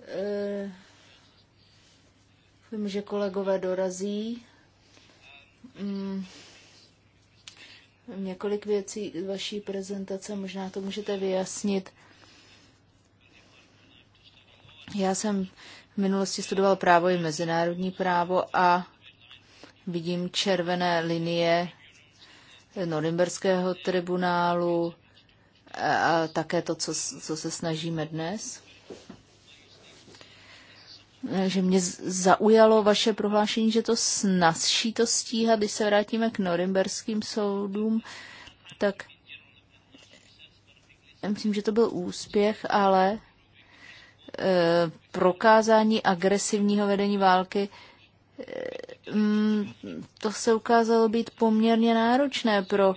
Eh, vím, že kolegové dorazí. Mm, několik věcí z vaší prezentace, možná to můžete vyjasnit. Já jsem v minulosti studoval právo i mezinárodní právo a vidím červené linie Norimberského tribunálu a také to, co, co se snažíme dnes že mě zaujalo vaše prohlášení, že to snazší to stíhat, když se vrátíme k norimberským soudům, tak já myslím, že to byl úspěch, ale e, prokázání agresivního vedení války, e, mm, to se ukázalo být poměrně náročné pro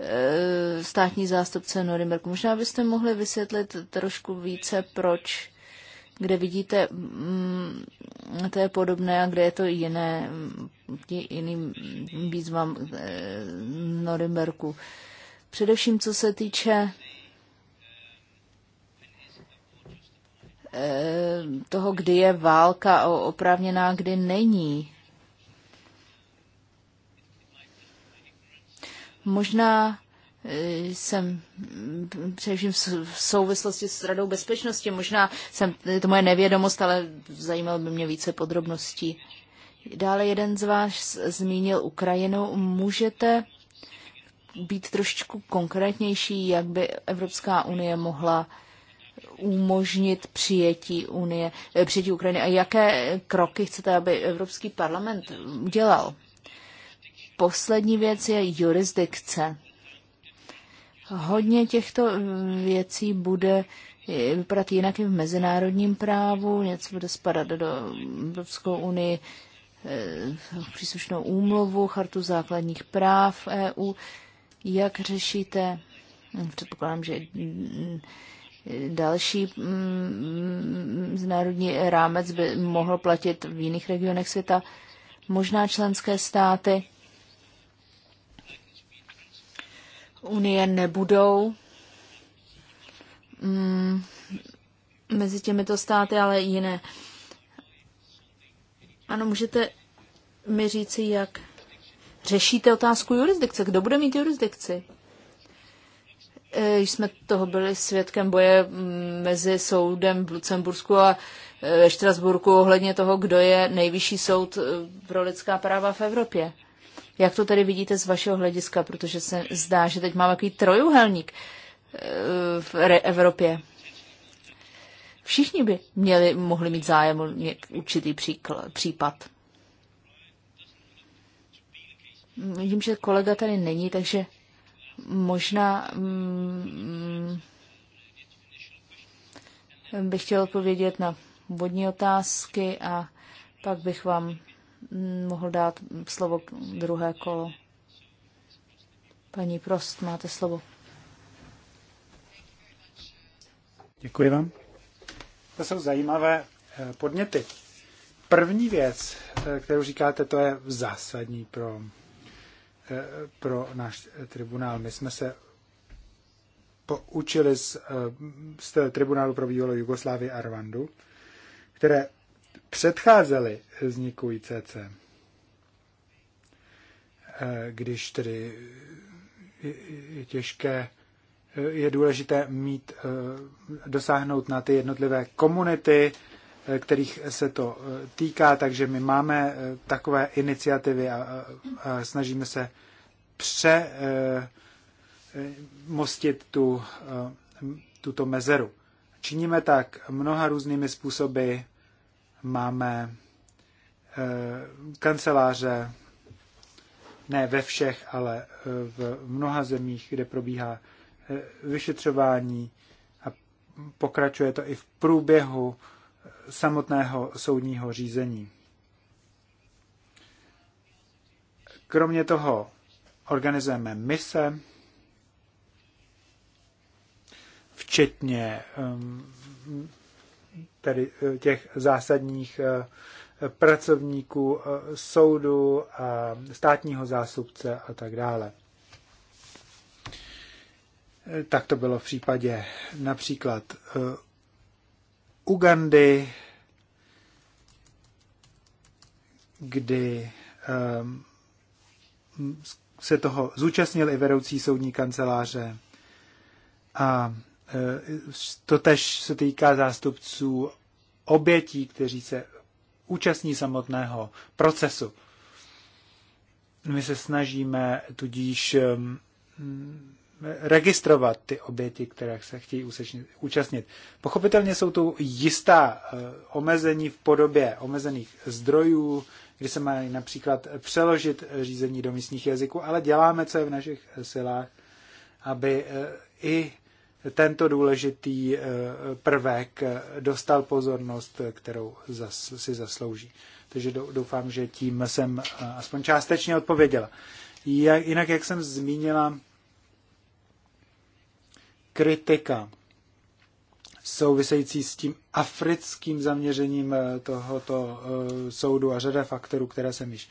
e, státní zástupce Norimberku. Možná byste mohli vysvětlit trošku více, proč kde vidíte, mm, to je podobné a kde je to jiné, mm, jiným výzvám eh, Norimberku. Především co se týče eh, toho, kdy je válka oprávněná, kdy není. Možná jsem především v souvislosti s Radou bezpečnosti. Možná jsem, to moje nevědomost, ale zajímalo by mě více podrobností. Dále jeden z vás zmínil Ukrajinu. Můžete být trošičku konkrétnější, jak by Evropská unie mohla umožnit přijetí unie, eh, přijetí Ukrajiny a jaké kroky chcete, aby Evropský parlament udělal? Poslední věc je jurisdikce Hodně těchto eh, věcí bude eh, vypadat jinak i v mezinárodním právu, něco bude spadat do Evropskou unii, eh, příslušnou úmluvu, chartu základních práv EU. Jak řešíte, předpokládám, že mm, další mm, národní rámec by mohl platit v jiných regionech světa, možná členské státy unie nebudou mm, mezi těmito státy, ale jiné. Ano, můžete mi říci, jak řešíte otázku jurisdikce. Kdo bude mít jurisdikci? E, jsme toho byli svědkem boje mm, mezi soudem v Lucembursku a e, ve Štrasburku ohledně toho, kdo je nejvyšší soud e, pro lidská práva v Evropě. Jak to tedy vidíte z vašeho hlediska, protože se zdá, že teď máme takový trojuhelník eh, v Evropě. Všichni by měli, mohli mít zájem o určitý příklad, případ. Vidím, že kolega tady není, takže možná mm, mm, bych chtěl odpovědět na vodní otázky a pak bych vám Mm, mohl dát slovo druhé kolo. Paní Prost, máte slovo. Děkuji vám. To jsou zajímavé eh, podněty. První věc, eh, kterou říkáte, to je zásadní pro, eh, pro náš tribunál. My jsme se poučili z, z tribunálu pro bývalou Jugoslávii a Rwandu, které předcházely vzniku ICC. Eh, když tedy je těžké, eh, je důležité mít, eh, dosáhnout na ty jednotlivé komunity, kterých se to týká, takže my máme takové iniciativy a, a snažíme se přemostit tu, tuto mezeru. Činíme tak mnoha různými způsoby, máme eh, kanceláře, ne ve všech, ale eh, v mnoha zemích, kde probíhá eh, vyšetřování a pokračuje to i v průběhu samotného soudního řízení. Kromě toho organizujeme mise, včetně ehm, tedy eh, těch zásadních eh, pracovníků eh, soudu a státního zásupce a tak dále. Tak to bylo v případě například Ugandy, kdy se toho zúčastnil i vedoucí soudní kanceláře. A to tež se týká zástupců obětí, kteří se účastní samotného procesu. My se snažíme tudíž um, registrovat ty oběti, které se chtějí účastnit. Pochopitelně jsou tu jistá eh, omezení v podobě omezených zdrojů, kdy se mají například přeložit řízení do místních jazyků, ale děláme, co je v našich eh, silách, aby eh, i tento důležitý eh, prvek dostal pozornost, kterou si zaslouží. Takže doufám, že tím jsem eh, aspoň částečně odpověděla. Jinak, jak jsem zmínila, kritika související s tím africkým zaměřením eh, tohoto soudu a řada faktorů, které jsem již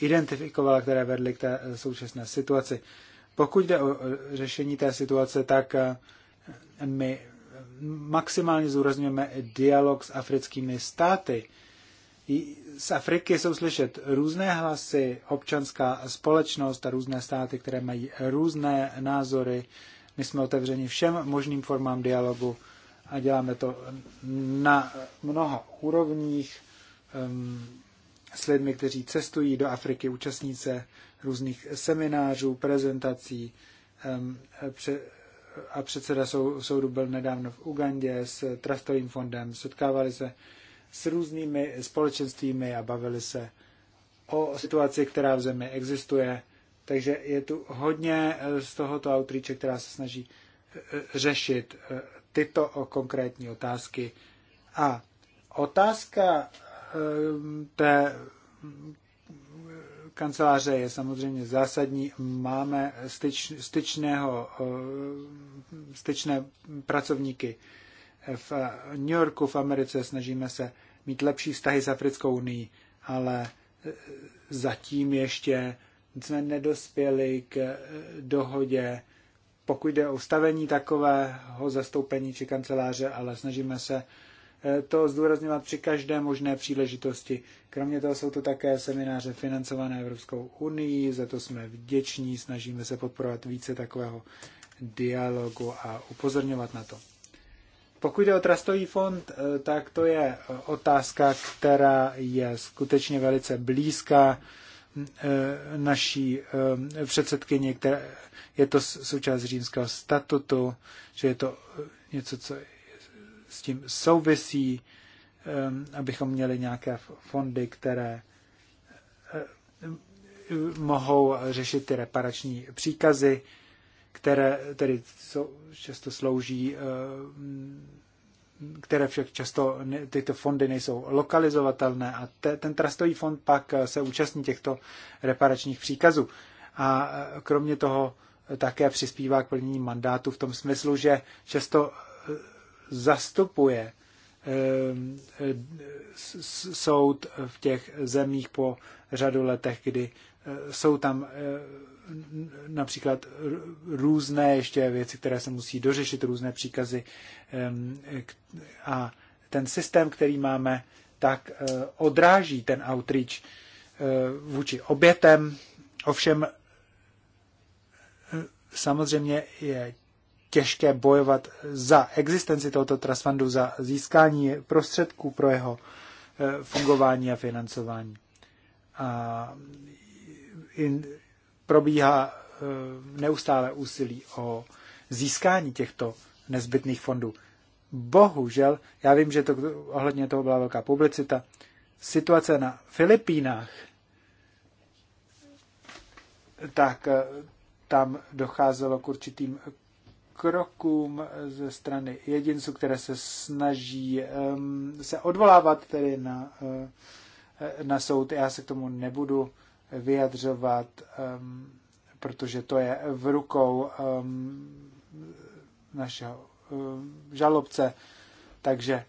identifikovala, které vedly k té současné situaci. Pokud jde o řešení té situace, tak my maximálně zúrazňujeme dialog s africkými státy. Z Afriky jsou slyšet různé hlasy, občanská společnost a různé státy, které mají různé názory. My jsme otevřeni všem možným formám dialogu a děláme to na mnoha úrovních um, s lidmi, kteří cestují do Afriky, účastníce různých seminářů, prezentací, um, a předseda sou, soudu byl nedávno v Ugandě s Trustovým fondem, setkávali se s různými společenstvími a bavili se o situaci, která v zemi existuje. Takže je tu hodně eh, z tohoto outreache, která se snaží eh, eh, řešit tyto konkrétní otázky. A otázka té kanceláře je samozřejmě zásadní. Máme styč, styčného, eh, styčné pracovníky v New Yorku, v Americe. Snažíme se mít lepší vztahy s Africkou unii, ale eh, zatím ještě jsme nedospěli k eh, dohodě, pokud jde o ustavení takového zastoupení či kanceláře, ale snažíme se Eh, to zdůrazňovat při každé možné příležitosti. Kromě toho jsou to také semináře financované Evropskou unii, za to jsme vděční, snažíme se podporovat více takového dialogu a upozorňovat na to. Pokud jde o trastový fond, eh, tak to je eh, otázka, která je skutečně velice blízká hm, naší předsedkyně, je to součást římského statutu, že je to něco, co s tím souvisí, abychom měli nějaké fondy, které mohou řešit ty reparační příkazy, které tedy často slouží, které však často tyto fondy nejsou lokalizovatelné a ten trastový fond pak se účastní těchto reparačních příkazů. A e, kromě toho také přispívá k plnění mandátu v tom smyslu, že často zastupuje ehm, soud v těch zemích po řadu letech, kdy eh, jsou tam eh, například různé ještě věci, které se musí dořešit, různé příkazy ehm, a ten systém, který máme, tak eh, odráží ten outreach vůči obětem. Ovšem samozřejmě je těžké bojovat za existenci tohoto trust fundu, za získání prostředků pro jeho eh, fungování a financování. A in, probíhá eh, neustále úsilí o získání těchto nezbytných fondů. Bohužel, já vím, že to, ohledně toho byla velká publicita, situace na Filipínách, tak eh, tam docházelo k určitým krokům ze strany jedinců, které se snaží se odvolávat tedy na, eh, na soud. Já se k tomu nebudu vyjadřovat, protože to je v rukou našeho žalobce. Takže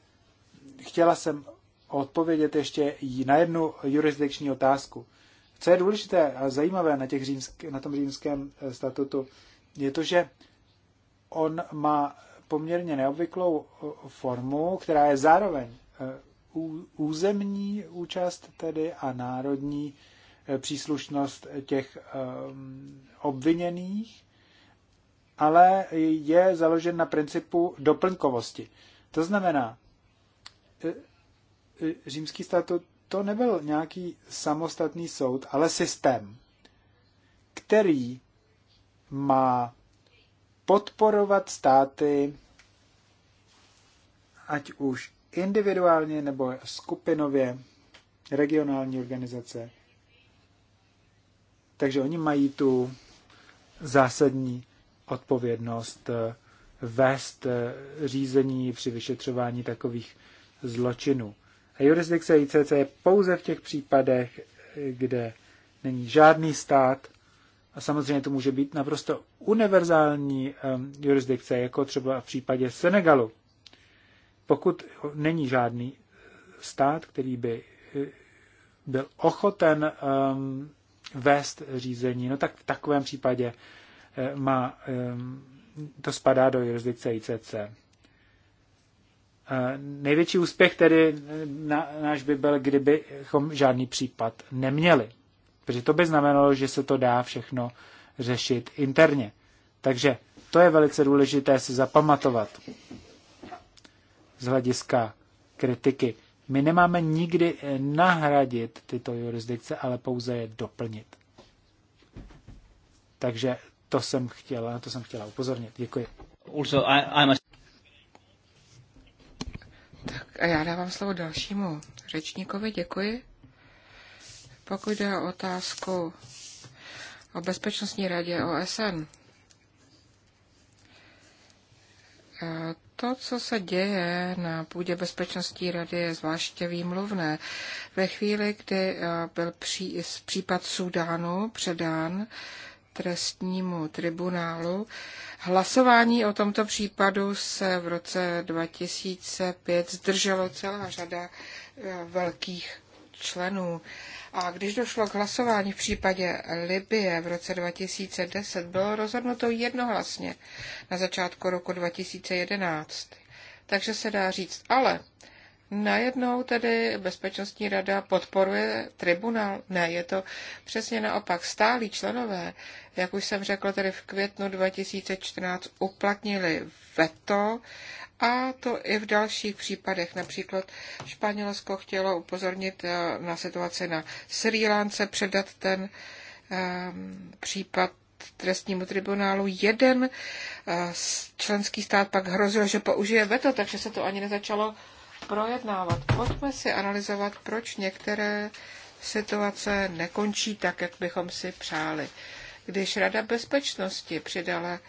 chtěla jsem odpovědět ještě na jednu jurisdikční otázku. Co je důležité a zajímavé na, těch římsk, na tom římském eh, statutu, je to, že on má poměrně neobvyklou eh, formu, která je zároveň eh, územní účast tedy a národní eh, příslušnost těch ehm, obviněných, ale je založen na principu doplňkovosti. To znamená, římský statut to nebyl nějaký samostatný soud, ale systém, který má podporovat státy, ať už individuálně nebo skupinově, regionální organizace. Takže oni mají tu zásadní odpovědnost eh, vést eh, řízení při vyšetřování takových zločinů. A jurisdikce ICC je pouze v těch případech, eh, kde není žádný stát, a samozřejmě to může být naprosto univerzální um, jurisdikce, jako třeba v případě Senegalu. Pokud není žádný stát, který by eh, byl ochoten um, vést řízení, no tak v takovém případě um, má, um, to spadá do jurisdikce ICC. Největší úspěch tedy náš by byl, kdybychom žádný případ neměli. Protože to by znamenalo, že se to dá všechno řešit interně. Takže to je velice důležité si zapamatovat z hlediska kritiky. My nemáme nikdy eh, nahradit tyto jurisdikce, ale pouze je doplnit. Takže to jsem chtěla, to jsem chtěla upozornit. Děkuji. Also, I, I must... Tak a já dávám slovo dalšímu řečníkovi. Děkuji. Pokud jde o otázku o Bezpečnostní radě OSN, eh, to, co se děje na půdě Bezpečnostní rady, je zvláště výmluvné. Ve chvíli, kdy eh, byl pří, případ Sudánu předán trestnímu tribunálu, hlasování o tomto případu se v roce 2005 zdrželo celá řada eh, velkých členů. A když došlo k hlasování v případě Libie v roce 2010, bylo rozhodnuto jednohlasně na začátku roku 2011. Takže se dá říct, ale Najednou tedy Bezpečnostní rada podporuje tribunál. Ne, je to přesně naopak. Stálí členové, jak už jsem řekl, tedy v květnu 2014 uplatnili veto a to i v dalších případech. Například Španělsko chtělo upozornit eh, na situaci na Sri Lance, předat ten um, případ trestnímu tribunálu. Jeden uh, členský stát pak hrozil, že použije veto, takže se to ani nezačalo projednávat. Pojďme si analyzovat, proč některé situace nekončí tak, jak bychom si přáli. Když Rada bezpečnosti přidala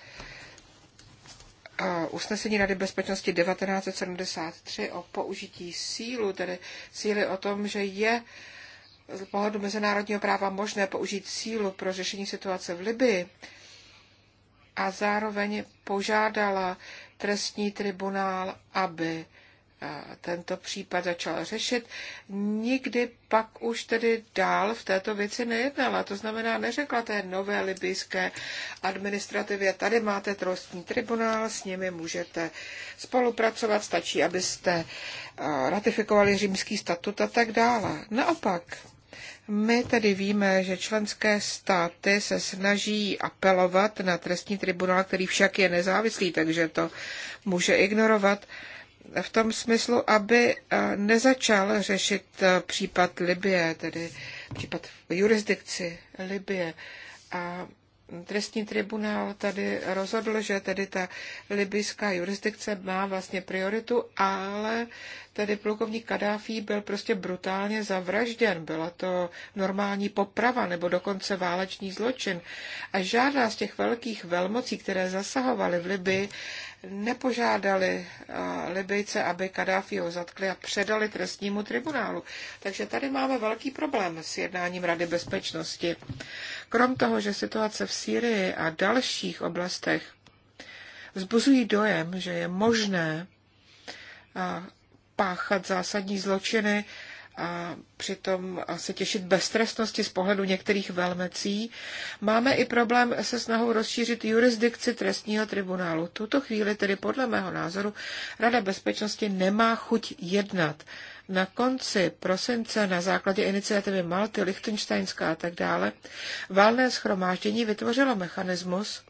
eh, usnesení Rady bezpečnosti 1973 o použití sílu, tedy síly o tom, že je z pohledu mezinárodního práva možné použít sílu pro řešení situace v Libii a zároveň požádala trestní tribunál, aby tento případ začala řešit, nikdy pak už tedy dál v této věci nejednala. To znamená, neřekla té nové libijské administrativě, tady máte trostní tribunál, s nimi můžete spolupracovat, stačí, abyste ratifikovali římský statut a tak dále. Naopak, my tedy víme, že členské státy se snaží apelovat na trestní tribunál, který však je nezávislý, takže to může ignorovat v tom smyslu, aby eh, nezačal řešit eh, případ Libie, tedy případ v jurisdikci Libie. A trestní tribunál tady rozhodl, že tedy ta libyská jurisdikce má vlastně prioritu, ale tedy plukovník Kadáfí byl prostě brutálně zavražděn. Byla to normální poprava nebo dokonce válečný zločin. A žádná z těch velkých velmocí, které zasahovaly v Libii, nepožádali eh, Libyjce, aby Kadáfi ho zatkli a předali trestnímu tribunálu. Takže tady máme velký problém s jednáním Rady bezpečnosti. Krom toho, že situace v Sýrii a dalších oblastech vzbuzují dojem, že je možné páchat zásadní zločiny a přitom se těšit beztrestnosti z pohledu některých velmecí. Máme i problém se snahou rozšířit jurisdikci trestního tribunálu. Tuto chvíli tedy podle mého názoru Rada bezpečnosti nemá chuť jednat na konci prosince na základě iniciativy Malty, Lichtensteinská a tak dále, valné schromáždění vytvořilo mechanismus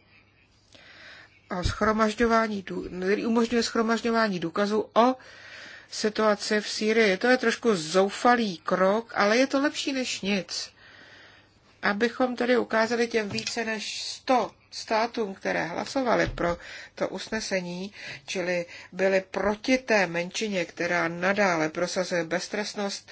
o schromažďování, který umožňuje schromažďování důkazů o situaci v Sýrii. To je trošku zoufalý krok, ale je to lepší než nic. Abychom tedy ukázali těm více než 100 státům, které hlasovaly pro to usnesení, čili byly proti té menšině, která nadále prosazuje beztrestnost,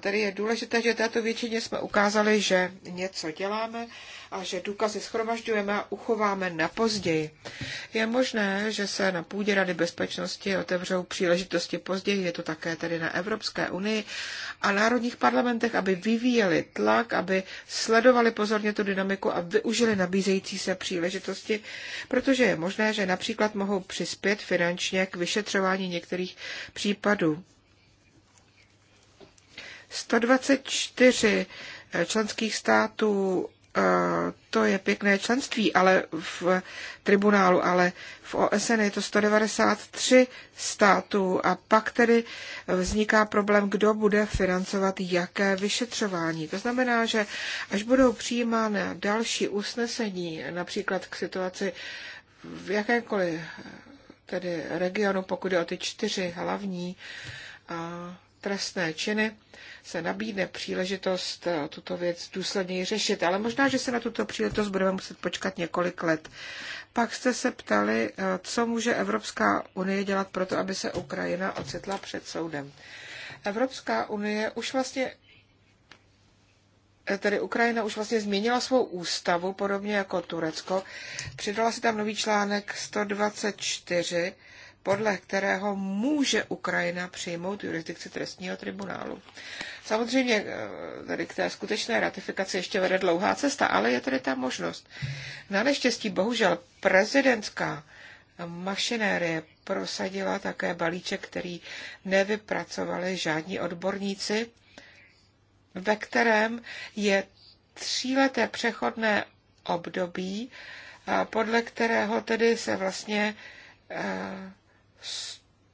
Tady je důležité, že této většině jsme ukázali, že něco děláme a že důkazy schromažďujeme a uchováme na později. Je možné, že se na půdě Rady bezpečnosti otevřou příležitosti později, je to také tedy na Evropské unii a národních parlamentech, aby vyvíjeli tlak, aby sledovali pozorně tu dynamiku a využili nabízející se příležitosti, protože je možné, že například mohou přispět finančně k vyšetřování některých případů. 124 eh, členských států eh, to je pěkné členství, ale v tribunálu, ale v OSN je to 193 států a pak tedy vzniká problém, kdo bude financovat jaké vyšetřování. To znamená, že až budou přijímána další usnesení, například k situaci v jakékoliv eh, tedy regionu, pokud je o ty čtyři hlavní, a trestné činy, se nabídne příležitost eh, tuto věc důsledněji řešit. Ale možná, že se na tuto příležitost budeme muset počkat několik let. Pak jste se ptali, eh, co může Evropská unie dělat pro to, aby se Ukrajina ocitla před soudem. Evropská unie už vlastně eh, tedy Ukrajina už vlastně změnila svou ústavu, podobně jako Turecko. Přidala si tam nový článek 124, podle kterého může Ukrajina přijmout jurisdikci trestního tribunálu. Samozřejmě eh, tady k té skutečné ratifikaci ještě vede dlouhá cesta, ale je tady ta možnost. Na neštěstí bohužel prezidentská mašinérie prosadila také balíček, který nevypracovali žádní odborníci, ve kterém je tříleté přechodné období, podle kterého tedy se vlastně eh,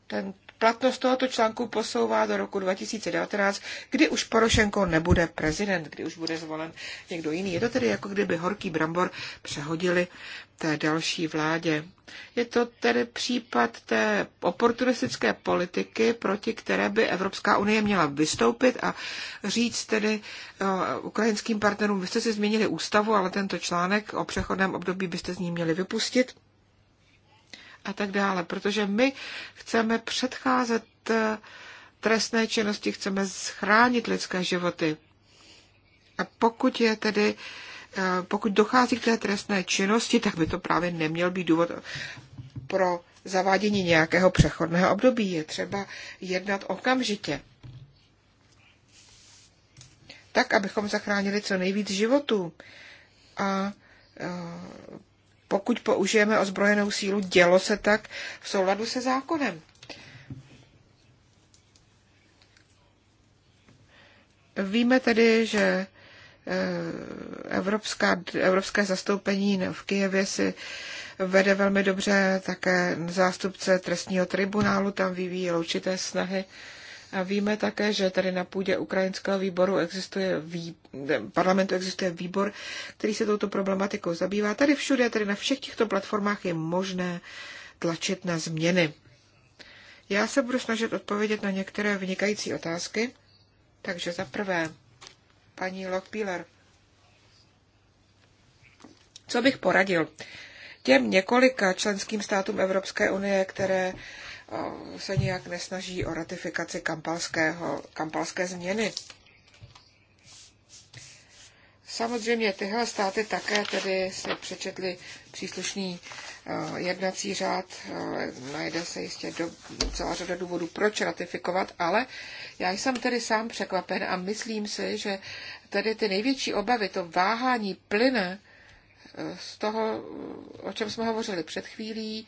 ten platnost tohoto článku posouvá do roku 2019, kdy už Porošenko nebude prezident, kdy už bude zvolen někdo jiný. Je to tedy jako kdyby horký brambor přehodili té další vládě. Je to tedy případ té oportunistické politiky, proti které by Evropská unie měla vystoupit a říct tedy uh, ukrajinským partnerům, vy jste si změnili ústavu, ale tento článek o přechodném období byste z ní měli vypustit a tak dále, protože my chceme předcházet eh, trestné činnosti, chceme schránit lidské životy. A pokud je tedy, eh, pokud dochází k té trestné činnosti, tak by to právě neměl být důvod pro zavádění nějakého přechodného období. Je třeba jednat okamžitě. Tak, abychom zachránili co nejvíc životů. A eh, pokud použijeme ozbrojenou sílu, dělo se tak v souladu se zákonem. Víme tedy, že eh, evropská, evropské zastoupení v Kijevě si vede velmi dobře, také zástupce trestního tribunálu tam vyvíjí určité snahy a víme také, že tady na půdě ukrajinského výboru existuje vý, parlamentu existuje výbor, který se touto problematikou zabývá. Tady všude, tady na všech těchto platformách je možné tlačit na změny. Já se budu snažit odpovědět na některé vynikající otázky. Takže za prvé, paní Lockpiller, co bych poradil těm několika členským státům Evropské unie, které se nijak nesnaží o ratifikaci kampalského, kampalské změny. Samozřejmě tyhle státy také tedy si přečetli příslušný eh, jednací řád. Eh, najde se jistě do, celá řada důvodů, proč ratifikovat, ale já jsem tedy sám překvapen a myslím si, že tedy ty největší obavy, to váhání plyne eh, z toho, o čem jsme hovořili před chvílí,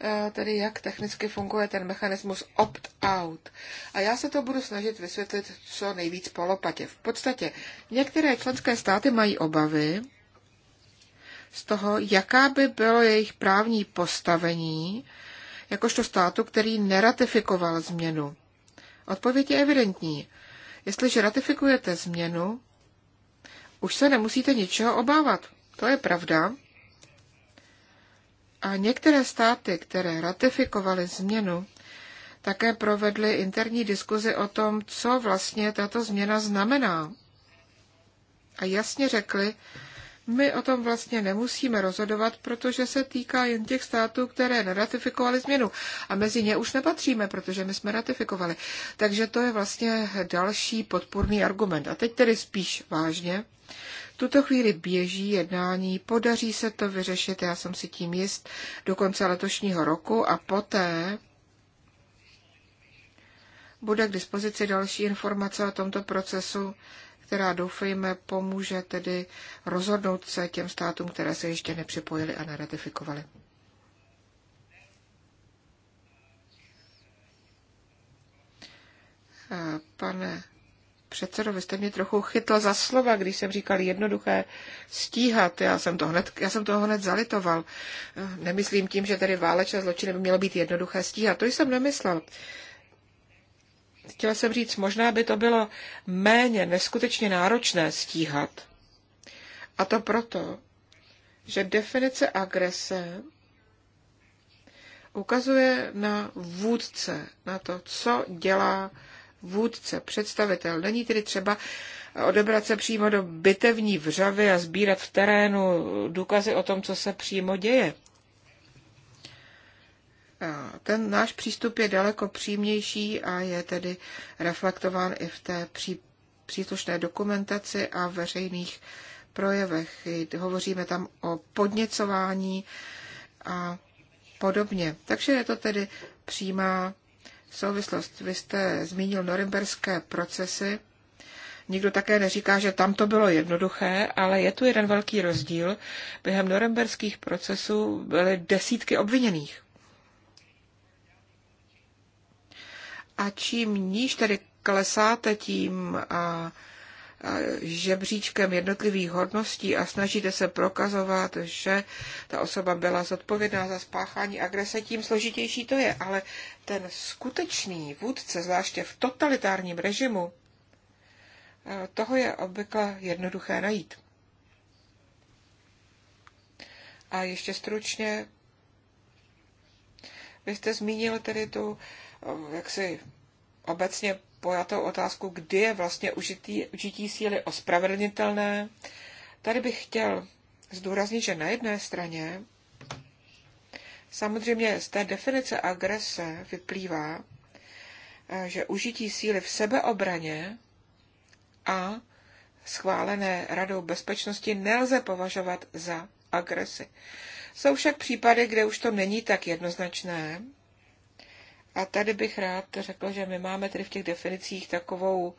Eh, tedy jak technicky funguje ten mechanismus opt-out. A já se to budu snažit vysvětlit co nejvíc polopatě. V podstatě některé členské státy mají obavy z toho, jaká by bylo jejich právní postavení jakožto státu, který neratifikoval změnu. Odpověď je evidentní. Jestliže ratifikujete změnu, už se nemusíte ničeho obávat. To je pravda. A některé státy, které ratifikovaly změnu, také provedly interní diskuzi o tom, co vlastně tato změna znamená. A jasně řekli, my o tom vlastně nemusíme rozhodovat, protože se týká jen těch států, které neratifikovaly změnu. A mezi ně už nepatříme, protože my jsme ratifikovali. Takže to je vlastně další podpůrný argument. A teď tedy spíš vážně tuto chvíli běží jednání, podaří se to vyřešit, já jsem si tím jist, do konce letošního roku a poté bude k dispozici další informace o tomto procesu, která doufejme pomůže tedy rozhodnout se těm státům, které se ještě nepřipojily a neratifikovaly. Eh, pane předsedo, vy jste mě trochu chytl za slova, když jsem říkal jednoduché stíhat. Já jsem, to hned, já jsem toho hned zalitoval. Eh, nemyslím tím, že tady válečné zločiny by mělo být jednoduché stíhat. To jsem nemyslel. Chtěla jsem říct, možná by to bylo méně neskutečně náročné stíhat. A to proto, že definice agrese ukazuje na vůdce, na to, co dělá vůdce, představitel. Není tedy třeba odebrat se přímo do bitevní vřavy a sbírat v terénu důkazy o tom, co se přímo děje. Ten náš přístup je daleko přímější a je tedy reflektován i v té pří, příslušné dokumentaci a veřejných projevech. Hovoříme tam o podněcování a podobně. Takže je to tedy přímá souvislost. Vy jste zmínil norimberské procesy. Nikdo také neříká, že tam to bylo jednoduché, ale je tu jeden velký rozdíl. Během norimberských procesů byly desítky obviněných. A čím níž tedy klesáte, tím a, žebříčkem jednotlivých hodností a snažíte se prokazovat, že ta osoba byla zodpovědná za spáchání agrese, tím složitější to je. Ale ten skutečný vůdce, zvláště v totalitárním režimu, toho je obvykle jednoduché najít. A ještě stručně, vy jste zmínil tedy tu eh, si obecně pojatou otázku, kdy je vlastně užitý, užití síly ospravedlnitelné. Tady bych chtěl zdůraznit, že na jedné straně samozřejmě z té definice agrese vyplývá, eh, že užití síly v sebeobraně a schválené Radou bezpečnosti nelze považovat za agresi. Jsou však případy, kde už to není tak jednoznačné a tady bych rád řekl, že my máme tedy v těch definicích takovou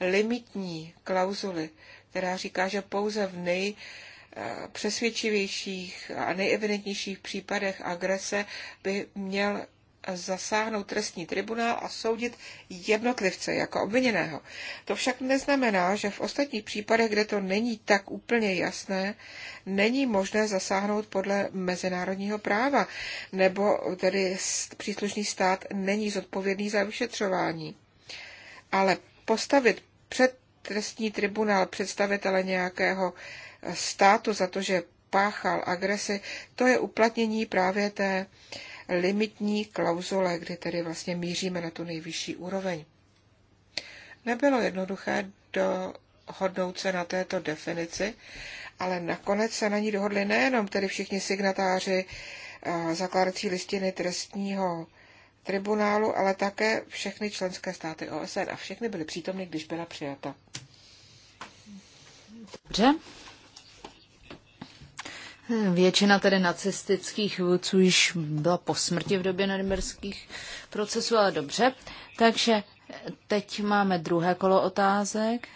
limitní klauzuli, která říká, že pouze v nej přesvědčivějších a nejevidentnějších případech agrese by měl zasáhnout trestní tribunál a soudit jednotlivce jako obviněného. To však neznamená, že v ostatních případech, kde to není tak úplně jasné, není možné zasáhnout podle mezinárodního práva, nebo tedy příslušný stát není zodpovědný za vyšetřování. Ale postavit před trestní tribunál představitele nějakého eh, státu za to, že páchal agresi, to je uplatnění právě té uh, limitní klauzule, kdy tedy vlastně míříme na tu nejvyšší úroveň. Nebylo jednoduché dohodnout se na této definici, ale nakonec se na ní dohodli nejenom tedy všichni signatáři eh, zakládací listiny trestního tribunálu, ale také všechny členské státy OSN a všechny byly přítomny, když byla přijata. Dobře, Většina tedy nacistických vůdců již byla po smrti v době nadmerských procesů, ale dobře. Takže teď máme druhé kolo otázek.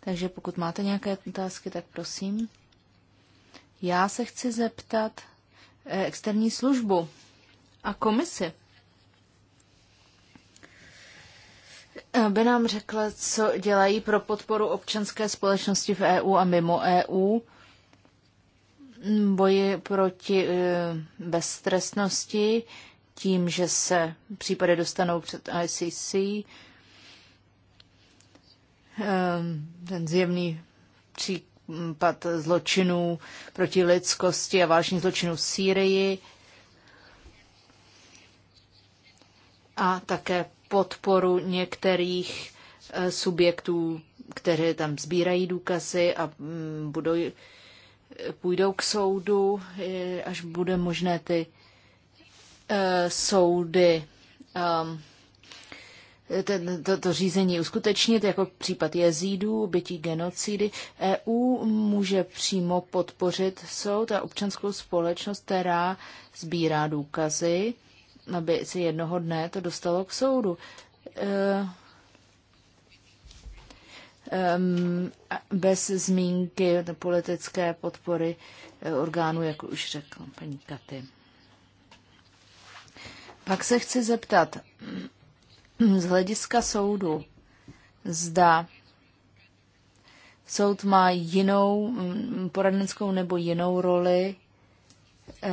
Takže pokud máte nějaké otázky, tak prosím. Já se chci zeptat eh, externí službu a komisi. Eh, by nám řekla, co dělají pro podporu občanské společnosti v EU a mimo EU boji proti e, beztrestnosti tím, že se případy dostanou před ICC. E, ten zjemný případ zločinů proti lidskosti a vážných zločinů v Sýrii a také podporu některých e, subjektů, které tam sbírají důkazy a budou půjdou k soudu, eh, až bude možné ty eh, soudy ehm, ten, to, to řízení uskutečnit, jako případ jezídů, bytí genocidy. EU může přímo podpořit soud a občanskou společnost, která sbírá důkazy, aby si jednoho dne to dostalo k soudu. Eh, bez zmínky politické podpory eh, orgánů, jak už řekl paní Katy. Pak se chci zeptat, z hlediska soudu, zda soud má jinou mm, poradenskou nebo jinou roli eh,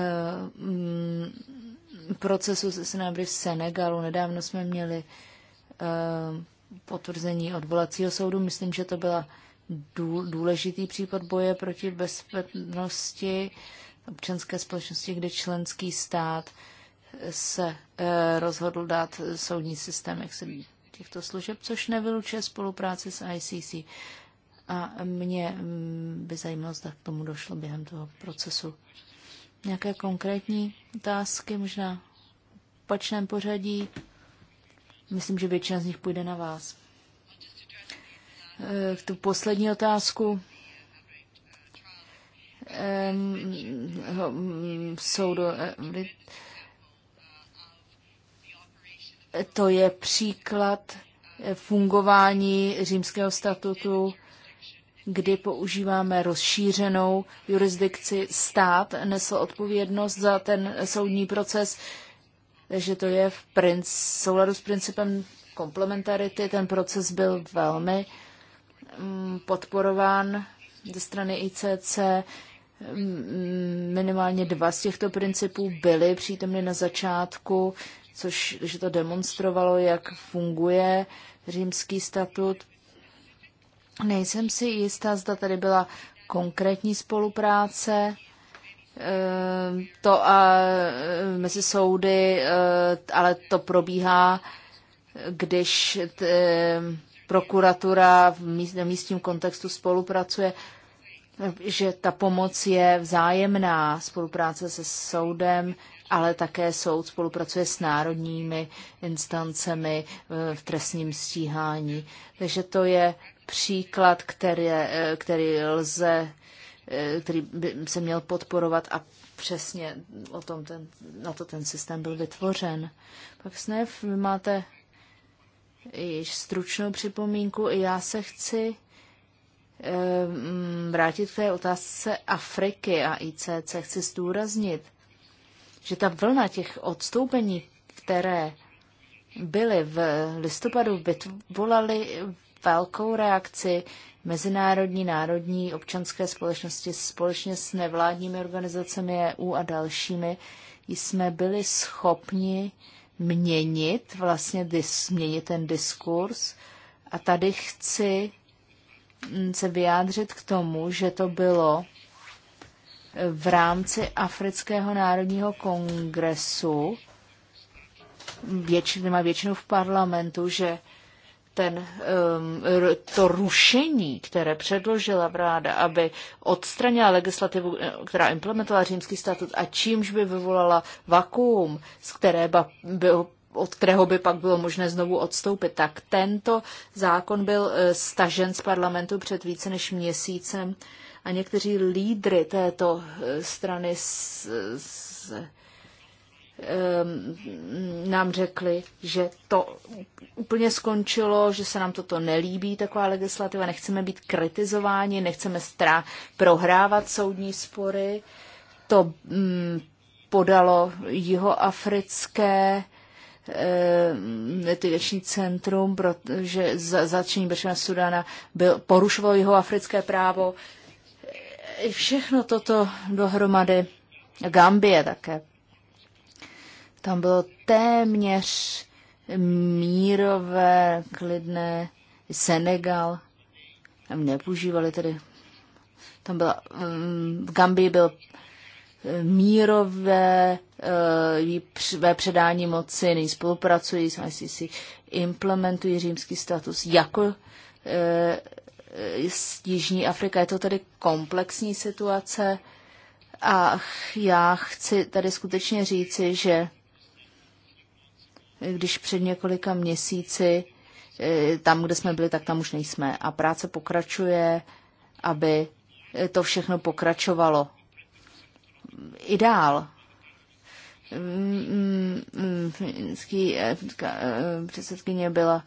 mm, procesu se návrhy v Senegalu. Nedávno jsme měli eh, potvrzení odvolacího soudu. Myslím, že to byla důležitý případ boje proti bezpečnosti občanské společnosti, kde členský stát se eh, rozhodl dát soudní systém jak se těchto služeb, což nevylučuje spolupráci s ICC. A mě mm, by zajímalo, zda k tomu došlo během toho procesu. Nějaké konkrétní otázky, možná v opačném pořadí? Myslím, že většina z nich půjde na vás. Eh, k tu poslední otázku eh, To je příklad fungování římského statutu, kdy používáme rozšířenou jurisdikci. Stát nesl odpovědnost za ten soudní proces že to je v princ, souladu s principem komplementarity. Ten proces byl velmi mm, podporován ze strany ICC. Mm, minimálně dva z těchto principů byly přítomny na začátku, což že to demonstrovalo, jak funguje římský statut. Nejsem si jistá, zda tady byla konkrétní spolupráce Eh, to a eh, mezi soudy, eh, ale to probíhá, když prokuratura v míst, místním kontextu spolupracuje, že ta pomoc je vzájemná, spolupráce se soudem, ale také soud spolupracuje s národními instancemi v trestním stíhání. Takže to je příklad, který, který lze Eh, který by se měl podporovat a přesně o tom ten, na to ten systém byl vytvořen. Pak SNEF, vy máte již stručnou připomínku i já se chci eh, vrátit k té otázce Afriky a ICC. Chci zdůraznit, že ta vlna těch odstoupení, které byly v listopadu, vyvolaly velkou reakci mezinárodní, národní, občanské společnosti společně s nevládními organizacemi EU a dalšími jsme byli schopni měnit, vlastně dis, měnit ten diskurs. A tady chci mm, se vyjádřit k tomu, že to bylo e, v rámci Afrického národního kongresu, většinou, má většinu v parlamentu, že ten, um, to rušení, které předložila vláda, aby odstranila legislativu, eh, která implementovala římský statut a čímž by vyvolala vakuum, z které byl od kterého by pak bylo možné znovu odstoupit. Tak tento zákon byl eh, stažen z parlamentu před více než měsícem a někteří lídry této eh, strany z, s, Ehm, nám řekli, že to úplně skončilo, že se nám toto nelíbí, taková legislativa, nechceme být kritizováni, nechceme strá- prohrávat soudní spory. To mm, podalo jihoafrické ehm, litigační centrum, protože zatčení Bešana Sudana byl, porušoval jeho právo. Všechno toto dohromady, Gambie také, tam bylo téměř mírové, klidné Senegal. Tam nepoužívali tedy. Tam byla, v Gambii byl eh, mírové eh, ve předání moci, nyní spolupracují s ICC, implementují římský status jako z eh, Jižní Afrika. Je to tady komplexní situace a já chci tady skutečně říci, že když před několika měsíci eh, tam, kde jsme byli, tak tam už nejsme. A práce pokračuje, aby eh, to všechno pokračovalo. Ideál. Eh, předsedkyně byla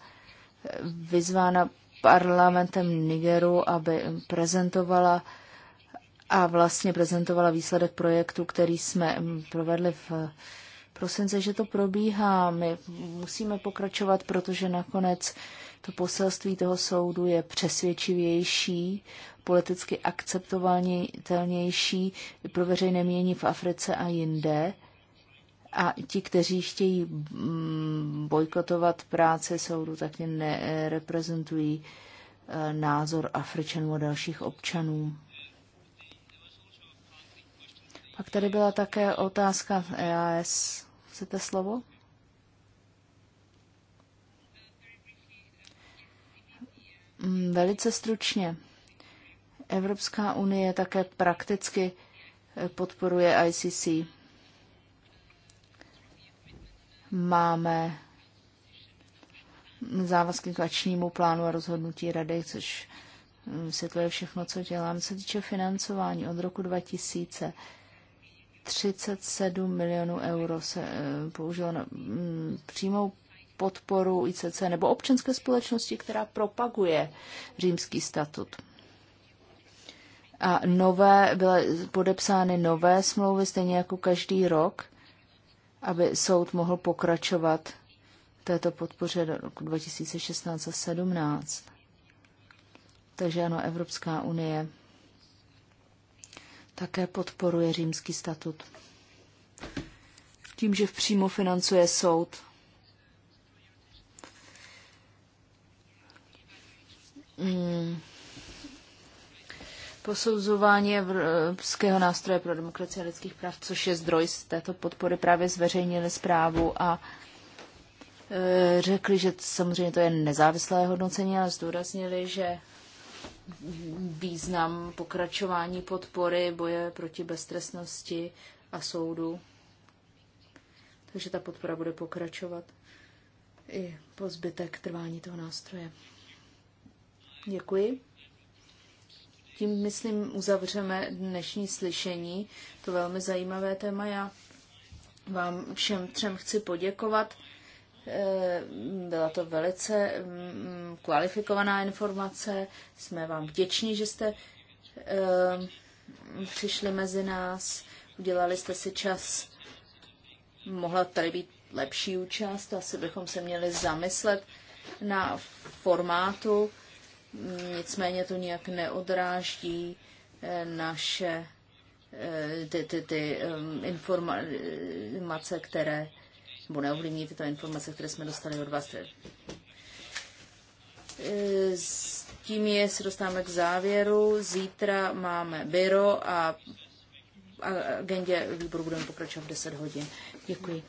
vyzvána parlamentem Nigeru, aby prezentovala a vlastně prezentovala výsledek projektu, který jsme hm, provedli v prosince, že to probíhá. My musíme pokračovat, protože nakonec to poselství toho soudu je přesvědčivější, politicky akceptovatelnější pro veřejné mění v Africe a jinde. A ti, kteří chtějí mm, bojkotovat práci soudu, tak nereprezentují eh, názor Afričanů a dalších občanů. Pak tady byla také otázka EAS chcete slovo? Mm, velice stručně. Evropská unie také prakticky eh, podporuje ICC. Máme závazky k ačnímu plánu a rozhodnutí rady, což mm, vysvětluje všechno, co dělám. Co se týče financování od roku 2000, 37 milionů euro se eh, použilo na mm, přímou podporu ICC nebo občanské společnosti, která propaguje římský statut. A nové, byly podepsány nové smlouvy, stejně jako každý rok, aby soud mohl pokračovat této podpoře do roku 2016 a 17. Takže ano, Evropská unie také podporuje římský statut. Tím, že přímo financuje soud, Hmm. Posouzování Evropského nástroje pro demokracii a lidských práv, což je zdroj z této podpory, právě zveřejnili zprávu a e, řekli, že samozřejmě to je nezávislé hodnocení, ale zdůraznili, že význam pokračování podpory boje proti beztrestnosti a soudu. Takže ta podpora bude pokračovat i po zbytek trvání toho nástroje. Děkuji. Tím, myslím, uzavřeme dnešní slyšení. To velmi zajímavé téma. Já vám všem třem chci poděkovat. Eh, byla to velice mm, kvalifikovaná informace. Jsme vám vděční, že jste eh, přišli mezi nás, udělali jste si čas. Mohla tady být lepší účast, asi bychom se měli zamyslet na formátu, nicméně to nějak neodráždí eh, naše ty, ty, ty informace, které nebo neovlivní tyto informace, které jsme dostali od vás. E, s tím je, se dostáváme k závěru. Zítra máme byro a agendě výboru budeme pokračovat v 10 hodin. Děkuji.